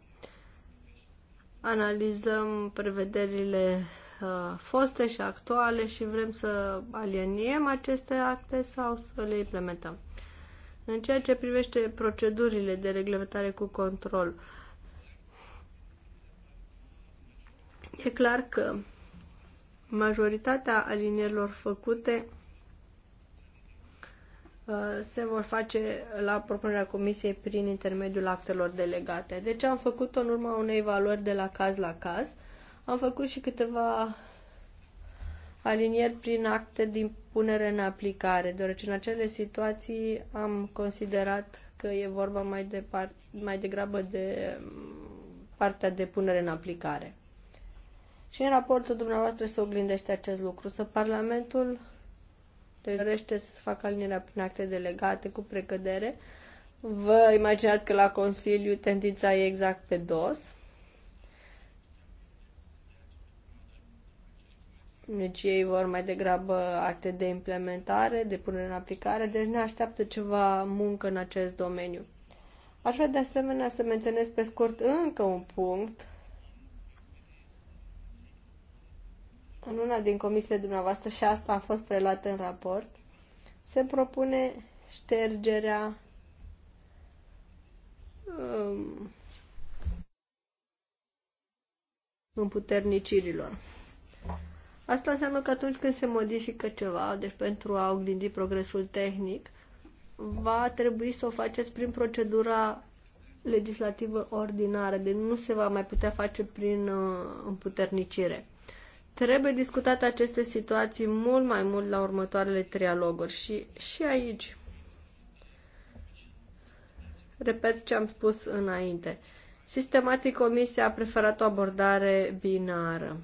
Analizăm prevederile uh, foste și actuale și vrem să alieniem aceste acte sau să le implementăm. În ceea ce privește procedurile de reglementare cu control, e clar că majoritatea alinierilor făcute uh, se vor face la propunerea comisiei prin intermediul actelor delegate. Deci am făcut-o în urma unei valori de la caz la caz. Am făcut și câteva alinieri prin acte din punere în aplicare, deoarece în acele situații am considerat că e vorba mai, departe, mai degrabă de mm, partea de punere în aplicare. Și în raportul dumneavoastră se oglindește acest lucru, să Parlamentul dorește să facă alinierea prin acte delegate cu precădere. Vă imaginați că la Consiliu tendința e exact pe dos. Deci ei vor mai degrabă acte de implementare, de punere în aplicare, deci ne așteaptă ceva muncă în acest domeniu. Aș vrea de asemenea să menționez pe scurt încă un punct în una din comisiile dumneavoastră, și asta a fost preluată în raport, se propune ștergerea um, împuternicirilor. Asta înseamnă că atunci când se modifică ceva, deci pentru a oglindi progresul tehnic, va trebui să o faceți prin procedura legislativă ordinară, de deci nu se va mai putea face prin uh, împuternicire. Trebuie discutate aceste situații mult mai mult la următoarele trialoguri și, și aici. Repet ce am spus înainte. Sistematic, Comisia a preferat o abordare binară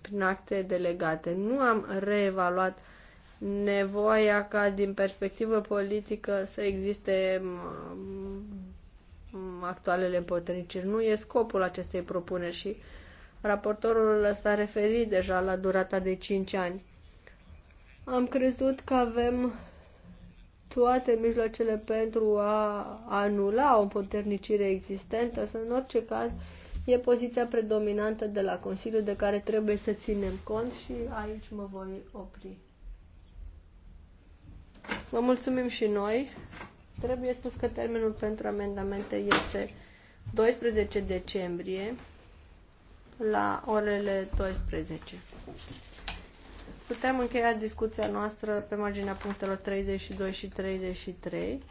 prin acte delegate. Nu am reevaluat nevoia ca din perspectivă politică să existe actualele împotriviri. Nu e scopul acestei propuneri și Raportorul s-a referit deja la durata de 5 ani. Am crezut că avem toate mijloacele pentru a anula o puternicire existentă, să în orice caz e poziția predominantă de la Consiliu de care trebuie să ținem cont și aici mă voi opri. Vă mulțumim și noi. Trebuie spus că termenul pentru amendamente este 12 decembrie la orele 12. Putem încheia discuția noastră pe marginea punctelor 32 și 33.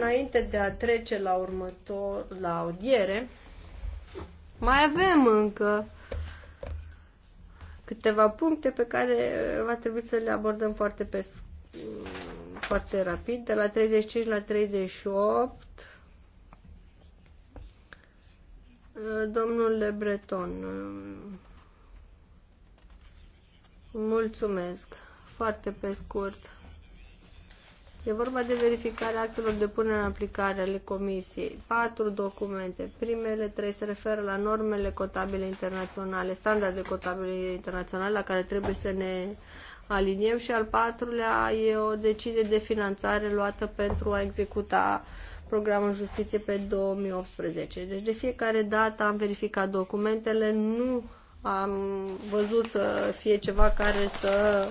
Înainte de a trece la următor, la audiere, mai avem încă câteva puncte pe care va trebui să le abordăm foarte pe foarte rapid, de la 35 la 38 Domnule Breton, mulțumesc. Foarte pe scurt. E vorba de verificarea actelor de punere în aplicare ale Comisiei. Patru documente. Primele trei se referă la normele contabile internaționale, standarde contabile internaționale la care trebuie să ne aliniem și al patrulea e o decizie de finanțare luată pentru a executa uh, programul justiție pe 2018. Deci de fiecare dată am verificat documentele, nu am văzut să fie ceva care să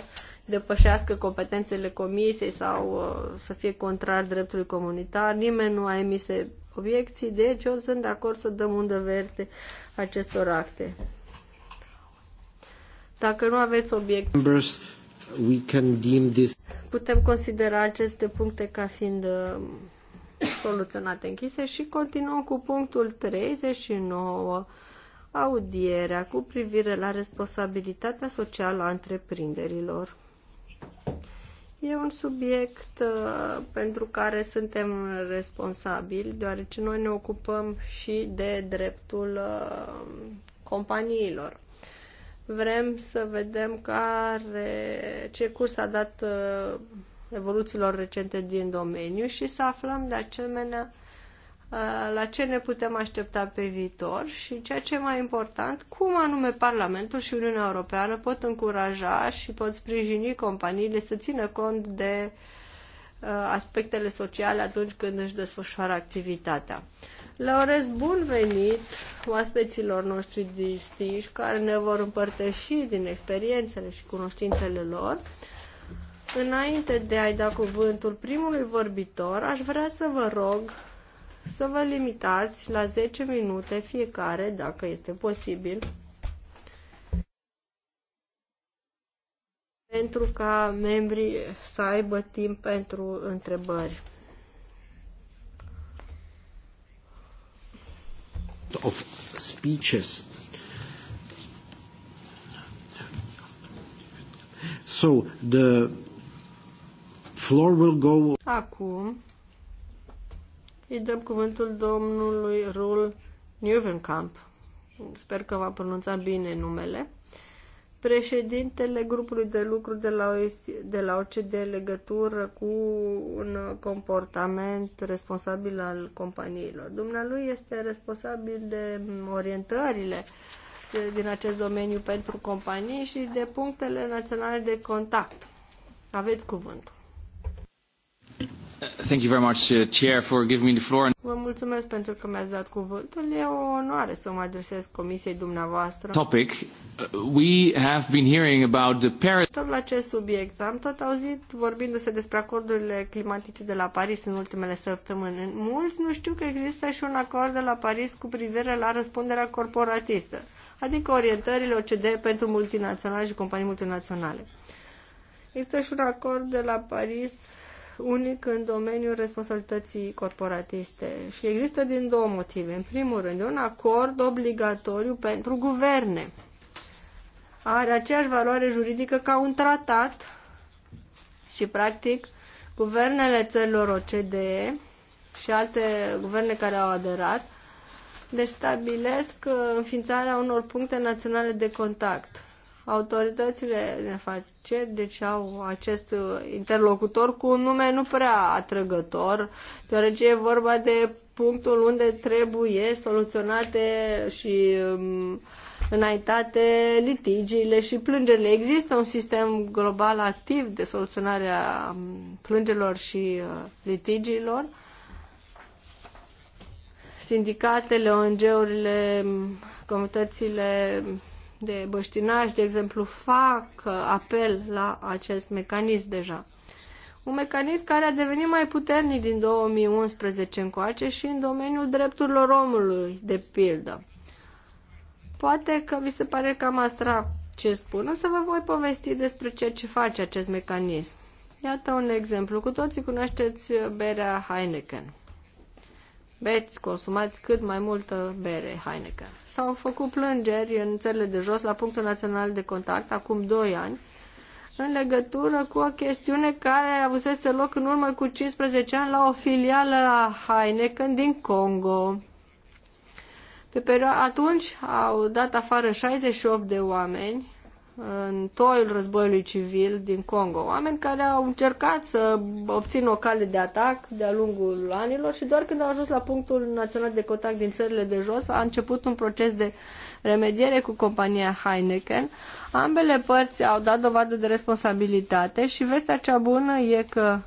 depășească competențele comisiei sau uh, să fie contrar dreptului comunitar. Nimeni nu a emis obiecții, deci eu sunt de acord să dăm undă verde acestor acte. Dacă nu aveți obiecții, putem considera aceste puncte ca fiind uh, soluționate închise și continuăm cu punctul 39, audierea cu privire la responsabilitatea socială a întreprinderilor. E un subiect uh, pentru care suntem responsabili, deoarece noi ne ocupăm și de dreptul uh, companiilor. Vrem să vedem care, ce curs a dat uh, evoluțiilor recente din domeniu și să aflăm de asemenea uh, la ce ne putem aștepta pe viitor și, ceea ce e mai important, cum anume Parlamentul și Uniunea Europeană pot încuraja și pot sprijini companiile să țină cont de uh, aspectele sociale atunci când își desfășoară activitatea. Le urez bun venit oaspeților noștri distinși care ne vor împărtăși din experiențele și cunoștințele lor Înainte de a-i da cuvântul primului vorbitor, aș vrea să vă rog să vă limitați la 10 minute fiecare, dacă este posibil, pentru ca membrii să aibă timp pentru întrebări. Of speeches. So the Floor will go... Acum îi dăm cuvântul domnului Rul Neuvenkamp. Sper că v pronunța pronunțat bine numele. Președintele grupului de lucru de la, de la OCD legătură cu un comportament responsabil al companiilor. Dumnealui este responsabil de orientările din acest domeniu pentru companii și de punctele naționale de contact. Aveți cuvântul. Thank you very much, uh, Chair, for giving me the floor. Vă mulțumesc pentru că mi-ați dat cuvântul. E o onoare să mă adresez comisiei dumneavoastră. Topic. Uh, we have been hearing about the Paris... Tot la acest subiect. Am tot auzit vorbindu-se despre acordurile climatice de la Paris în ultimele săptămâni. Mulți nu știu că există și un acord de la Paris cu privire la răspunderea corporatistă, adică orientările OCDE pentru multinaționale și companii multinaționale. Există și un acord de la Paris unic în domeniul responsabilității corporatiste și există din două motive. În primul rând, un acord obligatoriu pentru guverne. Are aceeași valoare juridică ca un tratat și, practic, guvernele țărilor OCDE și alte guverne care au aderat, deci stabilesc uh, înființarea unor puncte naționale de contact autoritățile de afaceri deci au acest uh, interlocutor cu un nume nu prea atrăgător, deoarece e vorba de punctul unde trebuie soluționate și um, înaintate litigiile și plângerile. Există un sistem global activ de soluționare a um, plângerilor și uh, litigiilor. Sindicatele, ONG-urile, um, comunitățile de băștinaș, de exemplu, fac uh, apel la acest mecanism deja. Un mecanism care a devenit mai puternic din 2011 încoace și în domeniul drepturilor omului, de pildă. Poate că vi se pare cam astra ce spun, să vă voi povesti despre ceea ce face acest mecanism. Iată un exemplu. Cu toții cunoașteți berea Heineken beți, consumați cât mai multă bere Heineken. S-au făcut plângeri în țările de jos la punctul național de contact acum 2 ani în legătură cu o chestiune care avusese loc în urmă cu 15 ani la o filială a Heineken din Congo. Pe perio- atunci au dat afară 68 de oameni în toiul războiului civil din Congo. Oameni care au încercat să obțină o cale de atac de-a lungul anilor și doar când au ajuns la punctul național de contact din țările de jos a început un proces de remediere cu compania Heineken. Ambele părți au dat dovadă de responsabilitate și vestea cea bună e că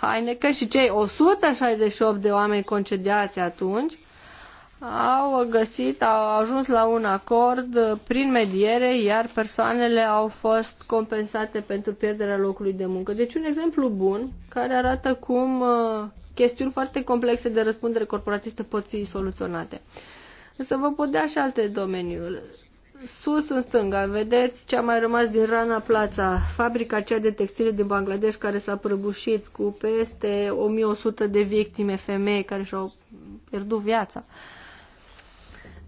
Heineken și cei 168 de oameni concediați atunci au găsit, au ajuns la un acord prin mediere, iar persoanele au fost compensate pentru pierderea locului de muncă. Deci un exemplu bun care arată cum uh, chestiuni foarte complexe de răspundere corporatistă pot fi soluționate. Să vă pot da și alte domenii. Sus în stânga, vedeți ce a mai rămas din Rana Plața, fabrica aceea de textile din Bangladesh care s-a prăbușit cu peste 1100 de victime femei care și-au pierdut viața. Uh,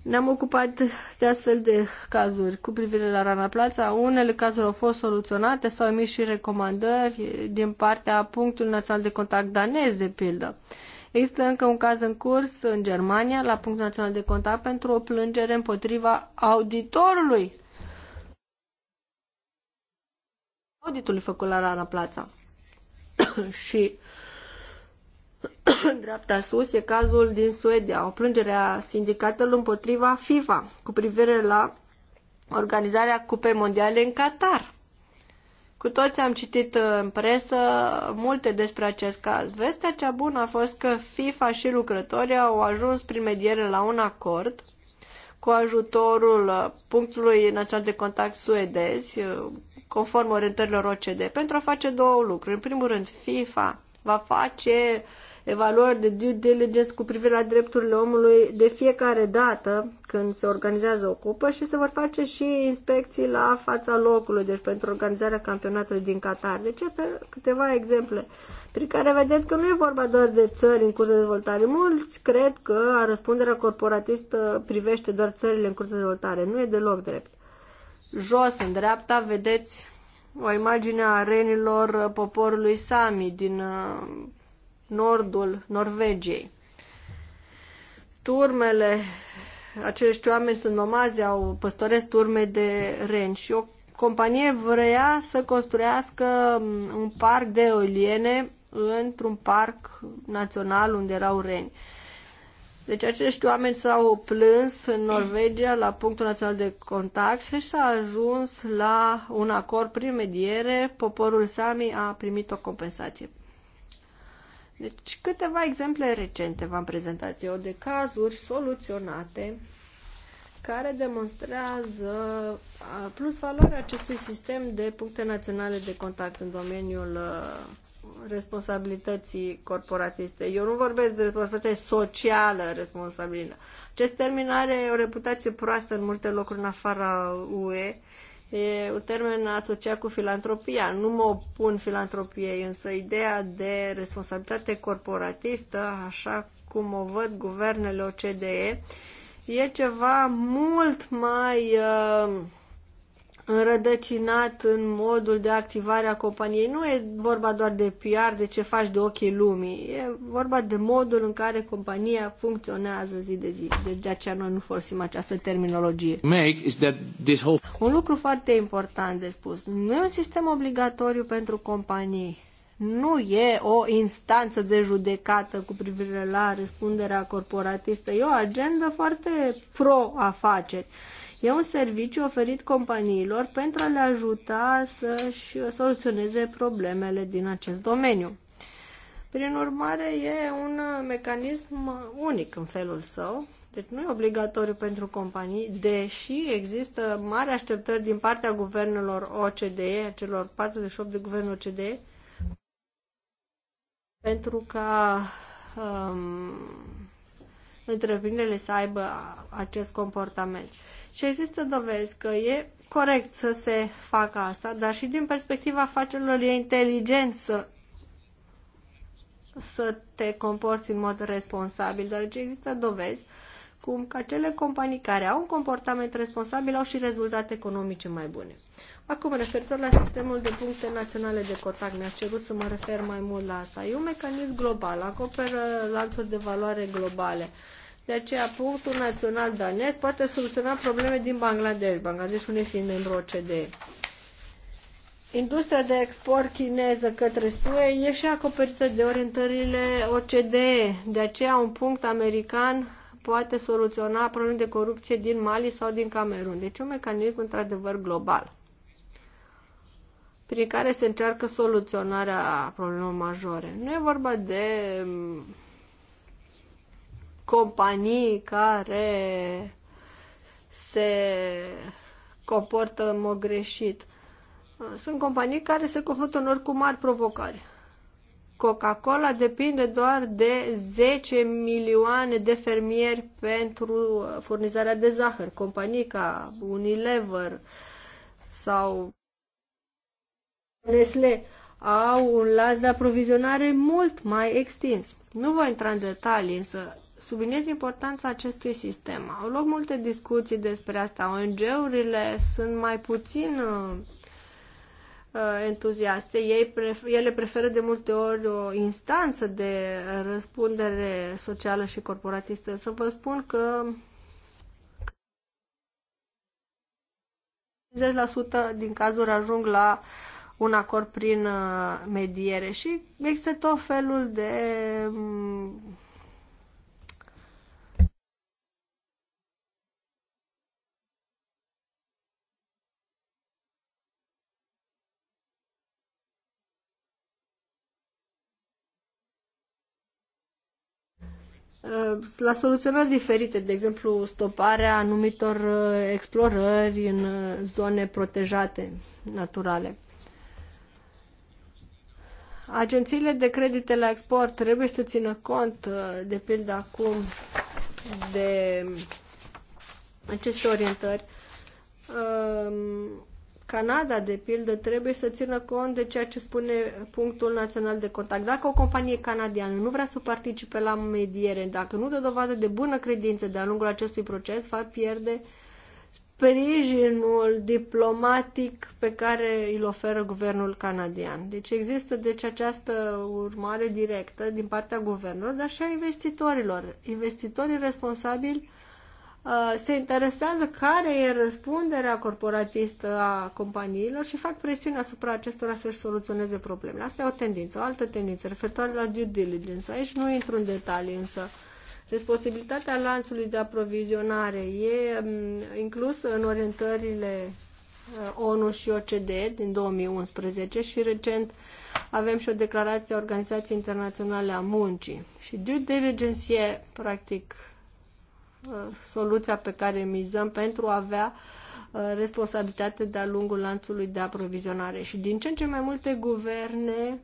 ne-am ocupat de astfel de cazuri cu privire la Rana Plața. Unele cazuri au fost soluționate, s-au emis și recomandări din partea punctului național de contact danez, de pildă. Există încă un caz în curs în Germania, la punctul național de contact, pentru o plângere împotriva auditorului. Auditului făcut la Rana Plața. (coughs) și în dreapta sus e cazul din Suedia, o plângere a sindicatelor împotriva FIFA cu privire la organizarea Cupei Mondiale în Qatar. Cu toți am citit în presă multe despre acest caz. Vestea cea bună a fost că FIFA și lucrătorii au ajuns prin mediere la un acord cu ajutorul punctului național de contact suedez, conform orientărilor OCD, pentru a face două lucruri. În primul rând, FIFA va face uh, evaluări de due diligence cu privire la drepturile omului de fiecare dată când se organizează o cupă și se vor face și inspecții la fața locului, deci pentru organizarea campionatului din Qatar. Deci câteva exemple prin care vedeți că nu e vorba doar de țări în curs de dezvoltare. Mulți cred că răspunderea corporatistă privește doar țările în curs de dezvoltare. Nu e deloc drept. Jos, în dreapta, vedeți o imagine a arenilor poporului Sami din uh, nordul Norvegiei. Turmele, acești oameni sunt nomazi, au păstoresc turme de reni și o companie vrea să construiască un parc de eoliene într-un parc național unde erau reni. Deci acești oameni s-au plâns în Norvegia la punctul național de contact și s-a ajuns la un acord prin mediere. Poporul Sami a primit o compensație. Deci câteva exemple recente v-am prezentat eu de cazuri soluționate care demonstrează plus valoarea acestui sistem de puncte naționale de contact în domeniul responsabilității corporatiste. Eu nu vorbesc de responsabilitate socială responsabilă. Acest termin are o reputație proastă în multe locuri în afara UE E un termen asociat cu filantropia. Nu mă opun filantropiei, însă ideea de responsabilitate corporatistă, așa cum o văd guvernele OCDE, e ceva mult mai uh, înrădăcinat în modul de activare a companiei. Nu e vorba doar de PR, de ce faci de ochii lumii. E vorba de modul în care compania funcționează zi de zi. Deci de aceea noi nu folosim această terminologie. Make is that this whole... Un lucru foarte important de spus. Nu e un sistem obligatoriu pentru companii. Nu e o instanță de judecată cu privire la răspunderea corporatistă. E o agendă foarte pro-afaceri. E un serviciu oferit companiilor pentru a le ajuta să-și soluționeze problemele din acest domeniu. Prin urmare, e un mecanism unic în felul său, deci nu e obligatoriu pentru companii, deși există mari așteptări din partea guvernelor OCDE, celor 48 de guverne OCDE, pentru ca um, întreprinderile să aibă acest comportament. Și există dovezi că e corect să se facă asta, dar și din perspectiva afacerilor e inteligent să, să te comporți în mod responsabil, deoarece există dovezi cum că acele companii care au un comportament responsabil au și rezultate economice mai bune. Acum, referitor la sistemul de puncte naționale de cotac, mi-a cerut să mă refer mai mult la asta. E un mecanism global, acoperă lanțuri de valoare globale. Uh, de aceea, punctul național danez poate soluționa probleme din Bangladesh, Bangladesh nu fiind membru OCDE. Industria de export chineză către SUE e și acoperită de orientările OCDE. De aceea, un punct american poate soluționa probleme de corupție din Mali sau din Camerun. Deci un mecanism într-adevăr global prin care se încearcă soluționarea problemelor majore. Nu e vorba de companii care se comportă în mod greșit. Sunt companii care se confruntă în cu mari provocări. Coca-Cola depinde doar de 10 milioane de fermieri pentru furnizarea de zahăr. Companii ca Unilever sau Nestle au un las de aprovizionare mult mai extins. Nu voi intra în detalii, însă subliniez importanța acestui sistem. Au loc multe discuții despre asta. ONG-urile sunt mai puțin uh, uh, entuziaste. Ei pref- ele preferă de multe ori o instanță de răspundere socială și corporatistă. Să vă spun că 50% din cazuri ajung la un acord prin uh, mediere și există tot felul de mm, Uh, la soluționări diferite, de exemplu stoparea anumitor uh, explorări în uh, zone protejate naturale. Agențiile de credite la export trebuie să țină cont, de pildă acum, de aceste orientări Canada, de pildă, trebuie să țină cont de ceea ce spune punctul național de contact. Dacă o companie canadiană nu vrea să participe la mediere, dacă nu dă dovadă de bună credință de-a lungul acestui proces, va pierde sprijinul diplomatic pe care îl oferă guvernul canadian. Deci există deci această urmare directă din partea guvernului, dar și a investitorilor. Investitorii responsabili Uh, se interesează care e răspunderea corporatistă a companiilor și fac presiune asupra acestora să-și soluționeze problemele. Asta e o tendință, o altă tendință, referitoare la due diligence. Aici nu intru în detalii, însă responsabilitatea lanțului de aprovizionare e um, inclusă în orientările uh, ONU și OCDE din 2011 și recent avem și o declarație a Organizației Internaționale a Muncii. Și due diligence e, practic, Uh, soluția pe care mizăm pentru a avea uh, responsabilitate de-a lungul lanțului de aprovizionare. Și din ce în ce mai multe guverne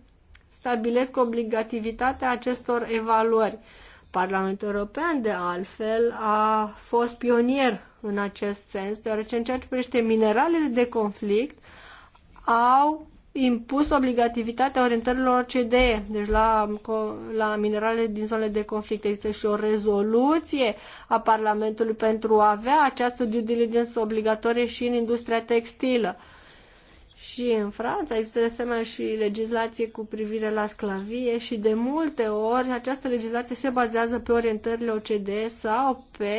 stabilesc obligativitatea acestor evaluări. Parlamentul European, de altfel, a fost pionier în acest sens, deoarece în ceea ce privește mineralele de conflict, au impus obligativitatea orientărilor CDE, deci la, la minerale din zonele de conflict. Există și o rezoluție a Parlamentului pentru a avea această due diligence obligatorie și în industria textilă. Și în Franța există de asemenea și legislație cu privire la sclavie și de multe ori această legislație se bazează pe orientările OCD sau pe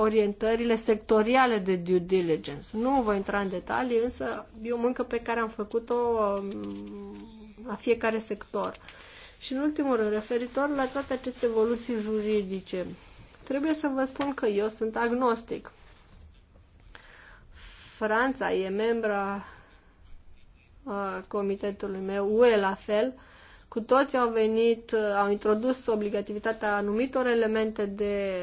orientările sectoriale de due diligence. Nu voi intra în detalii, însă e o muncă pe care am făcut-o um, la fiecare sector. Și în ultimul rând, referitor la toate aceste evoluții juridice, trebuie să vă spun că eu sunt agnostic. Franța e membra comitetului meu, UE la fel, cu toți au venit, au introdus obligativitatea anumitor elemente de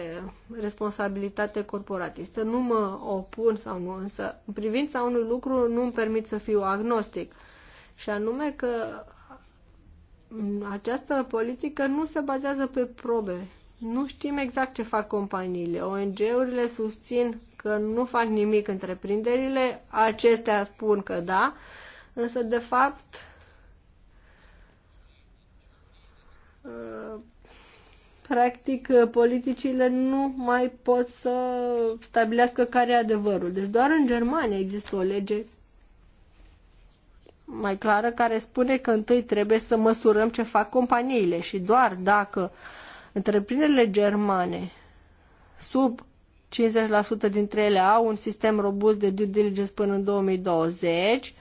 responsabilitate corporatistă. Nu mă opun sau nu, însă în privința unui lucru nu îmi permit să fiu agnostic. Și anume că această politică nu se bazează pe probe. Nu știm exact ce fac companiile. ONG-urile susțin că nu fac nimic întreprinderile, acestea spun că da, Însă, de fapt, ă, practic, politicile nu mai pot să stabilească care e adevărul. Deci doar în Germania există o lege mai clară care spune că întâi trebuie să măsurăm ce fac companiile și doar dacă întreprinderile germane sub 50% dintre ele au un sistem robust de due diligence până în 2020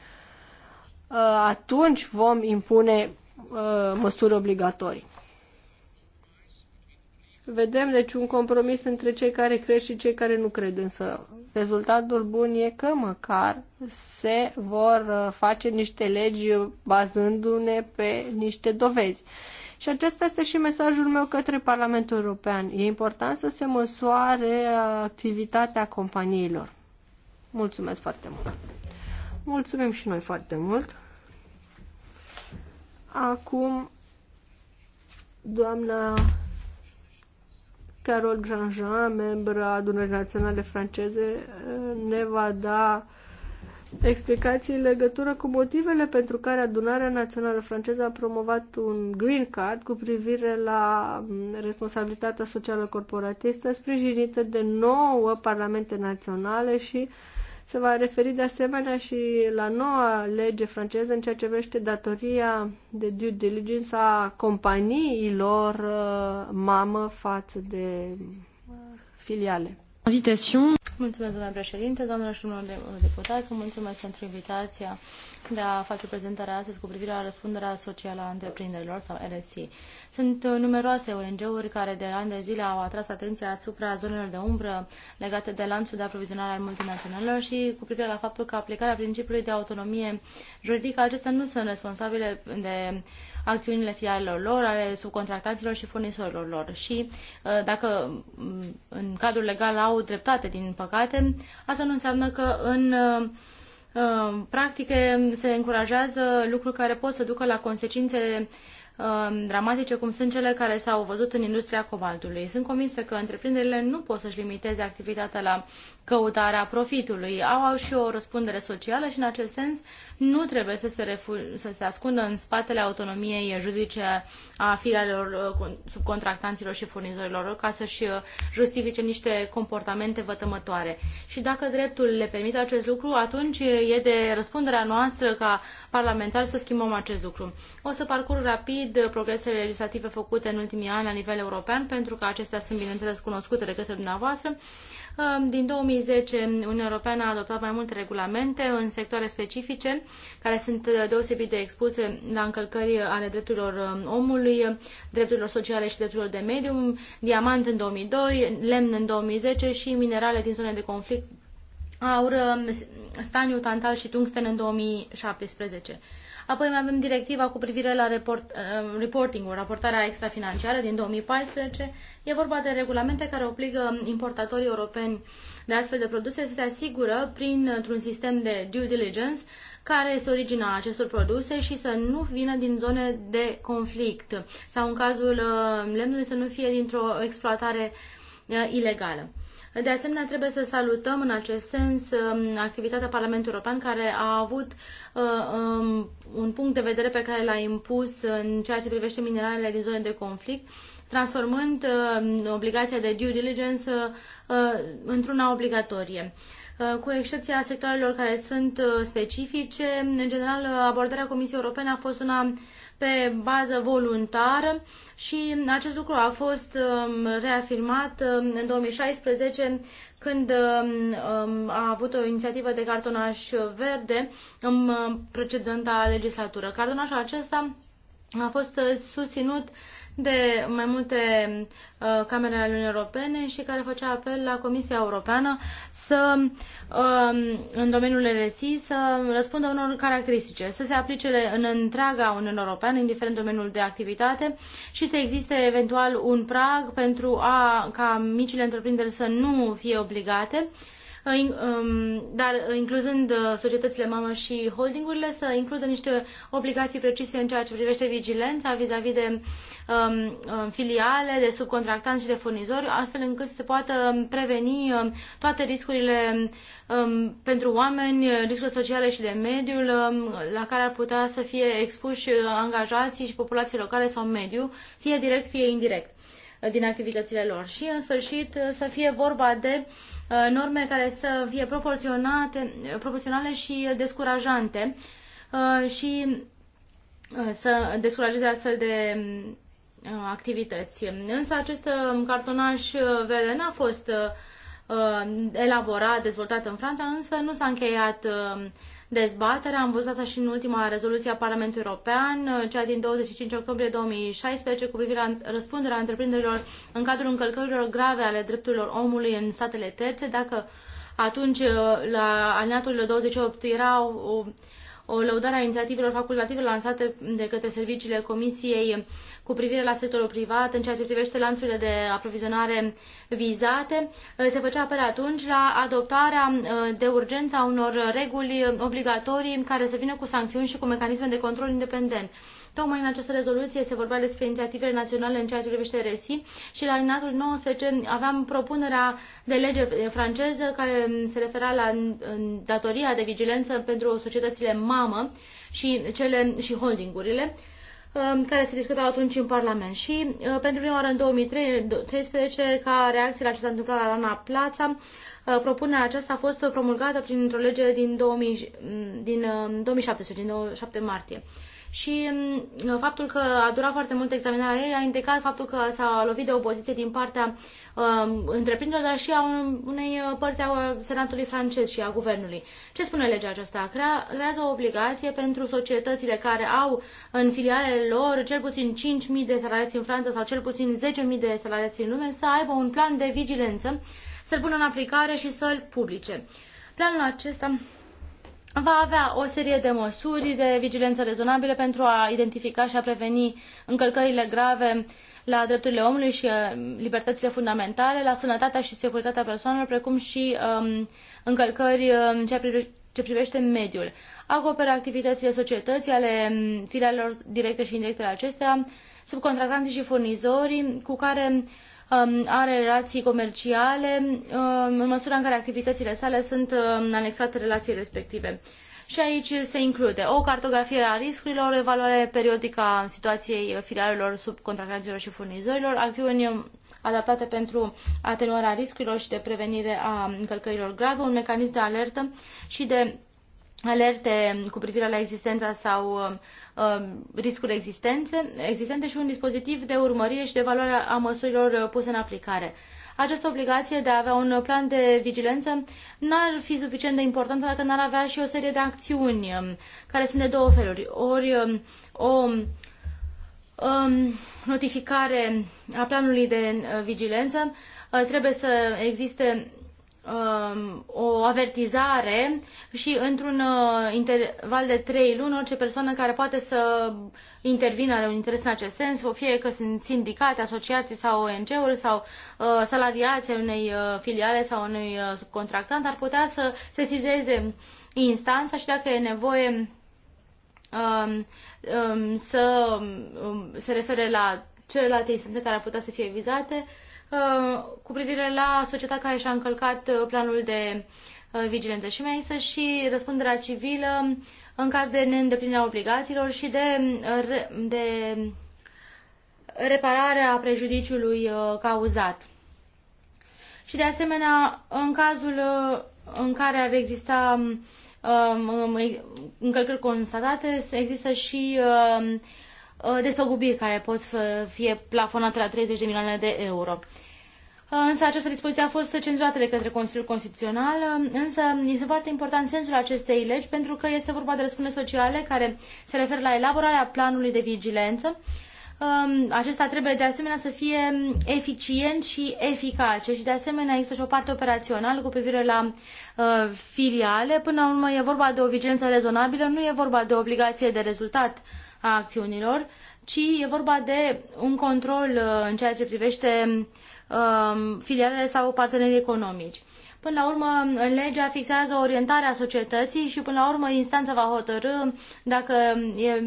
Uh, atunci vom impune uh, măsuri obligatorii. Vedem, deci, un compromis între cei care cred și cei care nu cred, însă rezultatul bun e că măcar se vor uh, face niște legi bazându-ne pe niște dovezi. Și acesta este și mesajul meu către Parlamentul European. E important să se măsoare activitatea companiilor. Mulțumesc foarte mult! Mulțumim și noi foarte mult. Acum, doamna Carol Grandjean, membra adunării naționale franceze, ne va da explicații în legătură cu motivele pentru care adunarea națională franceză a promovat un green card cu privire la responsabilitatea socială corporatistă sprijinită de nouă parlamente naționale și uh, se va referi de asemenea și la noua lege franceză în ceea ce vește datoria de due diligence a companiilor uh, mamă față de uh, filiale. Invitațion. Mulțumesc, doamna președinte, doamnelor și domnilor deputați, mulțumesc pentru invitația de a face prezentarea astăzi cu privire la răspunderea socială a întreprinderilor sau RSI. Sunt uh, numeroase ONG-uri care de ani de zile au atras atenția asupra zonelor de umbră legate de lanțul de aprovizionare al multinaționalelor și cu privire la faptul că aplicarea principiului de autonomie juridică acestea nu sunt responsabile de acțiunile filialelor lor, ale subcontractanților și furnizorilor lor. Și uh, dacă mm, în cadrul legal au dreptate, din păcate, asta nu înseamnă că în uh, uh, practică se încurajează lucruri care pot să ducă la consecințe dramatice cum sunt cele care s-au văzut în industria cobaltului. Sunt convinsă că întreprinderile nu pot să-și limiteze activitatea la căutarea profitului. Au, au și o răspundere socială și în acest sens nu trebuie să se, refu- să se ascundă în spatele autonomiei judice a filialelor uh, subcontractanților și furnizorilor ca să-și uh, justifice niște comportamente vătămătoare. Și dacă dreptul le permite acest lucru, atunci e de răspunderea noastră ca parlamentar să schimbăm acest lucru. O să parcurg rapid progresele legislative făcute în ultimii ani la nivel european, pentru că acestea sunt, bineînțeles, cunoscute de către dumneavoastră. Din 2010, Uniunea Europeană a adoptat mai multe regulamente în sectoare specifice, care sunt uh, deosebit de expuse la încălcări ale drepturilor um, omului, drepturilor sociale și drepturilor de mediu, diamant în 2002, lemn în 2010 și minerale din zone de conflict aur, um, staniu, tantal și tungsten în 2017. Apoi mai avem directiva cu privire la report, uh, reporting-ul, raportarea extrafinanciară din 2014. E vorba de regulamente care obligă importatorii europeni de astfel de produse să se asigură printr-un sistem de due diligence care este originea acestor produse și să nu vină din zone de conflict sau în cazul uh, lemnului să nu fie dintr-o exploatare uh, ilegală. De asemenea, trebuie să salutăm în acest sens um, activitatea Parlamentului European, care a avut uh, um, un punct de vedere pe care l-a impus în ceea ce privește mineralele din zone de conflict, transformând um, obligația de due diligence uh, uh, într-una obligatorie cu excepția sectoarelor care sunt specifice. În general, abordarea Comisiei Europene a fost una pe bază voluntară și acest lucru a fost um, reafirmat um, în 2016 când um, a avut o inițiativă de cartonaș verde în precedenta legislatură. Cartonașul acesta a fost uh, susținut de mai multe uh, camere ale Uniunii Europene și care făcea apel la Comisia Europeană să, uh, în domeniul RSI, să răspundă unor caracteristice, să se aplice în întreaga Uniune Europeană, indiferent domeniul de activitate, și să existe eventual un prag pentru a, ca micile întreprinderi să nu fie obligate uh, Uh, um, dar uh, incluzând uh, societățile mamă și holdingurile, să includă niște obligații precise în ceea ce privește vigilența vis-a-vis -vis de um, filiale, de subcontractanți și de furnizori, astfel încât să se poată um, preveni toate riscurile pentru oameni, riscurile sociale și de mediul la care ar putea să fie expuși angajații și populații locale sau mediu, fie direct, fie indirect din activitățile lor. Și, în sfârșit, să fie vorba de uh, norme care să fie proporționate, proporționale și descurajante uh, și uh, să descurajeze astfel de activități. Însă acest um, cartonaș verde n-a fost elaborat, dezvoltat în Franța, însă nu s-a încheiat um, dezbatere. Am văzut asta și în ultima rezoluție a Parlamentului European, uh, cea din 25 octombrie 2016, cu privire la răspunderea întreprinderilor în cadrul încălcărilor grave ale drepturilor omului în statele terțe. Dacă atunci uh, la alineatul 28 erau o lăudare a inițiativelor facultative lansate de către serviciile Comisiei cu privire la sectorul privat în ceea ce privește lanțurile de aprovizionare vizate. Se făcea apel atunci la adoptarea uh, de urgență a unor reguli obligatorii care să vină cu sancțiuni și cu mecanisme de control independent. Tocmai în această rezoluție se vorbea despre inițiativele naționale în ceea ce privește RSI și la alinatul 19 aveam propunerea de lege franceză care se refera la datoria de vigilență pentru societățile mamă și, cele, și holdingurile um, care se discutau atunci în Parlament. Și uh, pentru prima oară în 2013, ca reacție la ce s-a întâmplat la Rana Plața, uh, propunerea aceasta a fost promulgată printr-o lege din, 2000, mm, din 2017, um, din 7 martie și mm, faptul că a durat foarte mult examinarea ei a indicat faptul că s-a lovit de opoziție din partea uh, întreprinderilor, dar și a unei uh, părți a uh, Senatului francez și a Guvernului. Ce spune legea aceasta? Crea, creează o obligație pentru societățile care au în filialele lor cel puțin 5.000 de salariați în Franța sau cel puțin 10.000 de salariați în lume să aibă un plan de vigilență, să-l pună în aplicare și să-l publice. Planul acesta va avea o serie de măsuri de vigilență rezonabile pentru a identifica și a preveni încălcările grave la drepturile omului și uh, libertățile fundamentale, la sănătatea și securitatea persoanelor, precum și um, încălcări uh, în ce privește mediul. Acoperă activitățile societății ale um, filialelor directe și indirecte ale acestea, subcontractanții și furnizorii cu care Um, are relații comerciale um, în măsura în care activitățile sale sunt um, anexate relației respective. Și aici se include o cartografiere a riscurilor, evaluare periodică a situației filialelor, subcontractanților și furnizorilor, acțiuni adaptate pentru atenuarea riscurilor și de prevenire a încălcărilor grave, un mecanism de alertă și de alerte cu privire la existența sau uh, um, riscuri existențe, existente și un dispozitiv de urmărire și de evaluare a măsurilor uh, puse în aplicare. Această obligație de a avea un plan de vigilență n-ar fi suficient de importantă dacă n-ar avea și o serie de acțiuni um, care sunt de două feluri. Ori um, o notificare a planului de uh, vigilență uh, trebuie să existe Um, o avertizare și într-un uh, interval de trei luni orice persoană care poate să intervină are un interes în acest sens, fie că sunt sindicate, asociații sau ONG-uri sau uh, salariații unei uh, filiale sau unui subcontractant ar putea să sesizeze instanța și dacă e nevoie um, um, să se refere la celelalte instanțe care ar putea să fie vizate Uh, cu privire la societatea care și-a încălcat uh, planul de uh, vigilență și mai și răspunderea civilă în caz de neîndeplinirea obligațiilor și de, de repararea prejudiciului cauzat. Și de asemenea, în cazul în care ar exista um, um, încălcări constatate, există și um, Uh, despăgubiri care pot fi plafonate la 30 de milioane de euro. Uh, însă această dispoziție a fost cenzurată de către Consiliul Constituțional, uh, însă este foarte important sensul acestei legi pentru că este vorba de răspunde sociale care se referă la elaborarea planului de vigilență. Um, acesta trebuie de asemenea să fie eficient și eficace și de asemenea există și o parte operațională cu privire la filiale. Până la urmă e vorba de o vigilență rezonabilă, nu e vorba de obligație de rezultat a acțiunilor, ci e vorba de un control uh, în ceea ce privește um, filialele sau partenerii economici. Până la urmă, legea fixează orientarea societății și până la urmă instanța va hotărâ dacă e,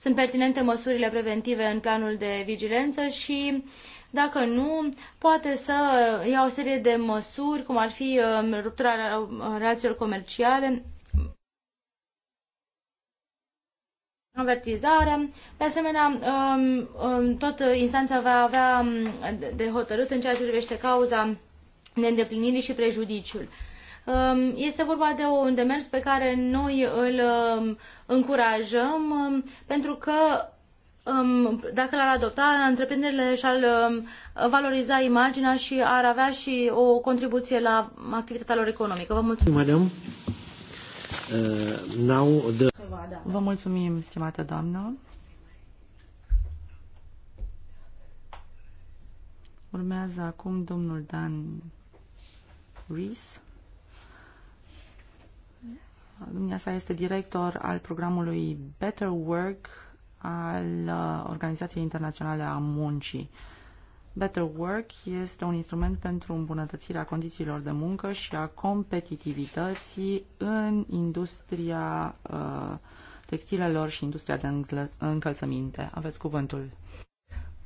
sunt pertinente măsurile preventive în planul de vigilență și dacă nu, poate să ia o serie de măsuri, cum ar fi um, ruptura uh, relațiilor comerciale, avertizare. De asemenea, um, um, tot instanța va avea um, de hotărât în ceea ce privește cauza neîndeplinirii și prejudiciul. Este vorba de un demers pe care noi îl încurajăm pentru că dacă l-ar adopta, întreprinderile și-ar valoriza imaginea și ar avea și o contribuție la activitatea lor economică. Vă mulțumesc. Madame. Uh, Vă mulțumim, stimată doamnă. Urmează acum domnul Dan Rees. Dumneavoastră este director al programului Better Work al uh, Organizației Internaționale a Muncii. Better Work este un instrument pentru îmbunătățirea condițiilor de muncă și a competitivității în industria uh, textilelor și industria de încălțăminte. Aveți cuvântul.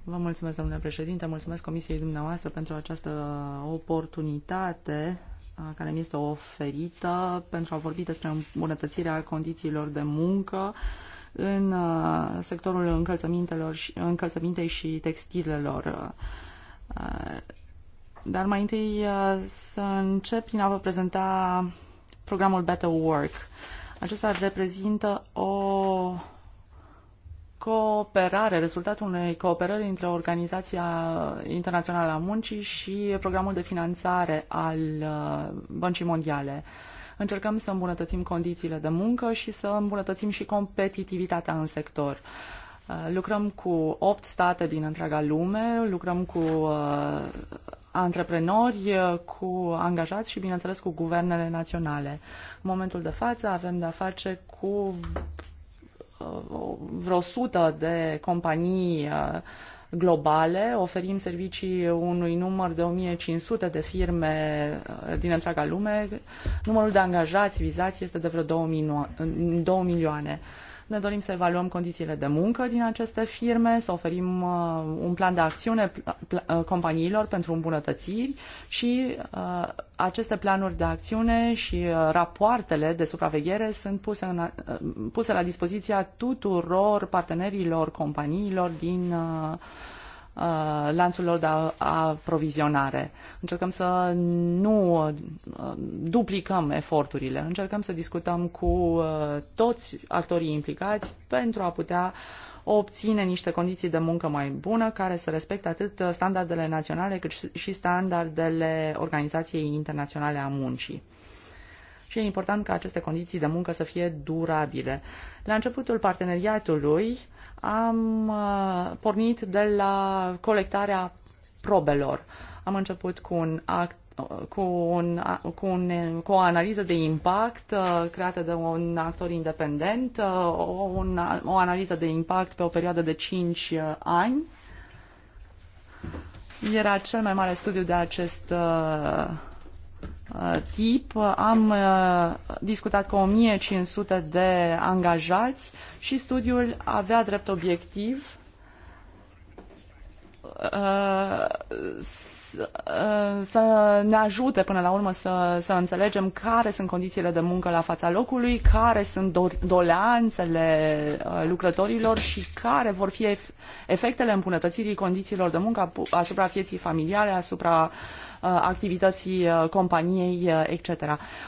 Vă mulțumesc, domnule președinte, mulțumesc Comisiei dumneavoastră pentru această oportunitate uh, care mi este oferită pentru a vorbi despre îmbunătățirea condițiilor de muncă în uh, sectorul încălțămintelor și, încălțămintei și textilelor. Uh, dar mai întâi uh, să încep prin a vă prezenta programul Better Work. Acesta reprezintă o cooperare, rezultatul unei cooperări între Organizația Internațională a Muncii și programul de finanțare al Băncii Mondiale. Uh, Încercăm să îmbunătățim condițiile de muncă și să îmbunătățim și competitivitatea în sector. Uh, lucrăm cu opt state din întreaga lume, lucrăm cu uh, antreprenori, uh, cu angajați și, bineînțeles, cu guvernele naționale. În momentul de față avem de-a face cu uh, vreo sută de companii uh, globale, oferim servicii unui număr de 1500 de firme uh, din întreaga lume. Numărul de angajați vizați este de vreo 2 milioane. Ne dorim să evaluăm condițiile de muncă din aceste firme, să oferim uh, un plan de acțiune uh, companiilor pentru îmbunătățiri și uh, aceste planuri de acțiune și rapoartele de supraveghere sunt puse, în, puse la dispoziția tuturor partenerilor companiilor din Uh, lanțurilor lor de aprovizionare. Încercăm să nu uh, duplicăm eforturile, încercăm să discutăm cu uh, toți actorii implicați pentru a putea obține niște condiții de muncă mai bună care să respecte atât standardele naționale cât și standardele Organizației Internaționale a Muncii și e important ca aceste condiții de muncă să fie durabile. La începutul parteneriatului am uh, pornit de la colectarea probelor. Am început cu un act uh, cu, un, uh, cu, un, cu o analiză de impact uh, creată de un actor independent, uh, un, o analiză de impact pe o perioadă de 5 uh, ani. Era cel mai mare studiu de acest uh, Uh, tip am uh, discutat cu 1500 de angajați și studiul avea drept obiectiv uh, să ne ajute până la urmă să, să înțelegem care sunt condițiile de muncă la fața locului, care sunt doleanțele lucrătorilor și care vor fi efectele îmbunătățirii condițiilor de muncă asupra vieții familiale, asupra uh, Uh, activității uh, companiei, uh, etc.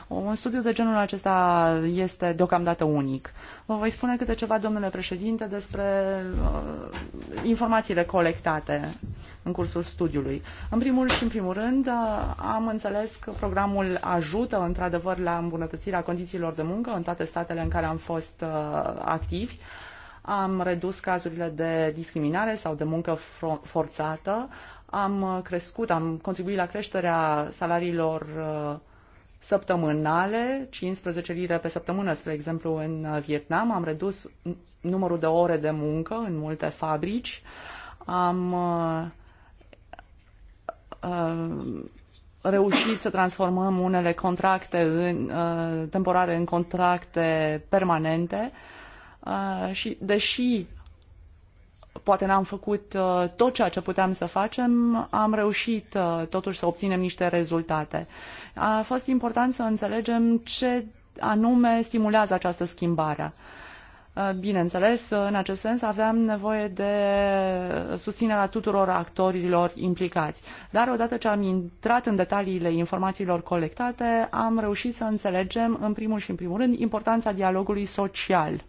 Un studiu de genul acesta este deocamdată unic. Vă voi spune câte ceva, domnule președinte, despre informațiile colectate în cursul studiului. În primul și în primul rând, am înțeles că programul ajută într-adevăr la îmbunătățirea condițiilor de muncă în toate statele în care am fost activi am redus cazurile de discriminare sau de muncă forțată, am uh, crescut, am contribuit la creșterea salariilor uh, săptămânale, 15 lire pe săptămână, spre exemplu, în uh, Vietnam. Am redus numărul de ore de muncă în multe fabrici. Am reușit să transformăm unele contracte în, temporare în contracte permanente. Uh, și deși poate n-am făcut uh, tot ceea ce puteam să facem, am reușit uh, totuși să obținem niște rezultate. A fost important să înțelegem ce anume stimulează această schimbare. Uh, bineînțeles, în acest sens aveam nevoie de susținerea tuturor actorilor implicați. Dar odată ce am intrat în detaliile informațiilor colectate, am reușit să înțelegem, în primul și în primul rând, importanța dialogului social. Uh,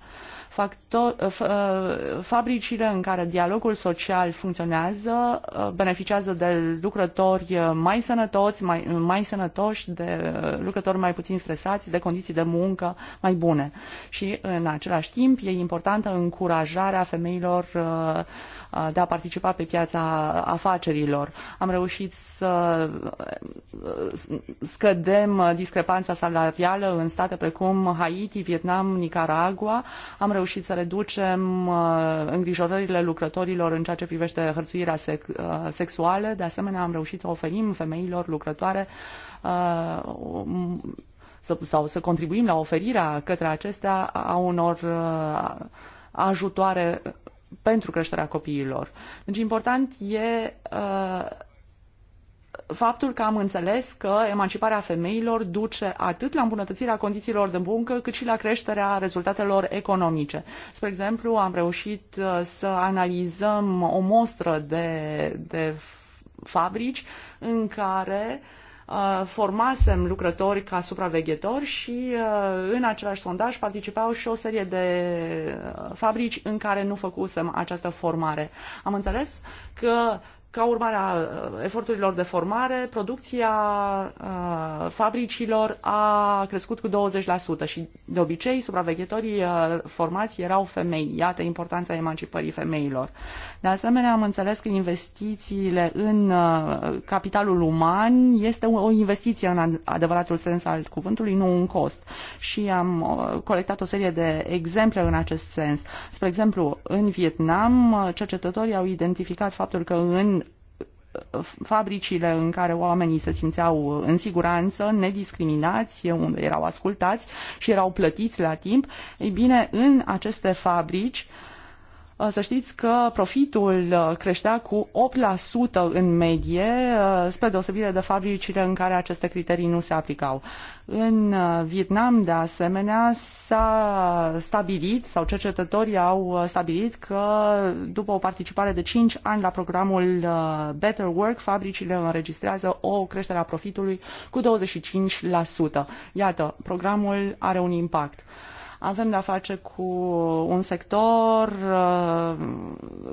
Factor, uh, fabricile în care dialogul social funcționează uh, beneficiază de lucrători uh, mai sănătoți, mai, mai sănătoși, de lucrători mai puțin stresați, de condiții de muncă mai bune. Și în același timp e importantă încurajarea femeilor uh, de a participa pe piața afacerilor. Am reușit să scădem discrepanța salarială în state precum Haiti, Vietnam, Nicaragua. Am reușit să reducem îngrijorările lucrătorilor în ceea ce privește hărțuirea sexuală. De asemenea, am reușit să oferim femeilor lucrătoare sau să contribuim la oferirea către acestea a unor ajutoare pentru creșterea copiilor. Deci important e uh, faptul că am înțeles că emanciparea femeilor duce atât la îmbunătățirea condițiilor de muncă, cât și la creșterea rezultatelor economice. Spre exemplu, am reușit uh, să analizăm o mostră de, de fabrici în care uh, Uh, formasem lucrători ca supraveghetori și uh, în același sondaj participau și o serie de uh, fabrici în care nu făcusem această formare. Am înțeles că ca urmare a uh, eforturilor de formare, producția uh, fabricilor a crescut cu 20% și de obicei supraveghetorii uh, formați erau femei. Iată importanța emancipării femeilor. De asemenea, am înțeles că investițiile în capitalul uman este o investiție în adevăratul sens al cuvântului, nu un cost. Și am colectat o serie de exemple în acest sens. Spre exemplu, în Vietnam, cercetătorii au identificat faptul că în fabricile în care oamenii se simțeau în siguranță, nediscriminați, unde erau ascultați și erau plătiți la timp, ei bine, în aceste fabrici uh, Uh, să știți că profitul uh, creștea cu 8% în medie, uh, spre deosebire de fabricile în care aceste criterii nu se aplicau. În Vietnam, de asemenea, s-a stabilit, sau cercetătorii au stabilit că după o participare de 5 ani la programul Better Work, fabricile înregistrează o creștere a profitului cu 25%. Iată, programul are un impact. Avem de-a face cu un sector uh,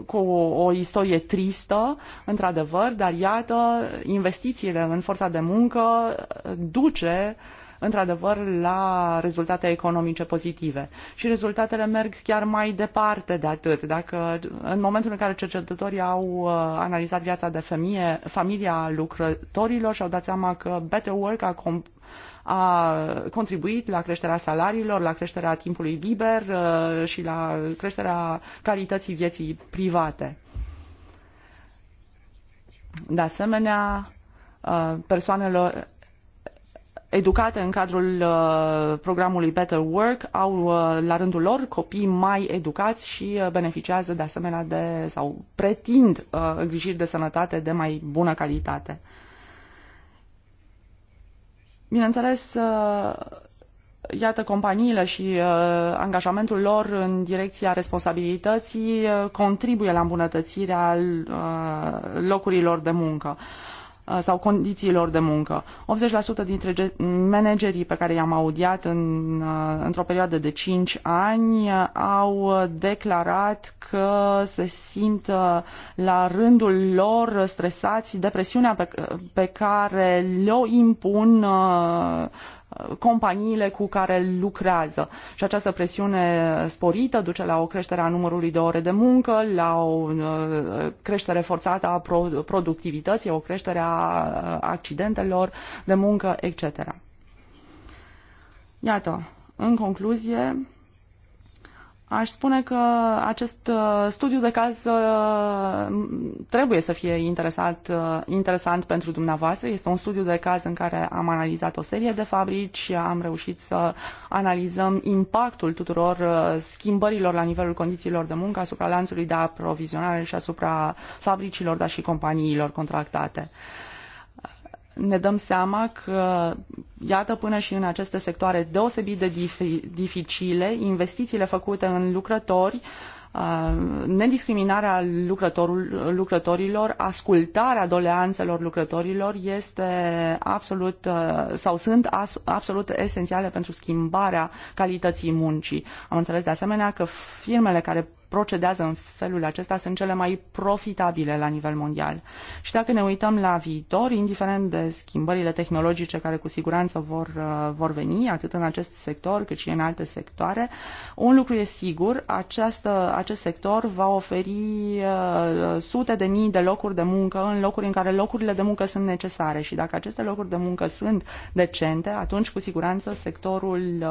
cu o istorie tristă, într-adevăr, dar iată, investițiile în forța de muncă duce într-adevăr la rezultate economice pozitive. Și rezultatele merg chiar mai departe de atât. Dacă în momentul în care cercetătorii au uh, analizat viața de femeie, familia lucrătorilor și au dat seama că Better Work a a contribuit la creșterea salariilor, la creșterea timpului liber uh, și la creșterea calității vieții private. De asemenea, uh, persoanelor educate în cadrul uh, programului Better Work au la rândul lor copii mai educați și beneficiază de asemenea de sau pretind îngrijiri de sănătate de mai bună calitate. Bineînțeles, uh, iată, companiile și uh, angajamentul lor în direcția responsabilității uh, contribuie la îmbunătățirea locurilor de muncă. Uh, sau condițiilor de muncă. 80% dintre managerii pe care i-am audiat în, uh, într-o perioadă de 5 ani au declarat că se simt uh, la rândul lor stresați de presiunea pe, pe care le-o impun companiile cu care lucrează. Și această presiune sporită duce la o creștere a numărului de ore de muncă, la o uh, creștere forțată a productivității, o creștere a uh, accidentelor de muncă, etc. Iată, în concluzie, Aș spune că acest uh, studiu de caz uh, trebuie să fie interesat, uh, interesant pentru dumneavoastră. Este un studiu de caz în care am analizat o serie de fabrici, și am reușit să analizăm impactul tuturor schimbărilor la nivelul condițiilor de muncă asupra lanțului de aprovizionare și asupra fabricilor, dar și companiilor contractate ne dăm seama că, iată, până și în aceste sectoare deosebit de dificile, investițiile făcute în lucrători, uh, nediscriminarea lucrătorilor, ascultarea doleanțelor lucrătorilor este absolut uh, sau sunt absolut esențiale pentru schimbarea calității muncii. Am înțeles de asemenea că firmele care procedează în felul acesta sunt cele mai profitabile la nivel mondial. Și dacă ne uităm la viitor, indiferent de schimbările tehnologice care cu siguranță vor, uh, vor veni, atât în acest sector cât și în alte sectoare, un lucru e sigur, această, acest sector va oferi uh, sute de mii de locuri de muncă în locuri în care locurile de muncă sunt necesare și dacă aceste locuri de muncă sunt decente, atunci cu siguranță sectorul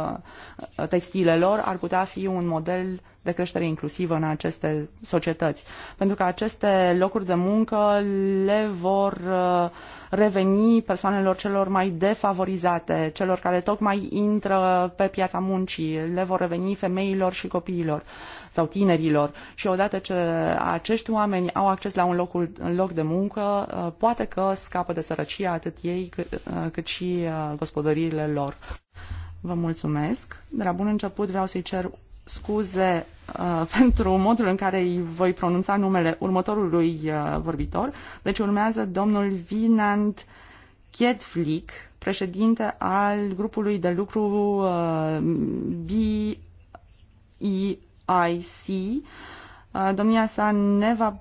uh, textilelor ar putea fi un model de creștere inclusivă în aceste societăți. Pentru că aceste locuri de muncă le vor uh, reveni persoanelor celor mai defavorizate, celor care tocmai intră pe piața muncii, le vor reveni femeilor și copiilor sau tinerilor. Și odată ce acești oameni au acces la un, loc, un loc de muncă, uh, poate că scapă de sărăcie atât ei cât, uh, cât și gospodăriile lor. Vă mulțumesc. De la bun început vreau să-i cer scuze uh, (laughs) pentru modul în care îi voi pronunța numele următorului uh, vorbitor. Deci urmează domnul Vinand Kietflik, președinte al grupului de lucru uh, BEIC. Uh, domnia sa ne va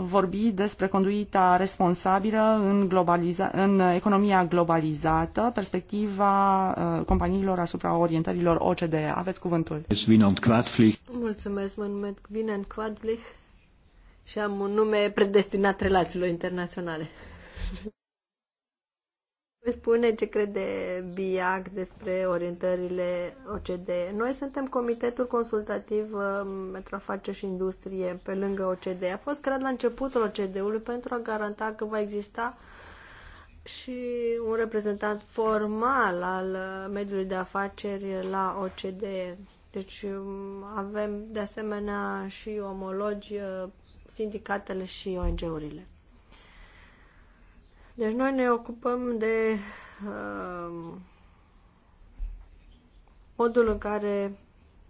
vorbi despre conduita responsabilă în, globaliza- în economia globalizată, perspectiva uh, companiilor asupra orientărilor OCDE. Aveți cuvântul. Mulțumesc, mă numesc Vinan Quadlich și am un nume predestinat relațiilor internaționale spune ce crede BIAC despre orientările OCDE. Noi suntem Comitetul Consultativ uh, pentru Afaceri și Industrie pe lângă OCDE. A fost creat la începutul OCDE-ului pentru a garanta că va exista și un reprezentant formal al uh, mediului de afaceri la OCDE. Deci um, avem de asemenea și omologi, uh, sindicatele și ONG-urile. Deci noi ne ocupăm de uh, modul în care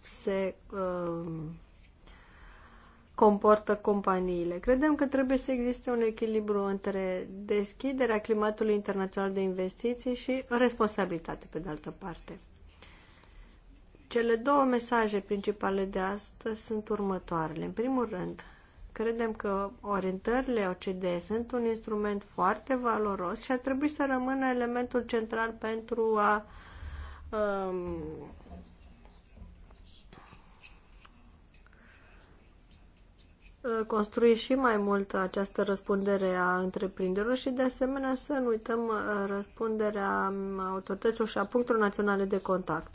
se uh, comportă companiile. Credem că trebuie să existe un echilibru între deschiderea climatului internațional de investiții și responsabilitate, pe de altă parte. Cele două mesaje principale de astăzi sunt următoarele. În primul rând, Credem că orientările OCDE sunt un instrument foarte valoros și ar trebui să rămână elementul central pentru a um, construi și mai mult această răspundere a întreprinderilor și de asemenea să nu uităm uh, răspunderea autorităților și a punctelor naționale de contact.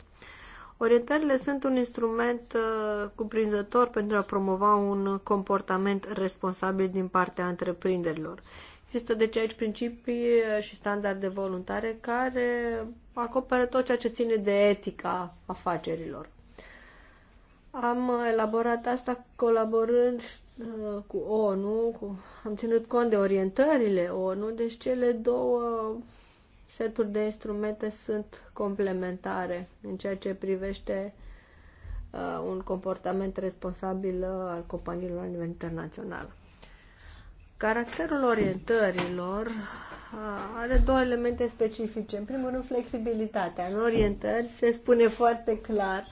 Orientările sunt un instrument uh, cuprinzător pentru a promova un comportament responsabil din partea întreprinderilor. Există deci aici principii uh, și standarde voluntare care acoperă tot ceea ce ține de etica afacerilor. Am elaborat asta colaborând uh, cu ONU, cu, am ținut cont de orientările ONU, deci cele două seturi de instrumente sunt complementare în ceea ce privește uh, un comportament responsabil uh, al companiilor la nivel internațional. Caracterul orientărilor uh, are două elemente specifice. În primul rând, flexibilitatea. În orientări se spune foarte clar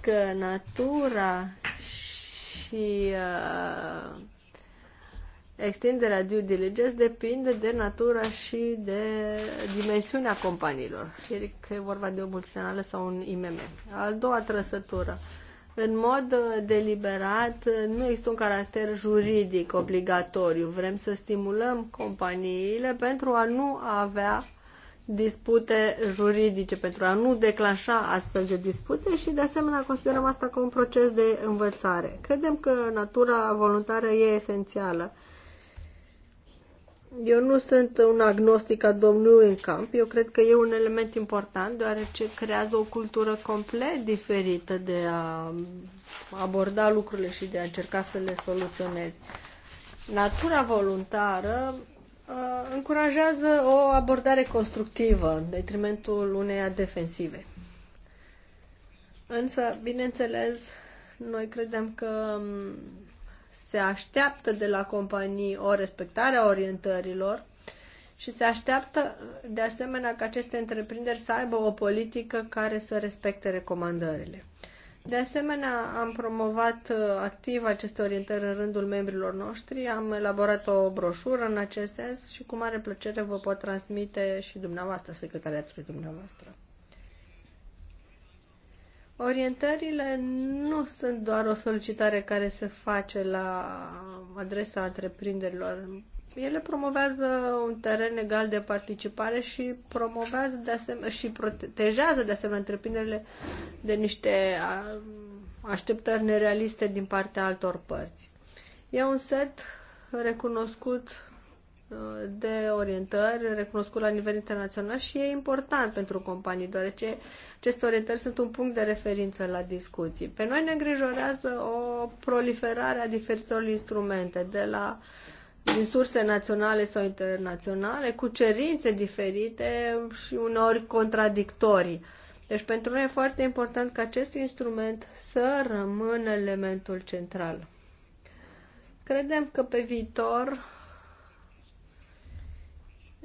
că natura și uh, extinderea due diligence depinde de natura și de dimensiunea companiilor, fie că e vorba de o multinacională sau un IMM. Al doua trăsătură. În mod uh, deliberat, uh, nu există un caracter juridic obligatoriu. Vrem să stimulăm companiile pentru a nu avea dispute juridice, pentru a nu declanșa astfel de dispute și, de asemenea, considerăm asta ca un proces de învățare. Credem că natura voluntară e esențială eu nu sunt un agnostic a domnului în camp. Eu cred că e un element important, deoarece creează o cultură complet diferită de a aborda lucrurile și de a încerca să le soluționezi. Natura voluntară uh, încurajează o abordare constructivă în detrimentul uneia defensive. Însă, bineînțeles, noi credem că um, se așteaptă de la companii o respectare a orientărilor și se așteaptă de asemenea ca aceste întreprinderi să aibă o politică care să respecte recomandările. De asemenea, am promovat uh, activ aceste orientări în rândul membrilor noștri, am elaborat o broșură în acest sens și cu mare plăcere vă pot transmite și dumneavoastră, secretariatului dumneavoastră. Orientările nu sunt doar o solicitare care se face la adresa întreprinderilor. Ele promovează un teren egal de participare și promovează de asemenea, și protejează de asemenea întreprinderile de niște așteptări nerealiste din partea altor părți. E un set recunoscut de orientări recunoscut la nivel internațional și e important pentru companii, deoarece aceste orientări sunt un punct de referință la discuții. Pe noi ne îngrijorează o proliferare a diferitor instrumente, de la din surse naționale sau internaționale, cu cerințe diferite și uneori contradictorii. Deci pentru noi e foarte important ca acest instrument să rămână elementul central. Credem că pe viitor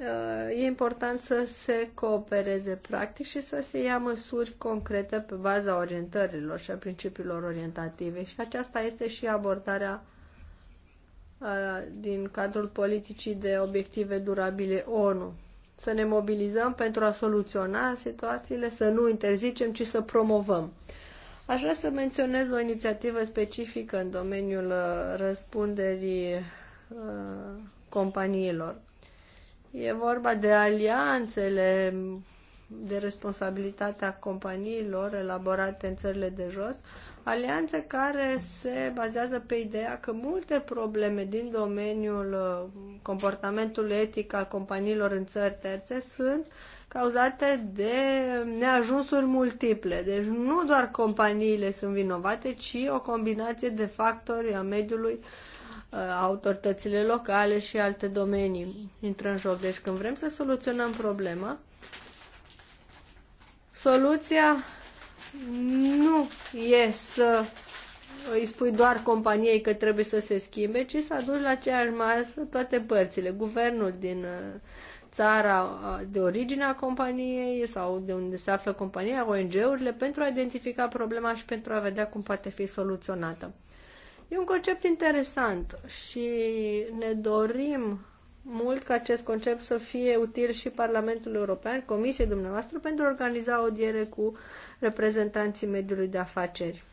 Uh, e important să se coopereze practic și să se ia măsuri concrete pe baza orientărilor și a principiilor orientative. Și aceasta este și abordarea uh, din cadrul politicii de obiective durabile ONU. Să ne mobilizăm pentru a soluționa situațiile, să nu interzicem, ci să promovăm. Aș vrea să menționez o inițiativă specifică în domeniul uh, răspunderii companiilor. E vorba de alianțele de responsabilitatea companiilor elaborate în țările de jos, alianțe care se bazează pe ideea că multe probleme din domeniul uh, comportamentului etic al companiilor în țări terțe sunt cauzate de neajunsuri multiple. Deci nu doar companiile sunt vinovate, ci o combinație de factori a mediului uh, Uh, autoritățile locale și alte domenii intră în joc. Deci când vrem să soluționăm problema, soluția nu e să îi spui doar companiei că trebuie să se schimbe, ci să aduci la aceeași masă toate părțile. Guvernul din uh, țara uh, de origine a companiei sau de unde se află compania, ONG-urile, pentru a identifica problema și pentru a vedea cum poate fi soluționată. E un concept interesant și ne dorim mult ca acest concept să fie util și Parlamentul European, Comisiei dumneavoastră, pentru a organiza o diere cu reprezentanții mediului de afaceri.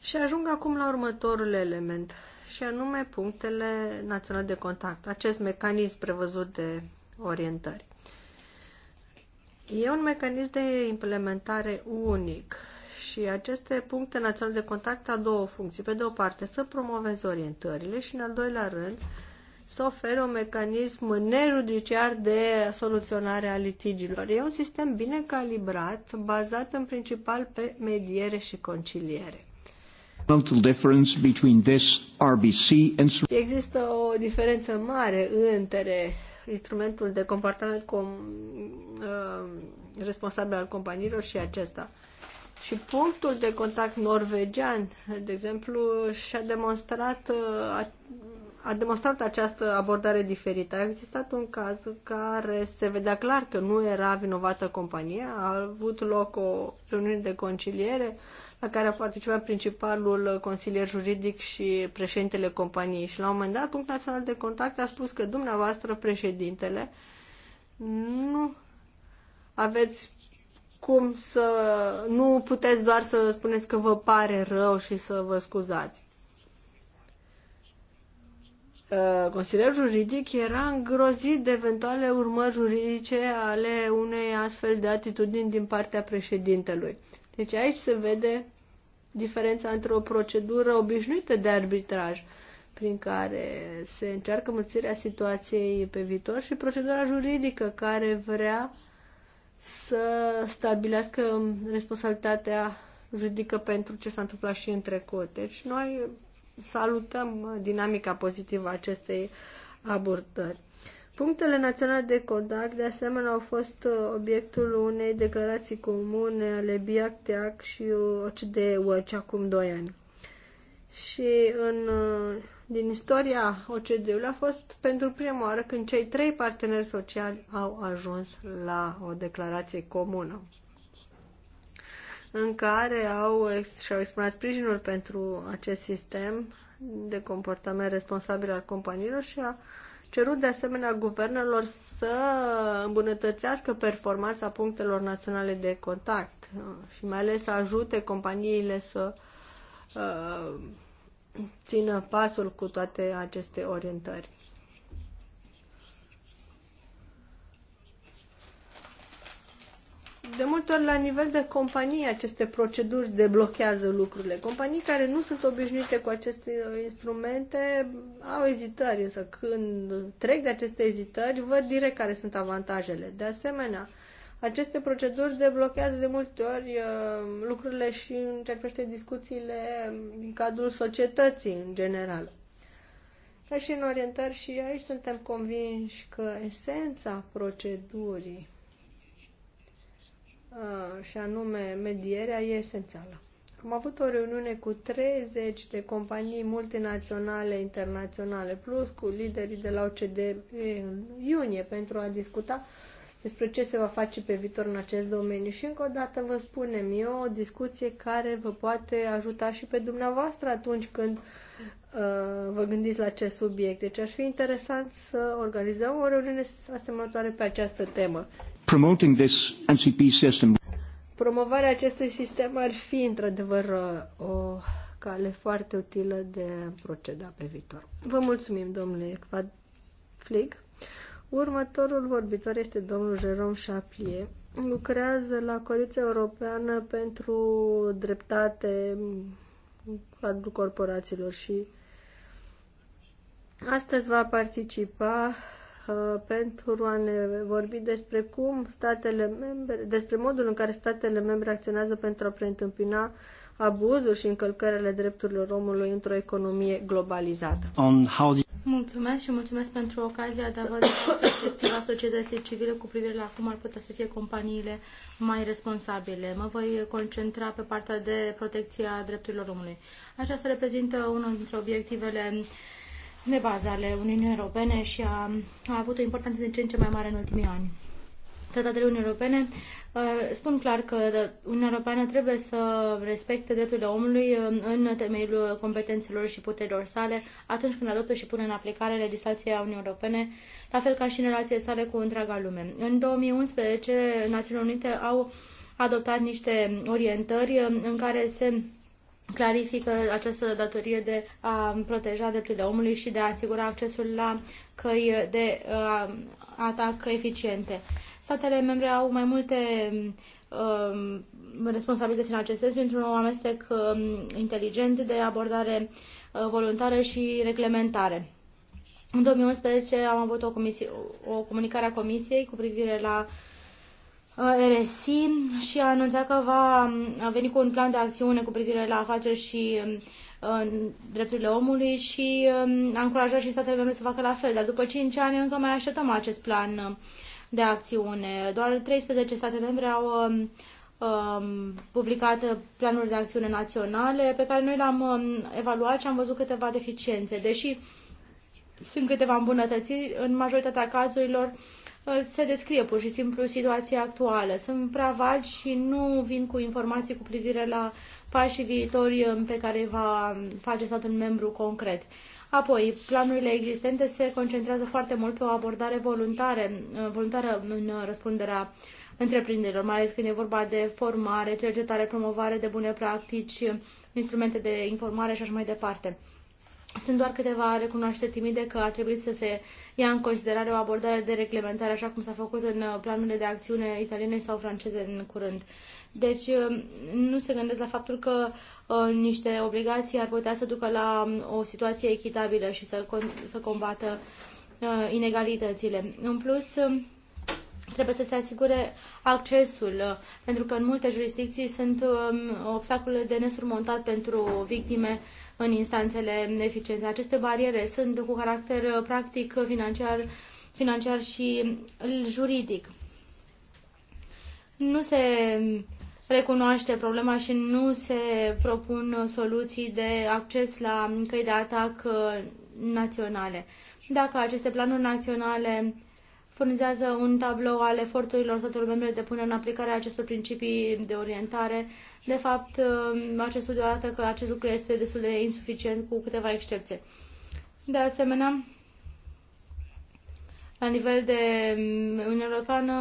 Și ajung acum la următorul element, și anume punctele naționale de contact, acest mecanism prevăzut de orientări. E un mecanism de implementare unic și aceste puncte naționale de contact au două funcții. Pe de o parte, să promoveze orientările și, în al doilea rând, să ofere un mecanism nejudiciar de soluționare a litigiilor. E un sistem bine calibrat, bazat în principal pe mediere și conciliere. Există o diferență mare între instrumentul de comportament com, uh, responsabil al companiilor și acesta. Uh, și punctul de contact norvegian, de exemplu, și-a demonstrat, a, a demonstrat această abordare diferită. A existat un caz care se vedea clar că nu era vinovată compania, a avut loc o reuniune de conciliere la care a participat principalul consilier juridic și președintele companiei. Și la un moment dat, punctul național de contact a spus că dumneavoastră, președintele, nu aveți cum să nu puteți doar să spuneți că vă pare rău și să vă scuzați. Uh, Consilierul juridic era îngrozit de eventuale urmări juridice ale unei astfel de atitudini din partea președintelui. Deci aici se vede diferența între o procedură obișnuită de arbitraj prin care se încearcă mulțirea situației pe viitor și procedura juridică care vrea să stabilească um, responsabilitatea juridică pentru ce s-a întâmplat și în trecut. Deci noi salutăm uh, dinamica pozitivă a acestei abordări. Punctele naționale de contact, de asemenea, au fost uh, obiectul unei declarații comune ale BIAC-TEAC și OCDE-UE acum 2 ani. Și în uh, din istoria OCDE-ului a fost pentru prima oară când cei trei parteneri sociali au ajuns la o declarație comună în care au, și-au exprimat sprijinul pentru acest sistem de comportament responsabil al companiilor și a cerut de asemenea guvernelor să îmbunătățească performanța punctelor naționale de contact uh, și mai ales să ajute companiile să uh, țină pasul cu toate aceste orientări. De multe ori, la nivel de companie, aceste proceduri deblochează lucrurile. Companii care nu sunt obișnuite cu aceste instrumente au ezitări, însă când trec de aceste ezitări, văd direct care sunt avantajele. De asemenea, aceste proceduri deblochează de multe ori uh, lucrurile și începește discuțiile în um, cadrul societății în general. Ca și în orientări și aici suntem convinși că esența procedurii uh, și anume medierea e esențială. Am avut o reuniune cu 30 de companii multinaționale, internaționale, plus cu liderii de la OCDE în iunie pentru a discuta uh, despre ce se va face pe viitor în acest domeniu. Și încă o dată vă spunem, e o discuție care vă poate ajuta și pe dumneavoastră atunci când uh, vă gândiți la acest subiect. Deci ar fi interesant să organizăm o reuniune asemănătoare pe această temă. Promoting this NCP system. Promovarea acestui sistem ar fi într-adevăr o cale foarte utilă de a proceda pe viitor. Vă mulțumim, domnule Flig. Următorul vorbitor este domnul Jerome Chaplier. Lucrează la Coaliția Europeană pentru Dreptate în cadrul corporațiilor și astăzi va participa uh, pentru a ne vorbi despre cum statele membre, despre modul în care statele membre acționează pentru a preîntâmpina uh, abuzuri și încălcările drepturilor omului într-o economie globalizată. Mulțumesc și mulțumesc pentru ocazia de a vă (coughs) perspectiva societății civile cu privire la cum ar putea să fie companiile mai responsabile. Mă voi concentra pe partea de protecție a drepturilor omului. Aceasta reprezintă unul dintre obiectivele de bază ale Uniunii Europene și a, a avut o importanță din ce în ce mai mare în ultimii ani. Tratatele Uniunii Europene Uh, spun clar că Uniunea Europeană trebuie să respecte drepturile omului uh, în temeiul competențelor și puterilor sale atunci când adoptă și pune în aplicare legislația Uniunii Europene, la fel ca și în relație sale cu întreaga lume. În 2011, Națiunile Unite au adoptat niște orientări uh, în care se clarifică această datorie de a proteja drepturile omului și de a asigura accesul la căi de atac eficiente. Statele membre au mai multe um, responsabilități în acest sens pentru un amestec um, inteligent de abordare uh, voluntară și reglementare. În 2011 am avut o, comisie, o comunicare a Comisiei cu privire la uh, RSI și a anunțat că va veni cu un plan de acțiune cu privire la afaceri și um, drepturile omului și a încurajat și statele membre să facă la fel. Dar după 5 ani încă mai așteptăm acest plan uh, de acțiune. Doar 13 state membre au um, um, publicat planuri de acțiune naționale pe care noi le-am um, evaluat și am văzut câteva deficiențe. Deși sunt câteva îmbunătățiri, în majoritatea cazurilor uh, se descrie pur și simplu situația actuală. Sunt prea vagi și nu vin cu informații cu privire la pașii viitori um, pe care va um, face statul membru concret. Apoi, planurile existente se concentrează foarte mult pe o abordare voluntare, voluntară în răspunderea întreprinderilor, mai ales când e vorba de formare, cercetare, promovare de bune practici, instrumente de informare și așa mai departe. Sunt doar câteva recunoașteri timide că ar trebui să se ia în considerare o abordare de reglementare, așa cum s-a făcut în planurile de acțiune italiene sau franceze în curând. Deci um, nu se gândesc la faptul că uh, niște obligații ar putea să ducă la um, o situație echitabilă și să, să combată uh, inegalitățile. În plus, um, trebuie să se asigure accesul, uh, pentru că în multe jurisdicții sunt obstacole de nesurmontat pentru victime în instanțele eficiente. Aceste bariere sunt cu caracter practic, financiar, financiar și juridic. Nu se recunoaște problema și nu se propun soluții de acces la căi de atac uh, naționale. Dacă aceste planuri naționale furnizează un tablou al eforturilor statelor membre de pune în aplicare acestor principii de orientare, de fapt, uh, acest studiu arată că acest lucru este destul de insuficient, cu câteva excepții. De asemenea, la nivel de mm, Uniunea Europeană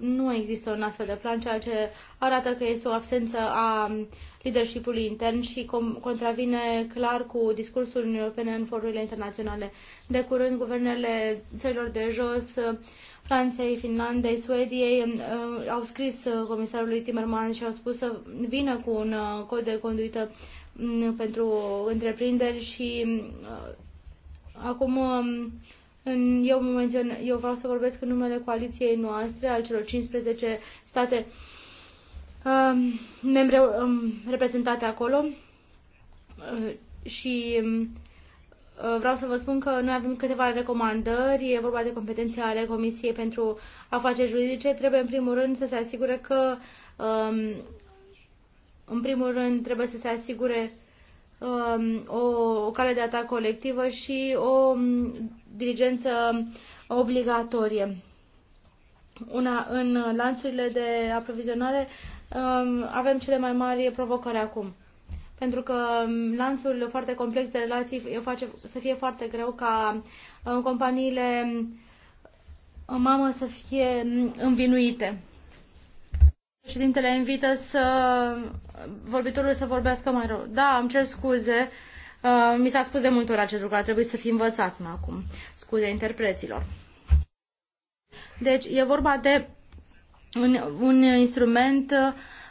nu există un astfel de plan, ceea ce arată că este o absență a mm, leadership intern și contravine clar cu discursul Uniunii Europene în forurile internaționale. De curând, guvernele țărilor de jos, Franței, Finlandei, Suediei, mm, uh, au scris uh, comisarului Timmermans și au spus să vină cu un uh, cod de conduită pentru întreprinderi și acum eu, mențion, eu vreau să vorbesc în numele coaliției noastre, al celor 15 state um, membre um, reprezentate acolo uh, și um, uh, vreau să vă spun că noi avem câteva recomandări, e vorba de competențe ale Comisiei pentru Afaceri Juridice. Trebuie în primul rând să se asigure că um, în primul rând trebuie să se asigure um, o, o cale de atac colectivă și o diligență obligatorie. Una în lanțurile de aprovizionare um, avem cele mai mari provocări acum. Pentru că um, lanțul foarte complex de relații face să fie foarte greu ca um, companiile mamă să fie învinuite. Președintele invită să vorbitorul să vorbească mai rău. Da, îmi cer scuze. Uh, Uh, mi s-a spus de multe ori acest lucru, a trebuit să fi învățat până acum. Scuze interpreților. Deci, e vorba de un, un instrument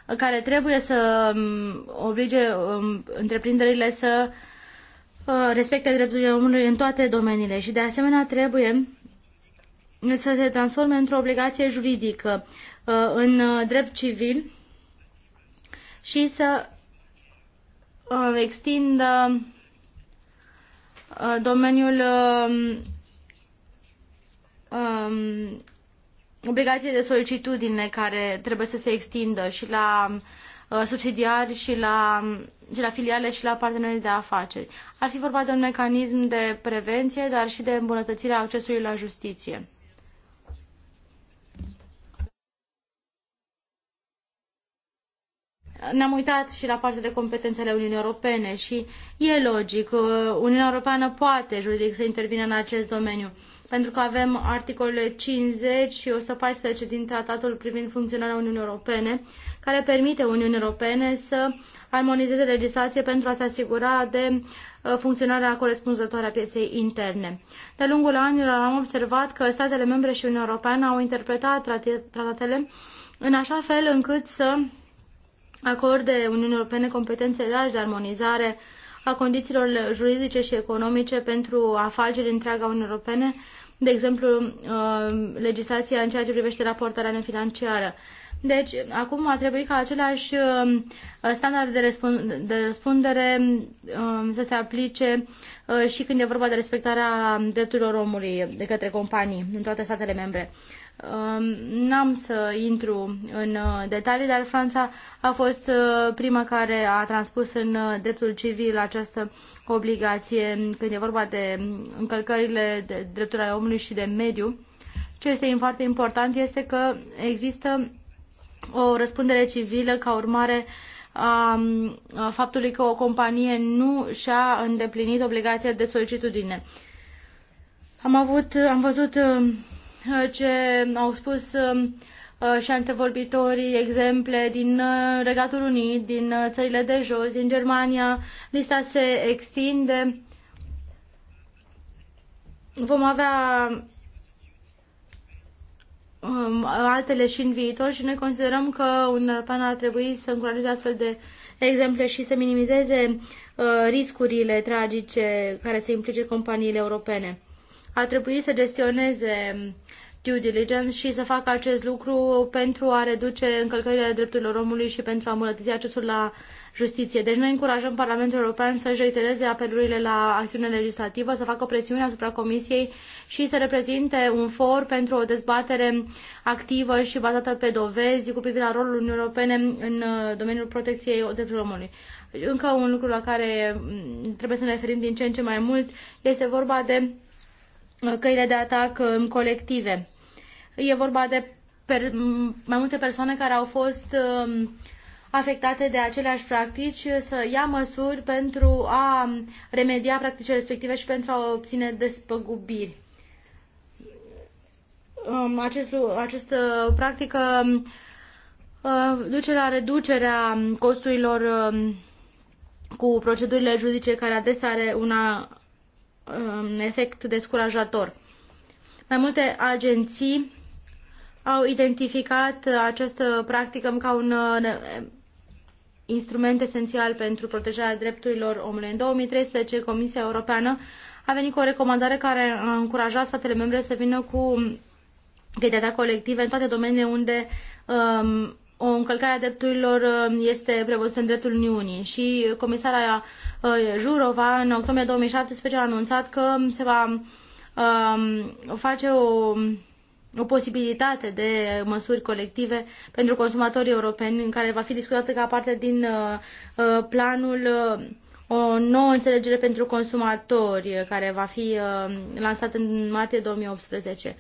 uh, care trebuie să um, oblige um, întreprinderile să uh, respecte drepturile omului în toate domeniile și de asemenea trebuie să se transforme într-o obligație juridică în drept civil și să extindă Uh, domeniul um, um, obligației de solicitudine care trebuie să se extindă și la uh, subsidiari și la, și la filiale și la partenerii de afaceri. Ar fi vorba de un mecanism de prevenție, dar și de îmbunătățirea accesului la justiție. ne-am uitat și la partea de ale Uniunii Europene și e logic, uh, Uniunea Europeană poate juridic să intervină în acest domeniu, pentru că avem articolele 50 și 114 din Tratatul privind funcționarea Uniunii Europene, care permite Uniunii Europene să armonizeze legislație pentru a se asigura de uh, funcționarea corespunzătoare a pieței interne. De-a lungul anilor am observat că statele membre și Uniunea Europeană au interpretat tratatele în așa fel încât să acorde Uniunii Europene competențe largi de armonizare a condițiilor juridice și economice pentru afaceri întreaga Uniunii Europene, de exemplu, uh, legislația în ceea ce privește raportarea nefinanciară. Deci, acum ar trebui ca aceleași uh, standarde de, răspund, de răspundere uh, să se aplice și când e vorba de respectarea drepturilor omului de către companii în toate statele membre. Um, n-am să intru în uh, detalii, dar Franța a fost uh, prima care a transpus în uh, dreptul civil această obligație când e vorba de încălcările de drepturile omului și de mediu. Ce este foarte important este că există o răspundere civilă ca urmare um, a faptului că o companie nu și-a îndeplinit obligația de solicitudine. Am avut, am văzut um, Eh, ce au spus eh, eh, și antevorbitorii, exemple din Regatul Unit, din țările de jos, din Germania. Lista se extinde. Vom avea um, altele și în viitor și noi considerăm că un European ar trebui să încurajeze astfel de exemple și să minimizeze uh, riscurile tragice care se implice companiile europene a trebuit să gestioneze due diligence și să facă acest lucru pentru a reduce încălcările drepturilor omului și pentru a îmbunătăți accesul la justiție. Deci noi încurajăm Parlamentul European să-și reitereze apelurile la acțiune legislativă, să facă presiune asupra Comisiei și să reprezinte un for pentru o dezbatere activă și bazată pe dovezi cu privire la rolul Uniunii Europene în uh, domeniul protecției drepturilor omului. Încă un lucru la care mm, trebuie să ne referim din ce în ce mai mult este vorba de căile de atac uh, colective. E vorba de per, mai multe persoane care au fost um, afectate de aceleași practici uh, să ia măsuri pentru a remedia practicile respective și pentru a obține despăgubiri. Um, acest, această practică um, uh, duce la reducerea costurilor cu procedurile judice care adesea are una um, efect descurajator. Mai multe agenții au identificat această practică ca un uh, instrument esențial pentru protejarea drepturilor omului. În 2013, Comisia Europeană a venit cu o recomandare care a încurajat statele membre să vină cu ghidata colectivă în toate domeniile unde um, o încălcare a drepturilor uh, este prevăzută în dreptul Uniunii și comisara uh, Jurova în octombrie 2017 a anunțat că se va um, face o, o posibilitate de măsuri colective pentru consumatorii europeni în care va fi discutată ca parte din uh, uh planul uh, o nouă înțelegere pentru consumatori care va fi uh, lansat în martie 2018.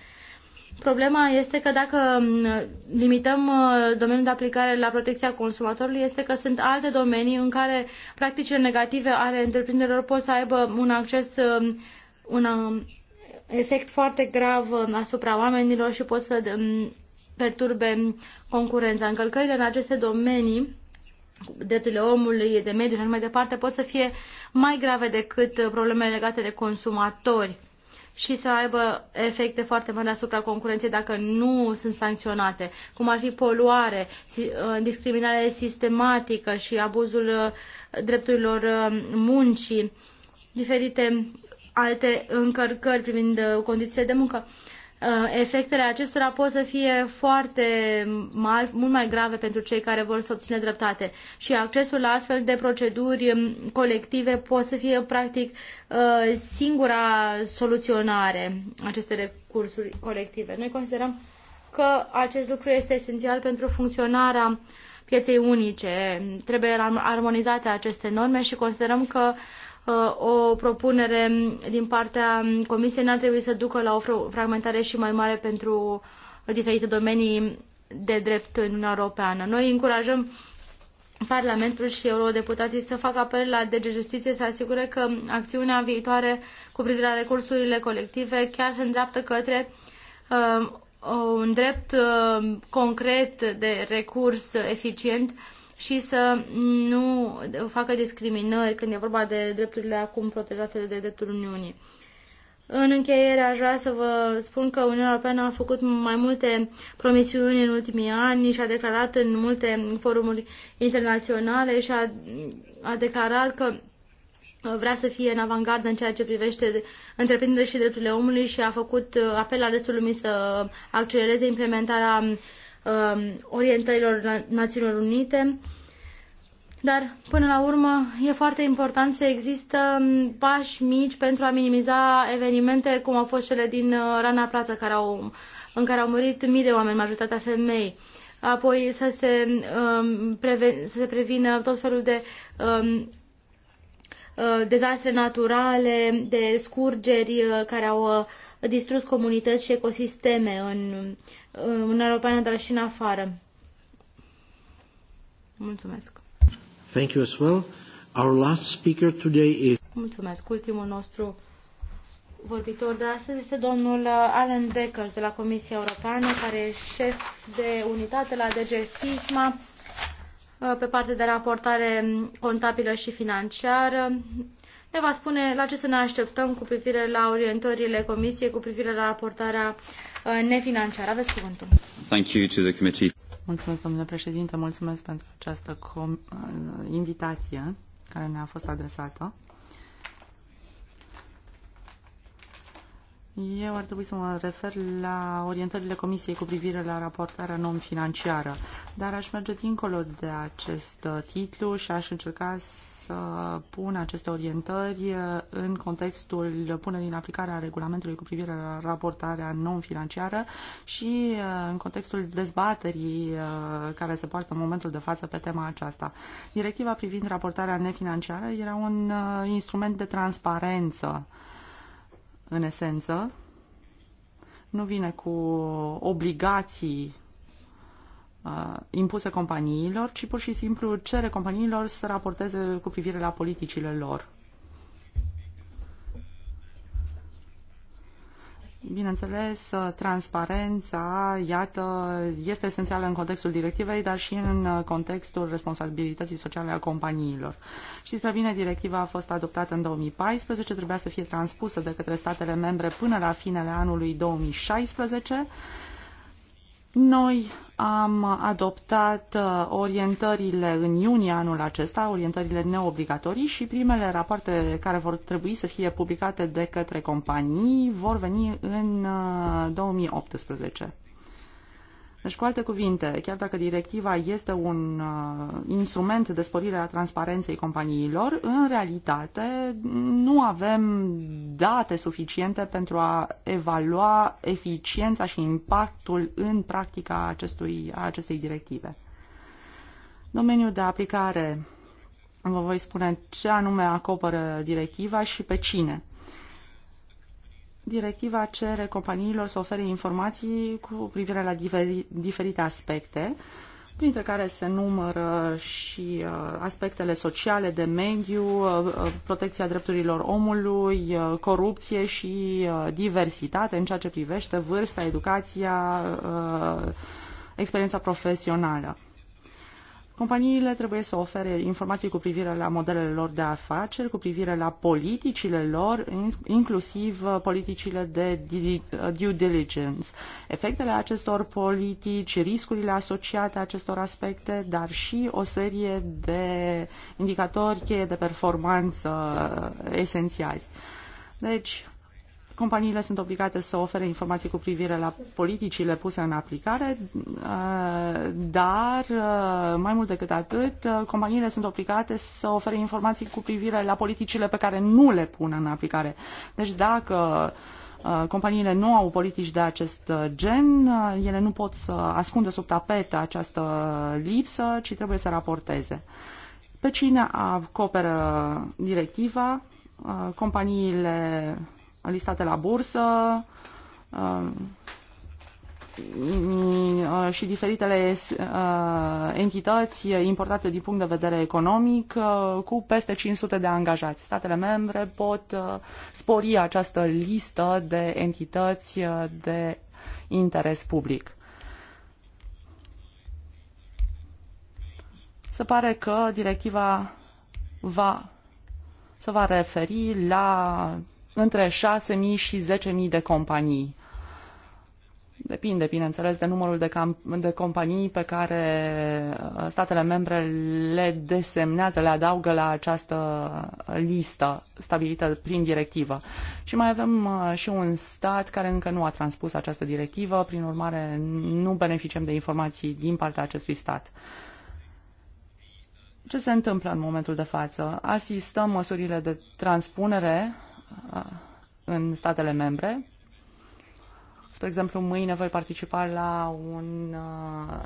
Problema este că dacă mm, limităm uh, domeniul de aplicare la protecția consumatorului, este că sunt alte domenii în care practicile negative ale întreprinderilor pot să aibă un acces, um, un um, efect foarte grav um, asupra oamenilor și pot să perturbe concurența. Încălcările în aceste domenii drepturile omului, de mediu și mai departe, pot să fie mai grave decât uh, problemele legate de consumatori și să aibă efecte foarte mari asupra concurenței dacă nu sunt sancționate, cum ar fi poluare, uh, discriminare sistematică și abuzul uh, drepturilor uh, muncii, diferite alte încărcări privind condițiile de muncă. Uh, efectele acestora pot să fie foarte mari, mult mai grave pentru cei care vor să obțină dreptate. Și accesul la astfel de proceduri um, colective pot să fie practic uh, singura soluționare aceste recursuri colective. Noi considerăm că acest lucru este esențial pentru funcționarea pieței unice. Trebuie armonizate aceste norme și considerăm că uh, o propunere din partea Comisiei n-ar trebui să ducă la o fragmentare și mai mare pentru diferite domenii de drept în Uniunea Europeană. Noi încurajăm Parlamentul și eurodeputații să facă apel la DG Justiție să asigure că acțiunea viitoare cu privire la recursurile colective chiar se îndreaptă către uh, un drept uh, concret de recurs eficient și să nu facă discriminări când e vorba de drepturile acum protejate de dreptul Uniunii. În încheiere aș vrea să vă spun că Uniunea Europeană a făcut mai multe promisiuni în ultimii ani și a declarat în multe forumuri internaționale și a, a declarat că vrea să fie în avangardă în ceea ce privește întreprinderile și drepturile omului și a făcut apel la restul lumii să accelereze implementarea Um, orientărilor Națiunilor Unite. Dar, până la urmă, e foarte important să există um, pași mici pentru a minimiza evenimente cum au fost cele din uh, Rana Plață, care au, în care au murit mii de oameni, majoritatea femei. Apoi să se, um, preven, să se prevină tot felul de um, uh, dezastre naturale, de scurgeri uh, care au distrus comunități și ecosisteme în în Europeană, dar și în afară. Mulțumesc. Thank you as well. Our last speaker today is... Mulțumesc. Ultimul nostru vorbitor de astăzi este domnul Alan Decker, de la Comisia Europeană, care e șef de unitate la DG FISMA pe partea de raportare contabilă și financiară ne va spune la ce să ne așteptăm cu privire la orientările Comisiei, cu privire la raportarea uh, nefinanciară. Aveți cuvântul. Thank you to the committee. Mulțumesc, domnule președinte, mulțumesc pentru această uh, invitație care ne-a fost adresată. Eu ar trebui să mă refer la orientările Comisiei cu privire la raportarea non-financiară, dar aș merge dincolo de acest uh, titlu și aș încerca să pun aceste orientări uh, în contextul punerii în aplicare a regulamentului cu privire la raportarea non-financiară și uh, în contextul dezbaterii care se poartă în momentul de față pe tema aceasta. Directiva privind raportarea nefinanciară era un instrument de transparență în esență, nu vine cu obligații uh, impuse companiilor, ci pur și simplu cere companiilor să raporteze cu privire la politicile lor. Bineînțeles, transparența, iată, este esențială în contextul directivei, dar și în contextul responsabilității sociale a companiilor. Știți prea bine, directiva a fost adoptată în 2014, trebuia să fie transpusă de către statele membre până la finele anului 2016 noi am adoptat uh, orientările în iunie anul acesta, orientările neobligatorii și primele rapoarte care vor trebui să fie publicate de către companii vor veni în 2018. Uh, deci, cu alte cuvinte, chiar dacă directiva este un uh, instrument de sporire a transparenței companiilor, în realitate nu avem date suficiente pentru a evalua eficiența și impactul în practica acestui, a acestei directive. Domeniul de aplicare, vă voi spune ce anume acoperă directiva și pe cine. Directiva cere companiilor să ofere informații cu privire la diferi, diferite aspecte, printre care se numără și uh, aspectele sociale, de mediu, uh, uh, protecția drepturilor omului, corupție și diversitate în ceea ce privește vârsta, educația, experiența profesională. Companiile trebuie să ofere informații cu privire la modelele lor de afaceri, cu privire la politicile lor, inclusiv uh, politicile de uh, due diligence, efectele acestor politici, riscurile asociate acestor aspecte, dar și o serie de indicatori cheie de performanță uh, esențiali. Deci, companiile sunt obligate să ofere informații cu privire la politicile puse în aplicare, uh, dar uh, mai mult decât atât, uh, companiile sunt obligate să ofere informații cu privire la politicile pe care nu le pun în aplicare. Deci dacă companiile nu au politici de acest gen, ele nu pot să ascundă sub tapet această lipsă, ci trebuie să raporteze. Pe cine acoperă directiva? Companiile listate la bursă um, uh, și diferitele uh, entități importate din punct de vedere economic uh, cu peste 500 de angajați. Statele membre pot spori această listă de entități de interes public. Se pare că directiva va, se va referi la între 6.000 și 10.000 de companii. Depinde, bineînțeles, de numărul de, cam- de companii pe care uh, statele membre le desemnează, le adaugă la această listă stabilită prin directivă. Și mai avem uh, și un stat care încă nu a transpus această directivă, prin urmare nu beneficiem de informații din partea acestui stat. Ce se întâmplă în momentul de față? Asistăm măsurile de transpunere în statele membre. Spre exemplu, mâine voi participa la un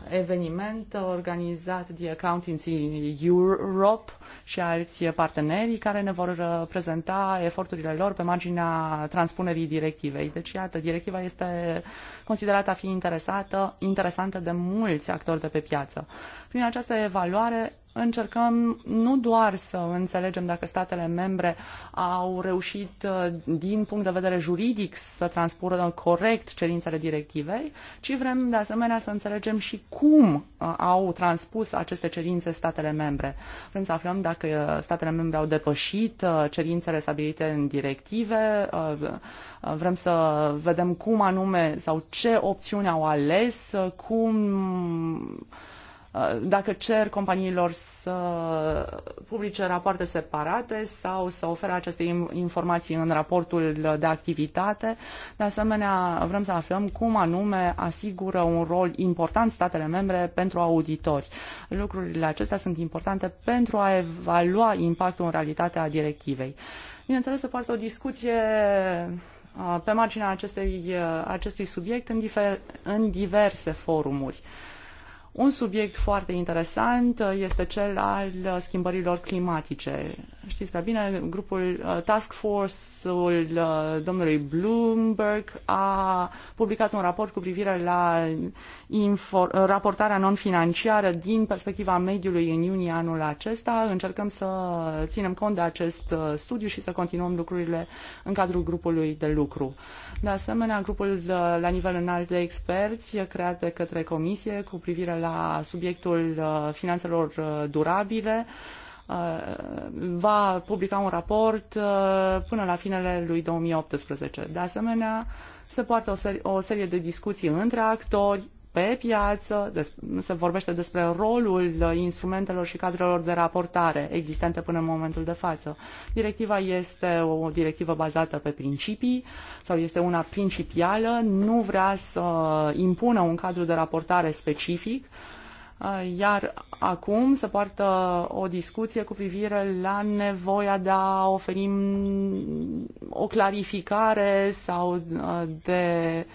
eveniment organizat de Accountancy Europe și alți parteneri care ne vor prezenta eforturile lor pe marginea transpunerii directivei. Deci, iată, directiva este considerată a fi interesată, interesantă de mulți actori de pe piață. Prin această evaluare încercăm nu doar să înțelegem dacă statele membre au reușit uh, din punct de vedere juridic să transpună corect cerințele directivei, ci vrem de asemenea să înțelegem și cum uh, au transpus aceste cerințe statele membre. Vrem să aflăm dacă uh, statele membre au depășit cerințele stabilite în directive, vrem să vedem cum anume sau ce opțiune au ales, cum uh, dacă cer companiilor să publice rapoarte separate sau să ofere aceste informații în raportul de activitate. De asemenea, vrem să aflăm cum anume asigură un rol important statele membre pentru auditori. Lucrurile acestea sunt importante pentru a evalua impactul în realitate a directivei. Bineînțeles, se poartă o discuție pe marginea acestei, acestui subiect în, difer, în diverse forumuri. Un subiect foarte interesant uh, este cel al uh, schimbărilor climatice. Știți prea bine, grupul uh, Task Force-ul domnului Bloomberg a publicat un raport cu privire la raportarea non-financiară din perspectiva mediului în iunie anul acesta. Încercăm să ținem cont de acest studiu și să continuăm lucrurile în cadrul grupului de lucru. De asemenea, grupul la nivel înalt de experți creat de către comisie cu privire la la subiectul uh, finanțelor uh, durabile uh, va publica un raport până la finele lui 2018. De asemenea, se poartă o, serie de discuții între actori, pe piață, des, se vorbește despre rolul instrumentelor și cadrelor de raportare existente până în momentul de față. Directiva este o directivă bazată pe principii sau este una principială, nu vrea să impună un cadru de raportare specific, iar acum se poartă o discuție cu privire la nevoia de a oferi o clarificare sau uh, de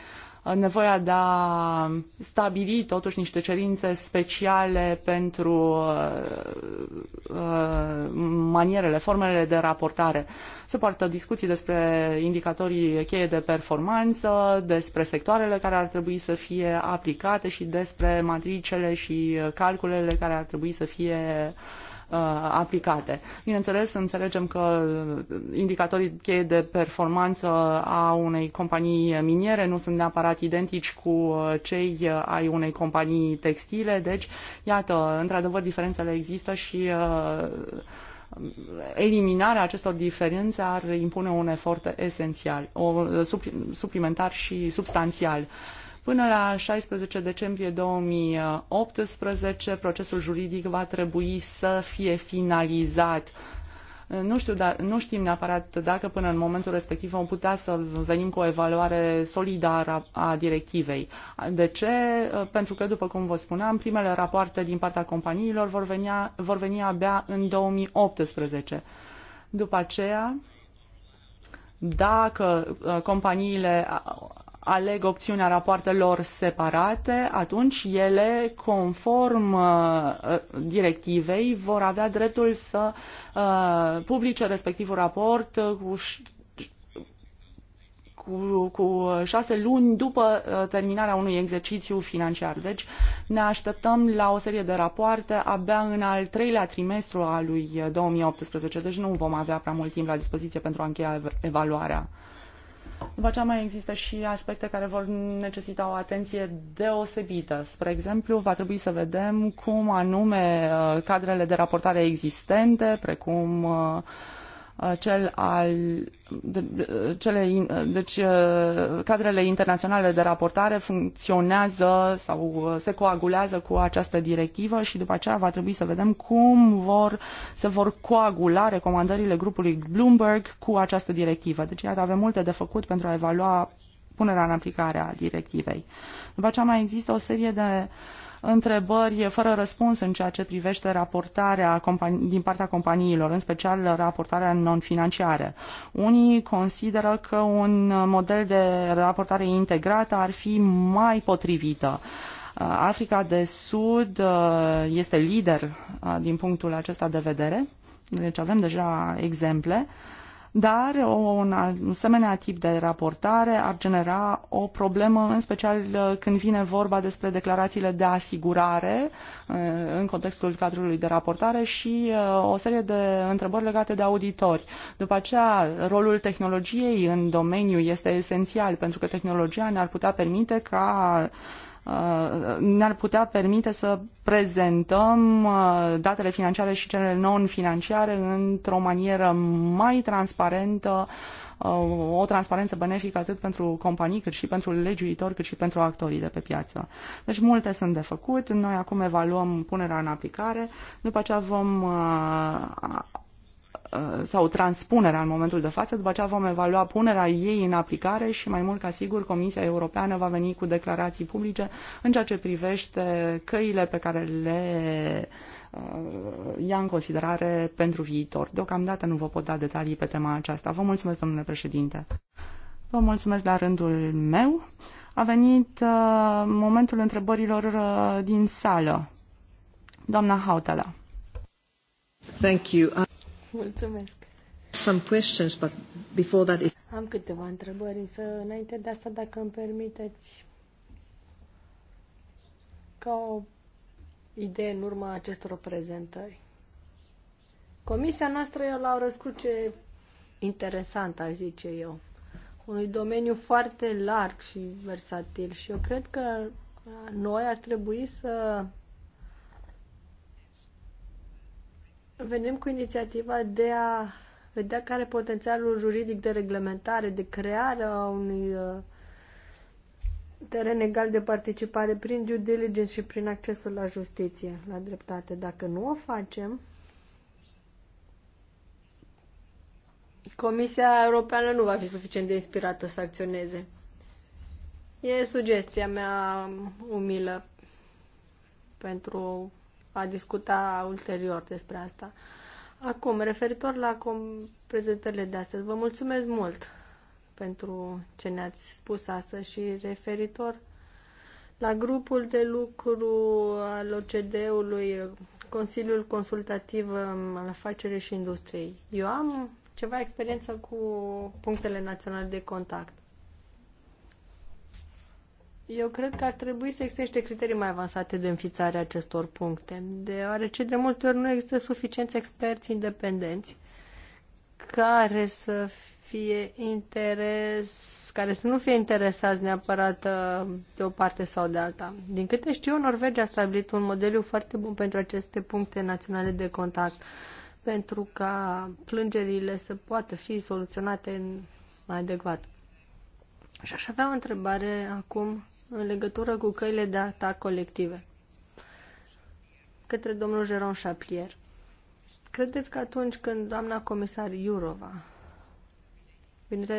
Uh, nevoia de a stabili totuși niște cerințe speciale pentru uh, uh, manierele, formele de raportare. Se poartă discuții despre indicatorii cheie de performanță, despre sectoarele care ar trebui să fie aplicate și despre matricele și calculele care ar trebui să fie uh, Uh, aplicate. Bineînțeles, înțelegem că indicatorii cheie de performanță a unei companii miniere nu sunt neapărat identici cu uh, cei uh, ai unei companii textile, deci, iată, într-adevăr, diferențele există și eliminarea acestor diferențe ar impune un efort esențial, o, suplimentar și substanțial. Uh, Până la 16 decembrie 2018, procesul juridic va trebui să fie finalizat nu, știu, dar, nu știm neapărat dacă până în momentul respectiv vom putea să venim cu o evaluare solidară a, directivei. De ce? Pentru că, după cum vă spuneam, primele rapoarte din partea companiilor vor, vor veni abia în 2018. După aceea, dacă uh, companiile aleg opțiunea rapoartelor separate, atunci ele, conform uh, directivei, vor avea dreptul să uh, publice respectivul raport cu cu, cu șase luni după uh, terminarea unui exercițiu financiar. Deci ne așteptăm la o serie de rapoarte abia în al treilea trimestru al lui 2018, deci nu vom avea prea mult timp la dispoziție pentru a încheia evaluarea. După aceea mai există și aspecte care vor necesita o atenție deosebită. Spre exemplu, va trebui să vedem cum anume uh, cadrele de raportare existente, precum uh, Uh, cel al, de, cele, uh, deci uh, cadrele internaționale de raportare funcționează sau se coagulează cu această directivă și după aceea va trebui să vedem cum vor, se vor coagula recomandările grupului Bloomberg cu această directivă. Deci iată, avem multe de făcut pentru a evalua punerea în aplicare a directivei. După aceea mai există o serie de uh, întrebări fără răspuns în ceea ce privește raportarea din partea companiilor, în special raportarea non-financiară. Unii consideră că un model de raportare integrată ar fi mai potrivită. Africa de Sud uh, este lider uh, din punctul acesta de vedere, deci avem deja exemple. Uh, dar o, un asemenea tip de raportare ar genera o problemă, în special uh, când vine vorba despre declarațiile de asigurare uh, în contextul cadrului de raportare și uh, o serie de întrebări legate de auditori. După aceea, rolul tehnologiei în domeniu este esențial, pentru că tehnologia ne-ar putea permite ca ne-ar putea permite să prezentăm uh, datele financiare și cele non-financiare într-o manieră mai transparentă, uh, o transparență benefică atât pentru companii, cât și pentru legiuitori, cât și pentru actorii de pe piață. Deci multe sunt de făcut, noi acum evaluăm punerea în aplicare, după aceea vom uh, Uh, sau transpunerea în momentul de față, după aceea vom evalua punerea ei în aplicare și mai mult ca sigur Comisia Europeană va veni cu declarații publice în ceea ce privește căile pe care le uh, ia în considerare pentru viitor. Deocamdată nu vă pot da detalii pe tema aceasta. Vă mulțumesc, domnule președinte. Vă mulțumesc la rândul meu. A venit uh, momentul întrebărilor uh, din sală. Doamna Hautala. Thank you. Mulțumesc. Some questions, but before that... if... Am câteva întrebări, însă înainte de asta, dacă îmi permiteți, ca o idee în urma acestor prezentări. Comisia noastră e la o răscruce interesantă, aș zice eu. Unui domeniu foarte larg și versatil și eu cred că noi ar trebui să venim cu inițiativa de a vedea care potențialul juridic de reglementare, de creare a unui uh, teren egal de participare prin due diligence și prin accesul la justiție, la dreptate. Dacă nu o facem, Comisia Europeană nu va fi suficient de inspirată să acționeze. E sugestia mea umilă pentru a discuta ulterior despre asta. Acum, referitor la prezentările de astăzi, vă mulțumesc mult pentru ce ne-ați spus astăzi și referitor la grupul de lucru al OCD-ului, Consiliul Consultativ al Afacerii și Industriei. Eu am ceva experiență cu punctele naționale de contact. Eu cred că ar trebui să existe criterii mai avansate de înfițare acestor puncte, deoarece de multe ori nu există suficienți experți independenți care să fie interes, care să nu fie interesați neapărat uh, de o parte sau de alta. Din câte știu, Norvegia a stabilit un modeliu foarte bun pentru aceste puncte naționale de contact, pentru ca plângerile să poată fi soluționate în adecvat. Și aș avea o întrebare acum în legătură cu căile de atac colective către domnul Jeron Chaplier. Credeți că atunci când doamna comisar Iurova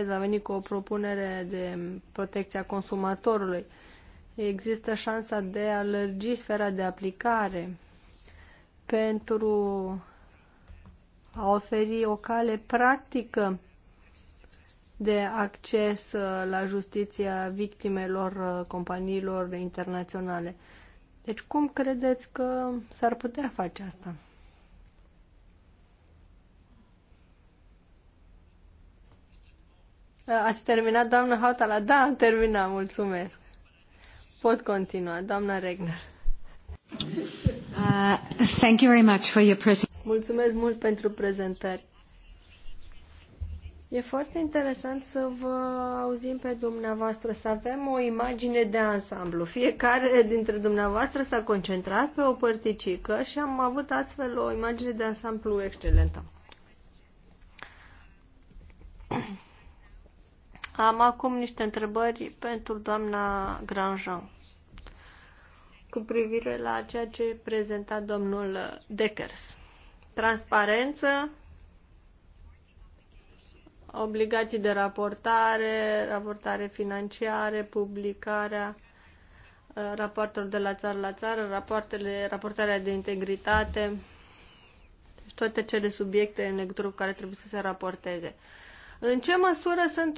a venit cu o propunere de protecția consumatorului. Există șansa de a lărgi sfera de aplicare pentru a oferi o cale practică de acces uh, la justiția victimelor uh, companiilor internaționale. Deci cum credeți că s-ar putea face asta? Uh, ați terminat, doamna Hautala? Da, am terminat, mulțumesc. Pot continua, doamna Regner. Uh, thank you very much for your Mulțumesc mult pentru prezentări. E foarte interesant să vă auzim pe dumneavoastră, să avem o imagine de ansamblu. Fiecare dintre dumneavoastră s-a concentrat pe o părticică și am avut astfel o imagine de ansamblu excelentă. (clears throat) Am acum niște întrebări pentru doamna Granjean cu privire la ceea ce prezenta domnul Deckers. Transparență, obligații de raportare, raportare financiare, publicarea uh, rapoartelor de la țară la țară, rapoartele, raportarea de integritate, deci toate cele subiecte în legătură cu care trebuie să se raporteze. În ce măsură sunt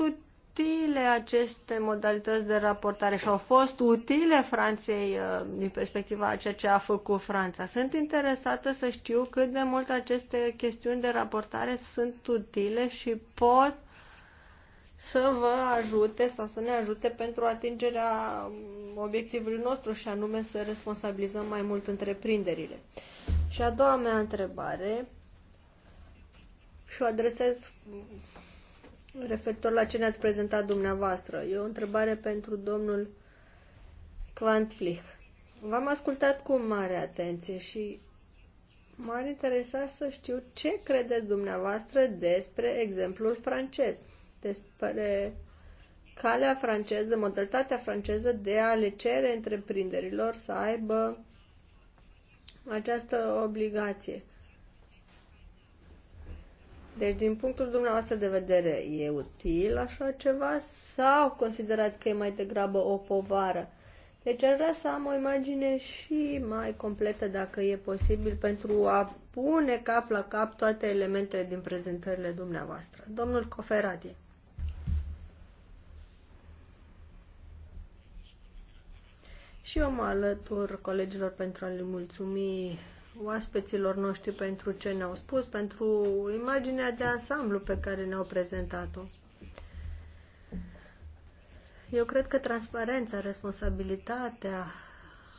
utile aceste modalități de raportare și au fost utile Franței uh, din perspectiva a ceea ce a făcut Franța. Sunt interesată să știu cât de mult aceste chestiuni de raportare sunt utile și pot să vă ajute sau să ne ajute pentru atingerea obiectivului nostru și anume să responsabilizăm mai mult întreprinderile. Și a doua mea întrebare și o adresez Referitor la ce ne-ați prezentat dumneavoastră, e o întrebare pentru domnul Quantflich. V-am ascultat cu mare atenție și m-ar interesa să știu ce credeți dumneavoastră despre exemplul francez, despre calea franceză, modalitatea franceză de a le cere întreprinderilor să aibă această obligație. Deci, din punctul dumneavoastră de vedere, e util așa ceva sau considerați că e mai degrabă o povară? Deci aș vrea să am o imagine și mai completă, dacă e posibil, pentru a pune cap la cap toate elementele din prezentările dumneavoastră. Domnul Coferadie. Și eu mă alătur colegilor pentru a le mulțumi oaspeților noștri pentru ce ne-au spus, pentru imaginea de ansamblu pe care ne-au prezentat-o. Eu cred că transparența, responsabilitatea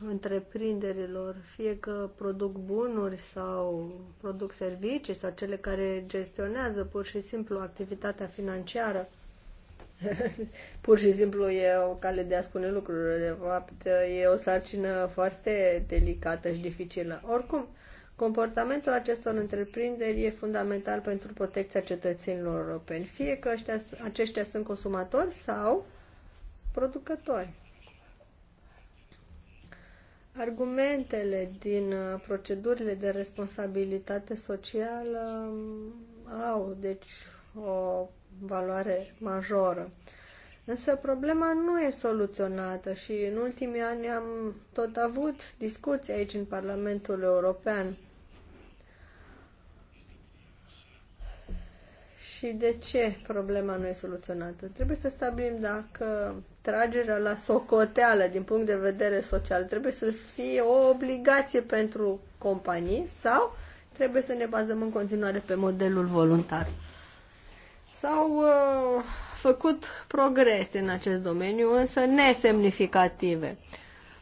întreprinderilor, fie că produc bunuri sau produc servicii sau cele care gestionează pur și simplu activitatea financiară, (laughs) Pur și simplu e o cale de a spune lucrurile. De fapt, e o sarcină foarte delicată și dificilă. Oricum, comportamentul acestor întreprinderi e fundamental pentru protecția cetățenilor europeni, fie că ăștia, aceștia sunt consumatori sau producători. Argumentele din uh, procedurile de responsabilitate socială mm, au, deci, o valoare majoră. Însă problema nu e soluționată și în ultimii ani am tot avut discuții aici în Parlamentul European. Și de ce problema nu e soluționată? Trebuie să stabilim dacă tragerea la socoteală din punct de vedere social trebuie să fie o obligație pentru companii sau trebuie să ne bazăm în continuare pe modelul voluntar. S-au uh, făcut progrese în acest domeniu, însă nesemnificative.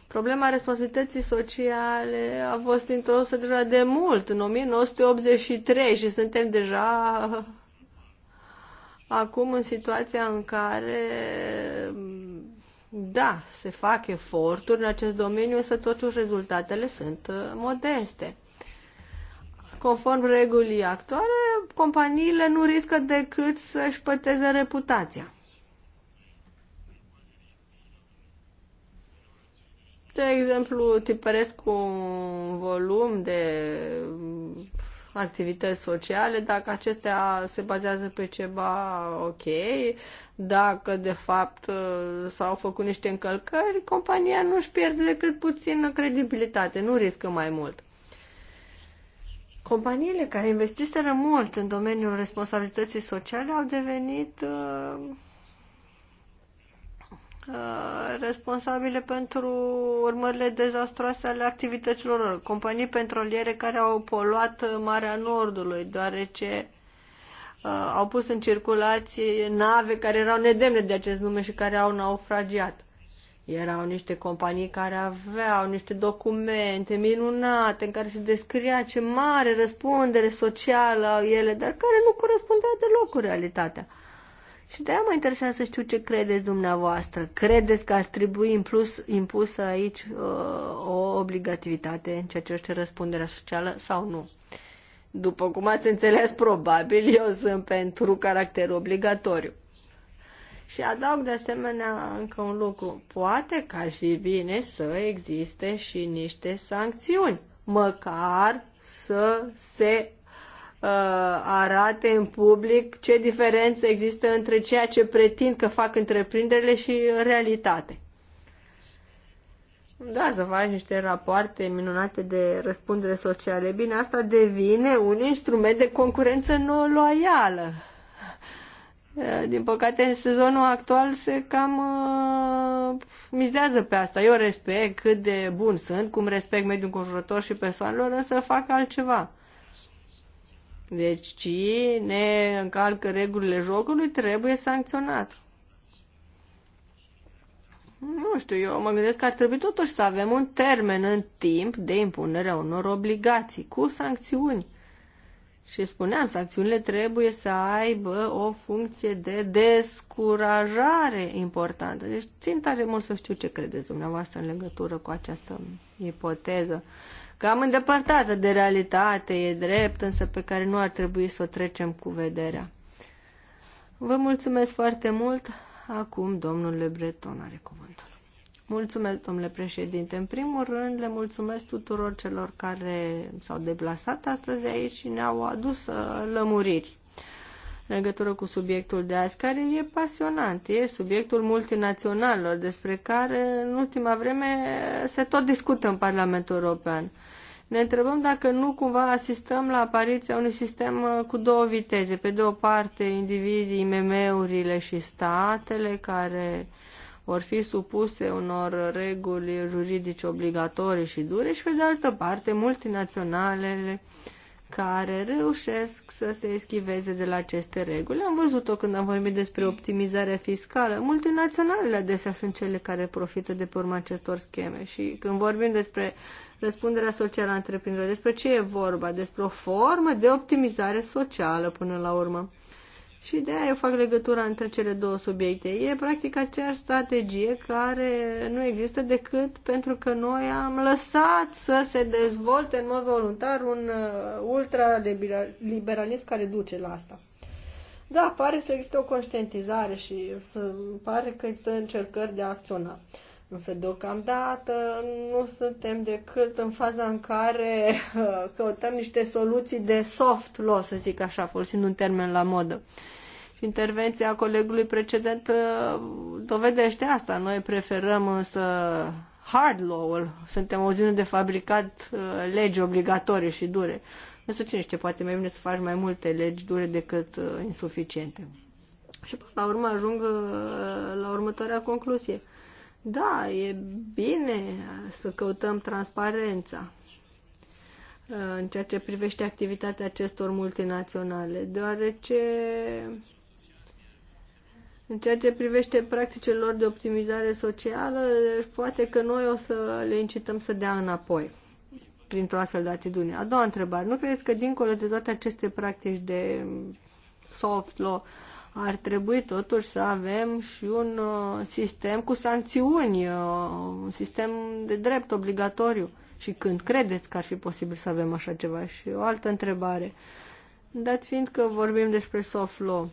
Problema responsabilității sociale a fost introdusă deja de mult, în 1983, și suntem deja uh, acum în situația în care, uh, da, se fac eforturi în acest domeniu, însă totuși rezultatele sunt uh, modeste. Conform regulii actuale, companiile nu riscă decât să-și păteze reputația. De exemplu, tipăresc un volum de activități sociale, dacă acestea se bazează pe ceva ok, dacă de fapt s-au făcut niște încălcări, compania nu își pierde decât puțin credibilitate, nu riscă mai mult. Companiile care investiseră mult în domeniul responsabilității sociale au devenit uh, uh, responsabile pentru urmările dezastroase ale activităților lor. Companii petroliere care au poluat Marea Nordului, deoarece uh, au pus în circulație nave care erau nedemne de acest nume și care au naufragiat. Erau niște companii care aveau niște documente minunate în care se descria ce mare răspundere socială au ele, dar care nu corespundea deloc cu realitatea. Și de-aia mă interesează să știu ce credeți dumneavoastră. Credeți că ar trebui în plus, impusă aici uh, o obligativitate în ceea ce este răspunderea socială sau nu? După cum ați înțeles, probabil eu sunt pentru caracter obligatoriu. Și adaug de asemenea încă un lucru. Poate că ar fi bine să existe și niște sancțiuni, măcar să se uh, arate în public ce diferență există între ceea ce pretind că fac întreprinderile și realitate. Da, să faci niște rapoarte minunate de răspundere sociale. Bine, asta devine un instrument de concurență non-loială. Eh, din păcate, în sezonul actual se cam uh, mizează pe asta. Eu respect cât de bun sunt, cum respect mediul conjurător și persoanelor, să fac altceva. Deci cine încalcă regulile jocului trebuie sancționat. Nu știu, eu mă gândesc că ar trebui totuși să avem un termen în timp de impunerea unor obligații cu sancțiuni. Și spuneam, sancțiunile trebuie să aibă o funcție de descurajare importantă. Deci țin tare mult să știu ce credeți dumneavoastră în legătură cu această ipoteză. Cam îndepărtată de realitate, e drept, însă pe care nu ar trebui să o trecem cu vederea. Vă mulțumesc foarte mult. Acum domnul Le Breton are cuvântul. Mulțumesc, domnule președinte. În primul rând, le mulțumesc tuturor celor care s-au deplasat astăzi aici și ne-au adus uh, lămuriri în legătură cu subiectul de azi, care e pasionant. E subiectul multinaționalelor, despre care în ultima vreme se tot discută în Parlamentul European. Ne întrebăm dacă nu cumva asistăm la apariția unui sistem uh, cu două viteze. Pe de o parte, indivizii, IMM-urile și statele care uh, vor fi supuse unor reguli juridice obligatorii și dure și, pe de altă parte, multinaționalele care reușesc să se eschiveze de la aceste reguli. Am văzut-o când am vorbit despre optimizarea fiscală. Multinaționalele adesea sunt cele care profită de pe urma acestor scheme și când vorbim despre răspunderea socială a întreprinderilor, despre ce e vorba? Despre o formă de optimizare socială până la urmă. Și de aia eu fac legătura între cele două subiecte. E practic aceeași strategie care nu există decât pentru că noi am lăsat să se dezvolte în mod voluntar un uh, ultraliberalism care duce la asta. Da, pare să există o conștientizare și să pare că există încercări de a acționa. Însă, deocamdată, nu suntem decât în faza în care uh, căutăm niște soluții de soft law, să zic așa, folosind un termen la modă. Și intervenția colegului precedent uh, dovedește asta. Noi preferăm însă hard law-ul. Suntem o zi de fabricat uh, legi obligatorii și dure. Nu știu cine știe, poate mai bine să faci mai multe legi dure decât insuficiente. Și până la urmă ajung la următoarea concluzie da, e bine să căutăm transparența uh, în ceea ce privește activitatea acestor multinaționale, deoarece în ceea ce privește practicile lor de optimizare socială, poate că noi o să le incităm să dea înapoi printr-o astfel de atitudine. A doua întrebare. Nu credeți că dincolo de toate aceste practici de soft law, ar trebui totuși să avem și un uh, sistem cu sancțiuni, uh, un sistem de drept obligatoriu. Și când credeți că ar fi posibil să avem așa ceva? Și o altă întrebare. Dat fiind că vorbim despre soft law,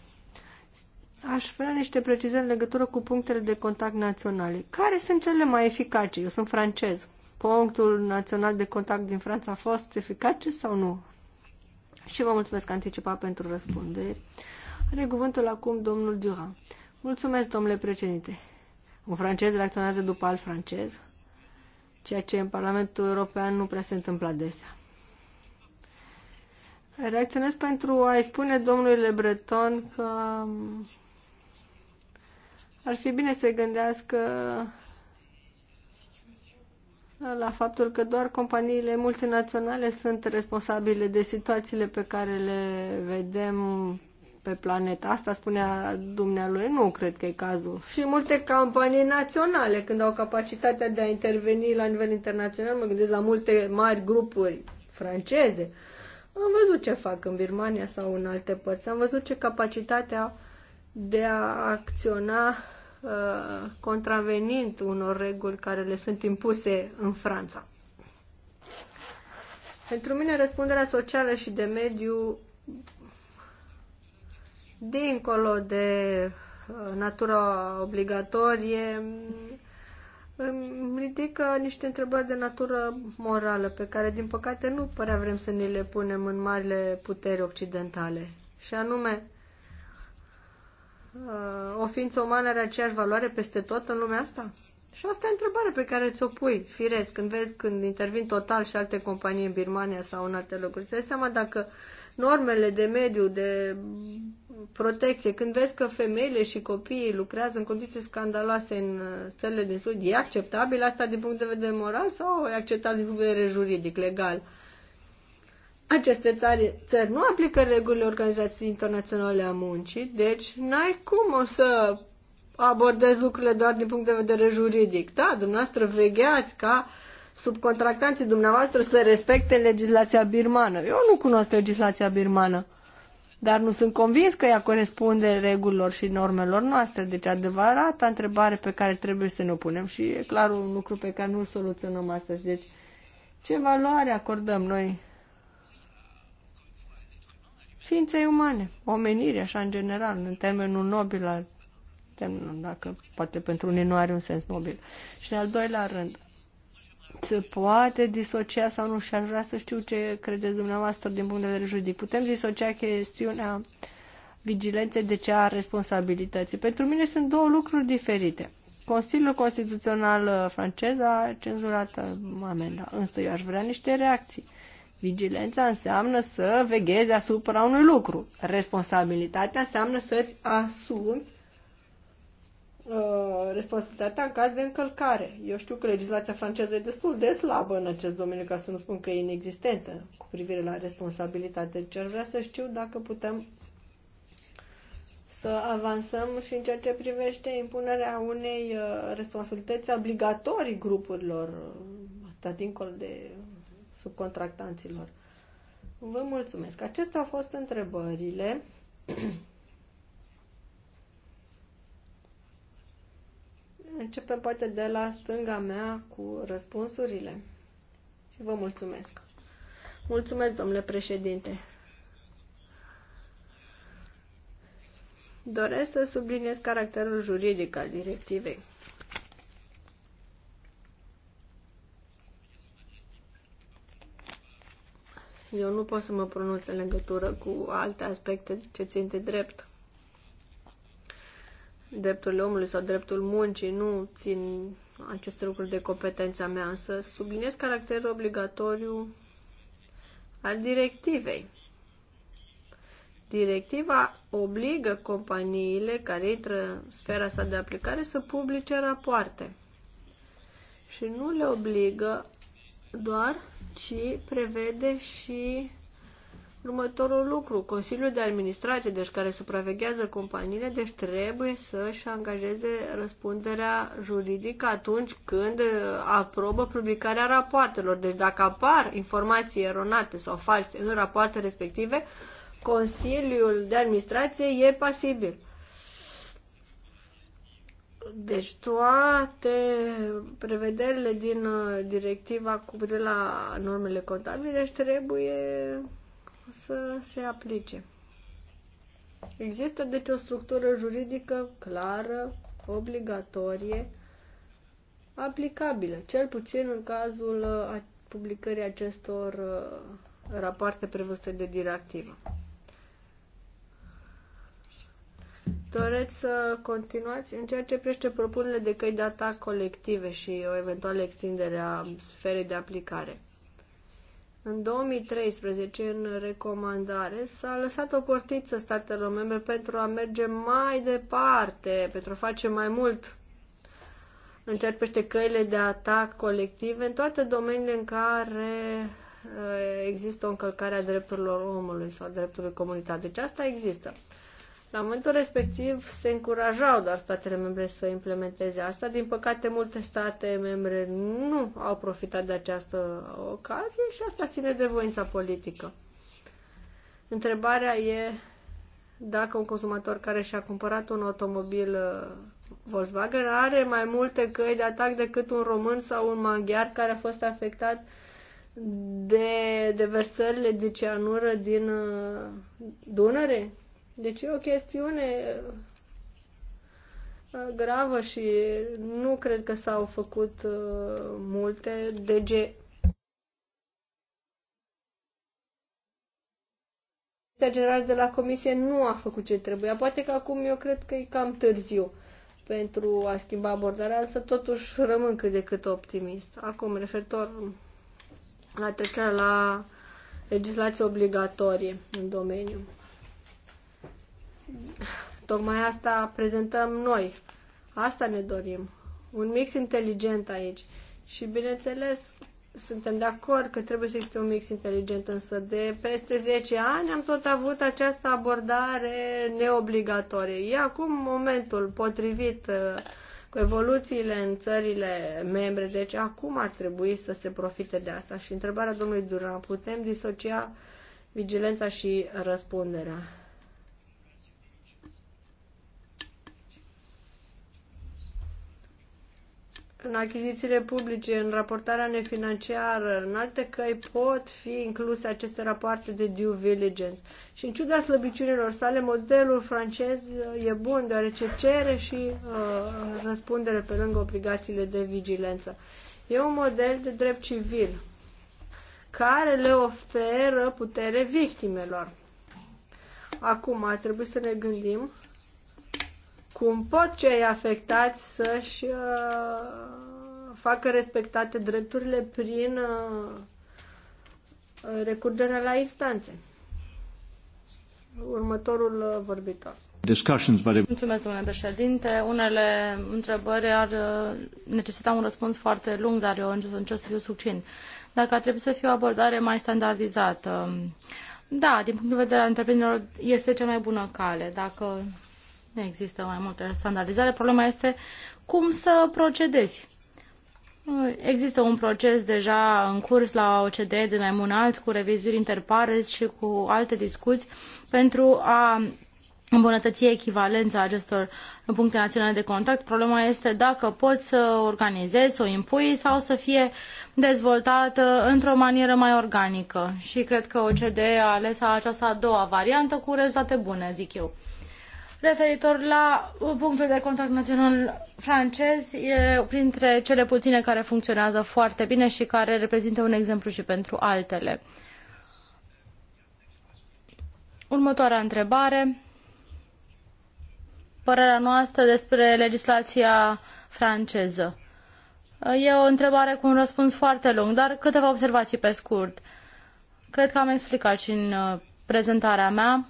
aș vrea niște precizări în legătură cu punctele de contact naționale. Care sunt cele mai eficace? Eu sunt francez. Punctul național de contact din Franța a fost eficace sau nu? Și vă mulțumesc anticipat pentru răspunderi. Are cuvântul acum domnul Durand. Mulțumesc, domnule președinte. Un francez reacționează după alt francez, ceea ce în Parlamentul European nu prea se întâmplă adesea. Reacționez pentru a-i spune domnului Le Breton că um, ar fi bine să gândească la faptul că doar companiile multinaționale sunt responsabile de situațiile pe care le vedem pe planeta asta, spunea dumnealui, nu cred că e cazul. Și multe campanii naționale, când au capacitatea de a interveni la nivel internațional, mă gândesc la multe mari grupuri franceze. Am văzut ce fac în Birmania sau în alte părți, am văzut ce capacitatea de a acționa uh, contravenind unor reguli care le sunt impuse în Franța. Pentru mine, răspunderea socială și de mediu dincolo de uh, natura obligatorie, îmi ridică niște întrebări de natură morală, pe care, din păcate, nu părea vrem să ni le punem în marile puteri occidentale. Și anume, uh, o ființă umană are aceeași valoare peste tot în lumea asta? Și asta e întrebare pe care ți-o pui, firesc, când vezi când intervin total și alte companii în Birmania sau în alte locuri. Îți dai seama dacă normele de mediu, de protecție. Când vezi că femeile și copiii lucrează în condiții scandaloase în țările uh, din Sud, e acceptabil asta din punct de vedere moral sau e acceptabil din punct de vedere juridic, legal? Aceste țări, țări nu aplică regulile Organizației Internaționale a Muncii, deci n-ai cum o să abordezi lucrurile doar din punct de vedere juridic. Da, dumneavoastră vegheați ca subcontractanții dumneavoastră să respecte legislația birmană. Eu nu cunosc legislația birmană dar nu sunt convins că ea corespunde regulilor și normelor noastre. Deci adevărata întrebare pe care trebuie să ne punem și e clar un lucru pe care nu-l soluționăm astăzi. Deci ce valoare acordăm noi ființei umane, omenire, așa în general, în termenul nobil al dacă poate pentru unii nu are un sens nobil. Și în al doilea rând, se poate disocia sau nu și ar vrea să știu ce credeți dumneavoastră din punct de vedere juridic. Putem disocia chestiunea vigilenței de cea a responsabilității. Pentru mine sunt două lucruri diferite. Consiliul Constituțional francez a cenzurat amenda, însă eu aș vrea niște reacții. Vigilența înseamnă să veghezi asupra unui lucru. Responsabilitatea înseamnă să-ți asumi Uh, responsabilitatea în caz de încălcare. Eu știu că legislația franceză e destul de slabă în acest domeniu, ca să nu spun că e inexistentă cu privire la responsabilitate. Deci ar vrea să știu dacă putem să avansăm și în ceea ce privește impunerea unei uh, responsabilități obligatorii grupurilor, atât dincolo de subcontractanților. Vă mulțumesc. Acestea au fost întrebările (clears throat) Începem poate de la stânga mea cu răspunsurile. Și vă mulțumesc. Mulțumesc, domnule președinte. Doresc să subliniez caracterul juridic al directivei. Eu nu pot să mă pronunț în legătură cu alte aspecte ce țin de drept drepturile omului sau dreptul muncii, nu țin aceste lucruri de competența mea, însă subliniez caracterul obligatoriu al directivei. Directiva obligă companiile care intră în sfera sa de aplicare să publice rapoarte. Și nu le obligă doar, ci prevede și următorul lucru. Consiliul de administrație, deci care supraveghează companiile, deci trebuie să-și angajeze răspunderea juridică atunci când uh, aprobă publicarea rapoartelor. Deci dacă apar informații eronate sau false în rapoarte respective, Consiliul de administrație e pasibil. Deci toate prevederile din uh, directiva cu privire la normele contabile deci trebuie să se aplice. Există deci o structură juridică clară, obligatorie, aplicabilă, cel puțin în cazul uh, publicării acestor uh, rapoarte prevăzute de directivă. Doreți să continuați în ceea ce prește propunerile de căi de atac colective și o eventuală extindere a sferei de aplicare. În 2013, în recomandare, s-a lăsat o portiță statelor membre pentru a merge mai departe, pentru a face mai mult în ceea ce privește căile de atac colective în toate domeniile în care uh, există o încălcare a drepturilor omului sau a dreptului comunitar. Deci asta există. La momentul respectiv se încurajau doar statele membre să implementeze asta. Din păcate, multe state membre nu au profitat de această ocazie și asta ține de voința politică. Întrebarea e dacă un consumator care și-a cumpărat un automobil uh, Volkswagen are mai multe căi de atac decât un român sau un maghiar care a fost afectat de deversările de cianură din uh, Dunăre? Deci e o chestiune uh, gravă și nu cred că s-au făcut uh, multe. DG general de la comisie nu a făcut ce trebuia. Poate că acum eu cred că e cam târziu pentru a schimba abordarea, însă totuși rămân cât de cât optimist. Acum, referitor la trecerea la legislație obligatorie în domeniu. Tocmai asta prezentăm noi. Asta ne dorim. Un mix inteligent aici. Și bineînțeles, suntem de acord că trebuie să existe un mix inteligent, însă de peste 10 ani am tot avut această abordare neobligatorie. E acum momentul potrivit uh, cu evoluțiile în țările membre, deci acum ar trebui să se profite de asta. Și întrebarea domnului Duran, putem disocia vigilența și răspunderea? în achizițiile publice, în raportarea nefinanciară, în alte căi pot fi incluse aceste rapoarte de due diligence. Și în ciuda slăbiciunilor sale, modelul francez e bun, deoarece cere și uh, răspundere pe lângă obligațiile de vigilență. E un model de drept civil care le oferă putere victimelor. Acum, trebuie să ne gândim cum pot cei afectați să-și uh, facă respectate drepturile prin uh, recurgerea la instanțe. Următorul uh, vorbitor. Mulțumesc, domnule președinte. Unele întrebări ar necesita un răspuns foarte lung, dar eu încerc să fiu succint. Dacă ar trebui să fie o abordare mai standardizată, da, din punct de vedere al întreprinderilor, este cea mai bună cale. Dacă există mai multă standardizare. Problema este cum să procedezi. Există un proces deja în curs la OCDE de mai mult alt cu revizuri interpares și cu alte discuții pentru a îmbunătăți echivalența acestor puncte naționale de contact. Problema este dacă poți să organizezi, să o impui sau să fie dezvoltată într-o manieră mai organică. Și cred că OCDE a ales această a doua variantă cu rezultate bune, zic eu referitor la punctul de contact național francez, e printre cele puține care funcționează foarte bine și care reprezintă un exemplu și pentru altele. Următoarea întrebare. Părerea noastră despre legislația franceză. E o întrebare cu un răspuns foarte lung, dar câteva observații pe scurt. Cred că am explicat și în uh, prezentarea mea.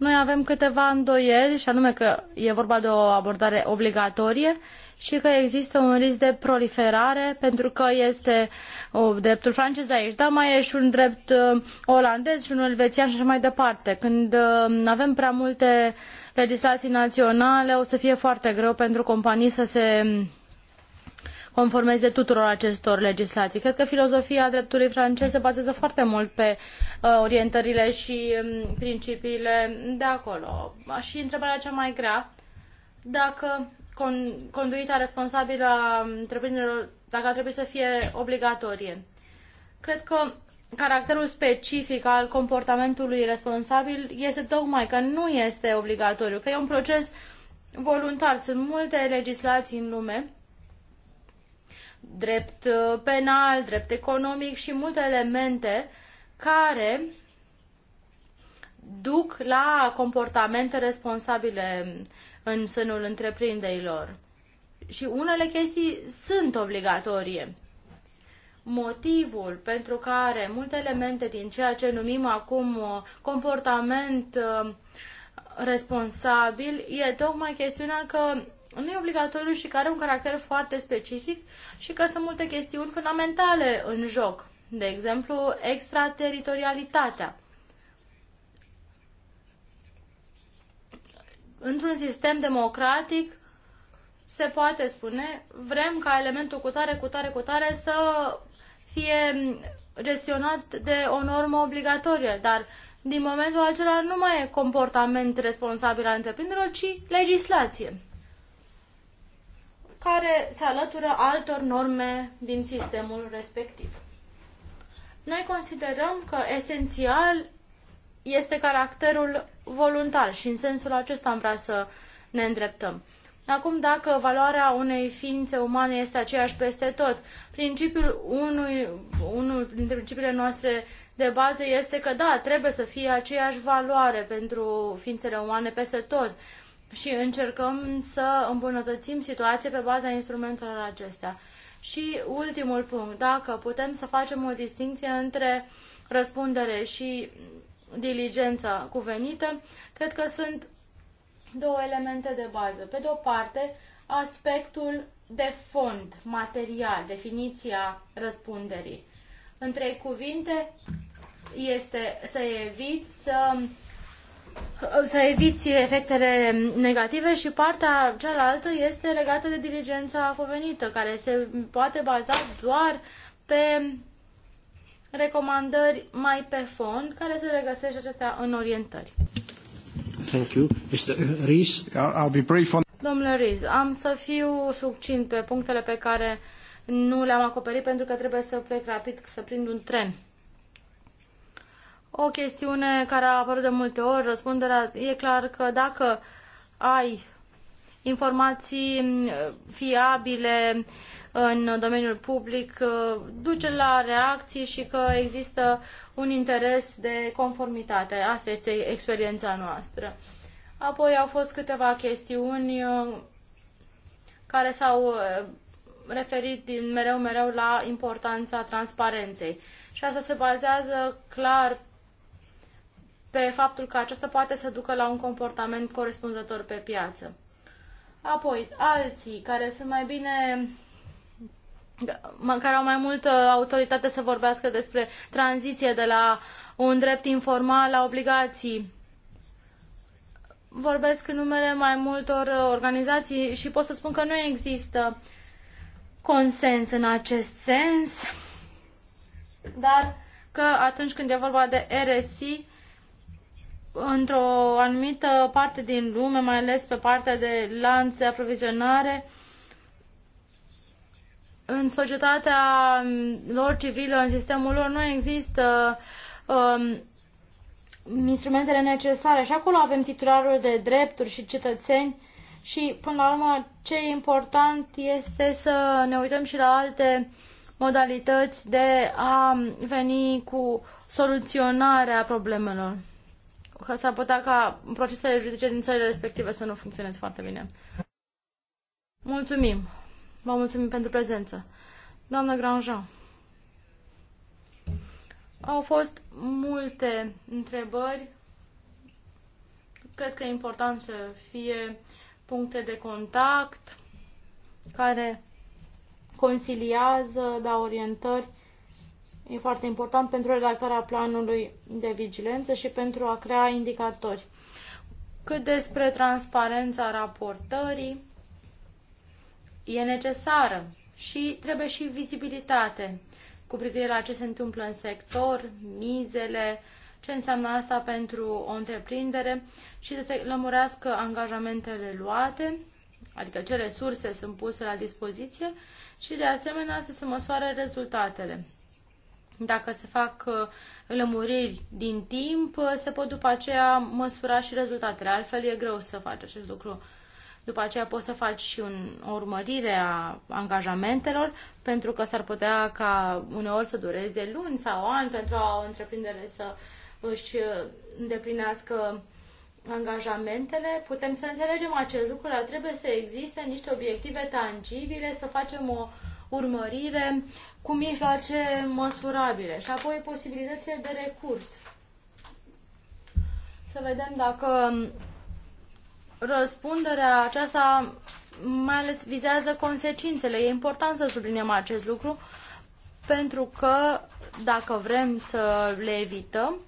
Noi avem câteva îndoieli și anume că e vorba de o abordare obligatorie și că există un risc de proliferare pentru că este o, dreptul francez aici, dar mai e și un drept uh, olandez și un elvețian și așa mai departe. Când uh, avem prea multe legislații naționale, o să fie foarte greu pentru companii să se conformeze tuturor acestor legislații. Cred că filozofia dreptului francez se bazează foarte mult pe uh, orientările și um, principiile de acolo. Și întrebarea cea mai grea, dacă conduita responsabilă a întreprinderilor, dacă ar trebui să fie obligatorie. Cred că caracterul specific al comportamentului responsabil este tocmai că nu este obligatoriu, că e un proces voluntar. Sunt multe legislații în lume drept uh, penal, drept economic și multe elemente care duc la comportamente responsabile în sânul întreprinderilor. Și unele chestii sunt obligatorie. Motivul pentru care multe elemente din ceea ce numim acum uh, comportament uh, responsabil e tocmai chestiunea că nu e obligatoriu și care are un caracter foarte specific și că sunt multe chestiuni fundamentale în joc. De exemplu, extrateritorialitatea. Într-un sistem democratic se poate spune vrem ca elementul cu tare, cu tare, cu tare să fie gestionat de o normă obligatorie, dar din momentul acela nu mai e comportament responsabil al întreprinderilor, ci legislație care se alătură altor norme din sistemul respectiv. Noi considerăm că esențial este caracterul voluntar și în sensul acesta am vrea să ne îndreptăm. Acum, dacă valoarea unei ființe umane este aceeași peste tot, principiul unui, unul dintre principiile noastre de bază este că, da, trebuie să fie aceeași valoare pentru ființele umane peste tot, și încercăm să îmbunătățim situația pe baza instrumentelor acestea. Și ultimul punct, dacă putem să facem o distinție între răspundere și diligența cuvenită, cred că sunt două elemente de bază. Pe de o parte, aspectul de fond, material, definiția răspunderii. Între cuvinte, este să eviți să să eviți efectele negative și partea cealaltă este legată de diligența cuvenită, care se poate baza doar pe recomandări mai pe fond, care se regăsește acestea în orientări. Thank you. Mr. Rees, I'll be brief on... Domnule Riz, am să fiu succint pe punctele pe care nu le-am acoperit pentru că trebuie să plec rapid, să prind un tren. O chestiune care a apărut de multe ori, răspunderea, e clar că dacă ai informații mm, fiabile în domeniul public, uh, duce la reacții și că există un interes de conformitate. Asta este experiența noastră. Apoi au fost câteva chestiuni uh, care s-au uh, referit din mereu mereu la importanța transparenței. Și asta se bazează clar pe faptul că acesta poate să ducă la un comportament corespunzător pe piață. Apoi, alții care sunt mai bine care au mai multă autoritate să vorbească despre tranziție de la un drept informal la obligații. Vorbesc în numele mai multor uh, organizații și pot să spun că nu există consens în acest sens, dar că atunci când e vorba de RSI, într-o anumită parte din lume, mai ales pe partea de lanț de aprovizionare, în societatea lor civilă, în sistemul lor, nu există um, instrumentele necesare și acolo avem titularul de drepturi și cetățeni și, până la urmă, ce e important este să ne uităm și la alte modalități de a veni cu soluționarea problemelor că s-ar putea ca procesele judice din țările respective să nu funcționeze foarte bine. Mulțumim! Vă mulțumim pentru prezență. Doamna Granjean. au fost multe întrebări. Cred că e important să fie puncte de contact care consiliază, dau orientări e foarte important pentru redactarea planului de vigilență și pentru a crea indicatori. Cât despre transparența raportării, e necesară și trebuie și vizibilitate cu privire la ce se întâmplă în sector, mizele, ce înseamnă asta pentru o întreprindere și să se lămurească angajamentele luate, adică ce resurse sunt puse la dispoziție și de asemenea să se măsoare rezultatele. Dacă se fac uh, lămuriri din timp, uh, se pot după aceea măsura și rezultatele. Altfel e greu să faci acest lucru. După aceea poți să faci și un, o urmărire a angajamentelor, pentru că s-ar putea ca uneori să dureze luni sau ani pentru a o întreprindere să își uh, îndeplinească angajamentele. Putem să înțelegem acest lucru, dar trebuie să existe niște obiective tangibile, să facem o urmărire cu mijloace măsurabile și apoi posibilitățile de recurs. Să vedem dacă um, răspunderea aceasta mai ales vizează consecințele. E important să subliniem acest lucru pentru că dacă vrem să le evităm,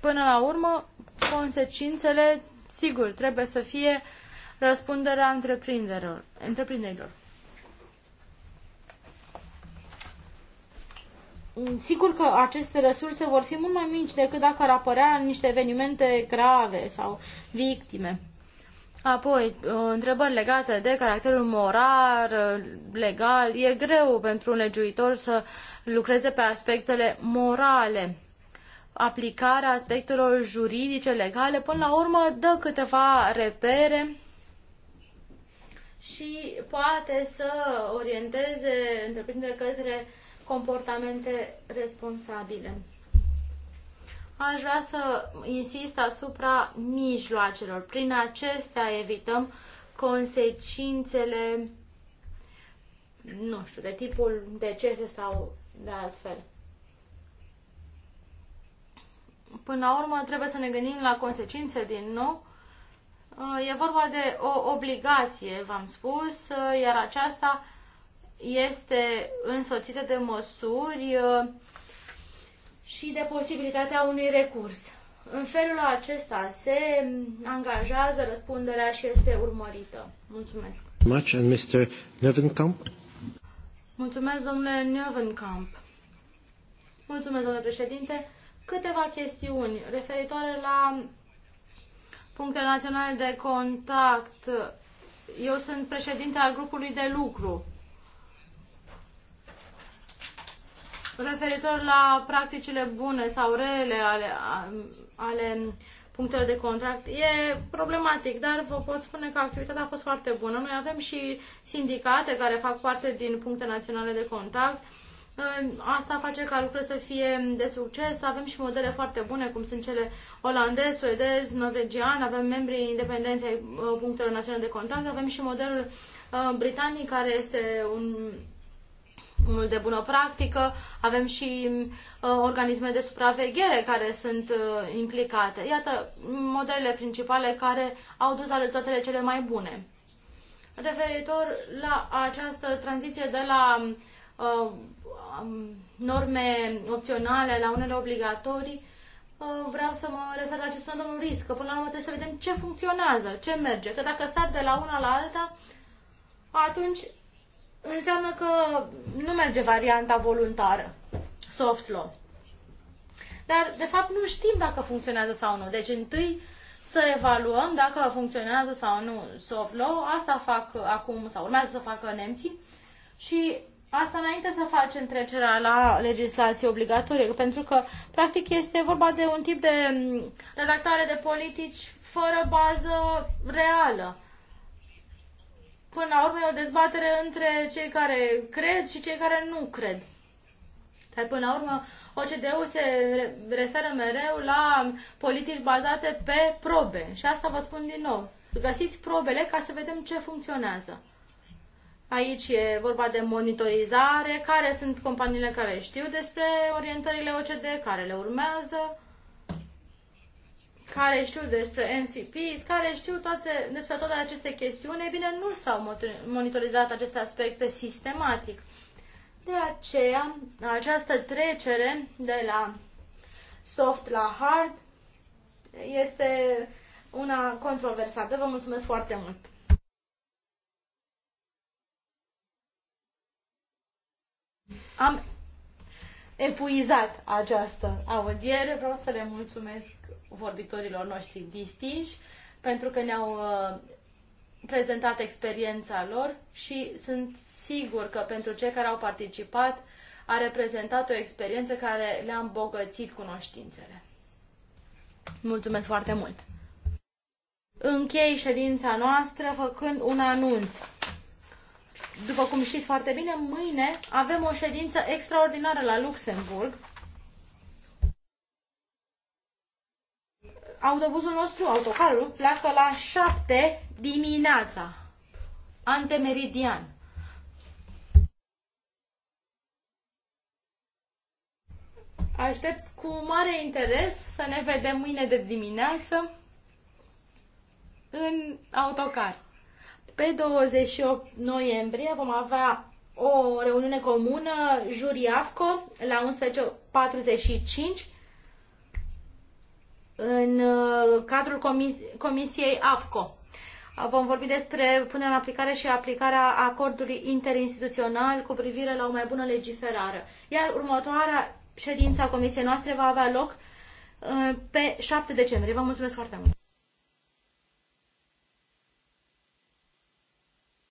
până la urmă, consecințele, sigur, trebuie să fie uh, răspunderea întreprinderilor. întreprinderilor. Mm, sigur că aceste resurse vor fi mult mai mici decât dacă ar apărea niște evenimente grave sau victime. Apoi, întrebări legate de caracterul moral, legal. E greu pentru un legiuitor să lucreze pe aspectele morale. Aplicarea aspectelor juridice, legale, până la urmă dă câteva repere și poate să orienteze întreprinderile către comportamente responsabile. Aș vrea să insist asupra mijloacelor. Prin acestea evităm consecințele, nu știu, de tipul decese sau de altfel. Până la urmă, trebuie să ne gândim la consecințe din nou Uh, e vorba de o obligație, v-am spus, uh, iar aceasta este însoțită de măsuri uh, și de posibilitatea unui recurs. În felul acesta se angajează răspunderea și este urmărită. Mulțumesc. Much and Mr. Nevenkamp. Mulțumesc, domnule Nevenkamp. Mulțumesc, domnule președinte. Câteva chestiuni referitoare la punctele naționale de contact. Eu sunt președinte al grupului de lucru. Referitor la practicile bune sau rele ale, ale punctelor de contract, e problematic, dar vă pot spune că activitatea a fost foarte bună. Noi avem și sindicate care fac parte din puncte naționale de contact Asta face ca lucrurile să fie de succes. Avem și modele foarte bune, cum sunt cele olandez, suedez, norvegian, avem membrii independenți ai uh, punctelor naționale de contact, avem și modelul uh, britanic, care este un unul de bună practică, avem și uh, organisme de supraveghere care sunt uh, implicate. Iată modelele principale care au dus la rezultatele cele mai bune. Referitor la această tranziție de la uh, uh, norme opționale la unele obligatorii, uh, vreau să mă refer la ce spune domnul Risc, că până la urmă trebuie să vedem ce funcționează, ce merge. Că dacă sar de la una la alta, atunci înseamnă că nu merge varianta voluntară, soft law. Dar, de fapt, nu știm dacă funcționează sau nu. Deci, întâi să evaluăm dacă funcționează sau nu soft law. Asta fac acum sau urmează să facă nemții. Și Asta înainte să facem trecerea la legislație obligatorie, pentru că, practic, este vorba de un tip de mm, redactare de politici fără bază reală. Până la urmă e o dezbatere între cei care cred și cei care nu cred. Dar până la urmă OCDE-ul se referă mereu la politici bazate pe probe. Și asta vă spun din nou. Găsiți probele ca să vedem ce funcționează. Aici e vorba de monitorizare, care sunt companiile care știu despre orientările OCD, care le urmează, care știu despre NCPs, care știu toate, despre toate aceste chestiuni, Ei bine, nu s-au monitorizat aceste aspecte sistematic. De aceea, această trecere de la soft la hard este una controversată. Vă mulțumesc foarte mult! am epuizat această audiere. Vreau să le mulțumesc vorbitorilor noștri distinși pentru că ne-au uh, prezentat experiența lor și sunt sigur că pentru cei care au participat a reprezentat o experiență care le-a îmbogățit cunoștințele. Mulțumesc foarte mult! Închei ședința noastră făcând un anunț. După cum știți foarte bine, mâine avem o ședință extraordinară la Luxemburg. Autobuzul nostru, autocarul, pleacă la 7 dimineața, antemeridian. Aștept cu mare interes să ne vedem mâine de dimineață în autocar. Pe 28 noiembrie vom avea o reuniune comună, Juriafco, la 11.45, în uh, cadrul comis Comisiei AFCO. Vom vorbi despre punerea în aplicare și aplicarea acordului interinstituțional cu privire la o mai bună legiferare. Iar următoarea ședință a comisiei noastre va avea loc uh, pe 7 decembrie. Vă mulțumesc foarte mult!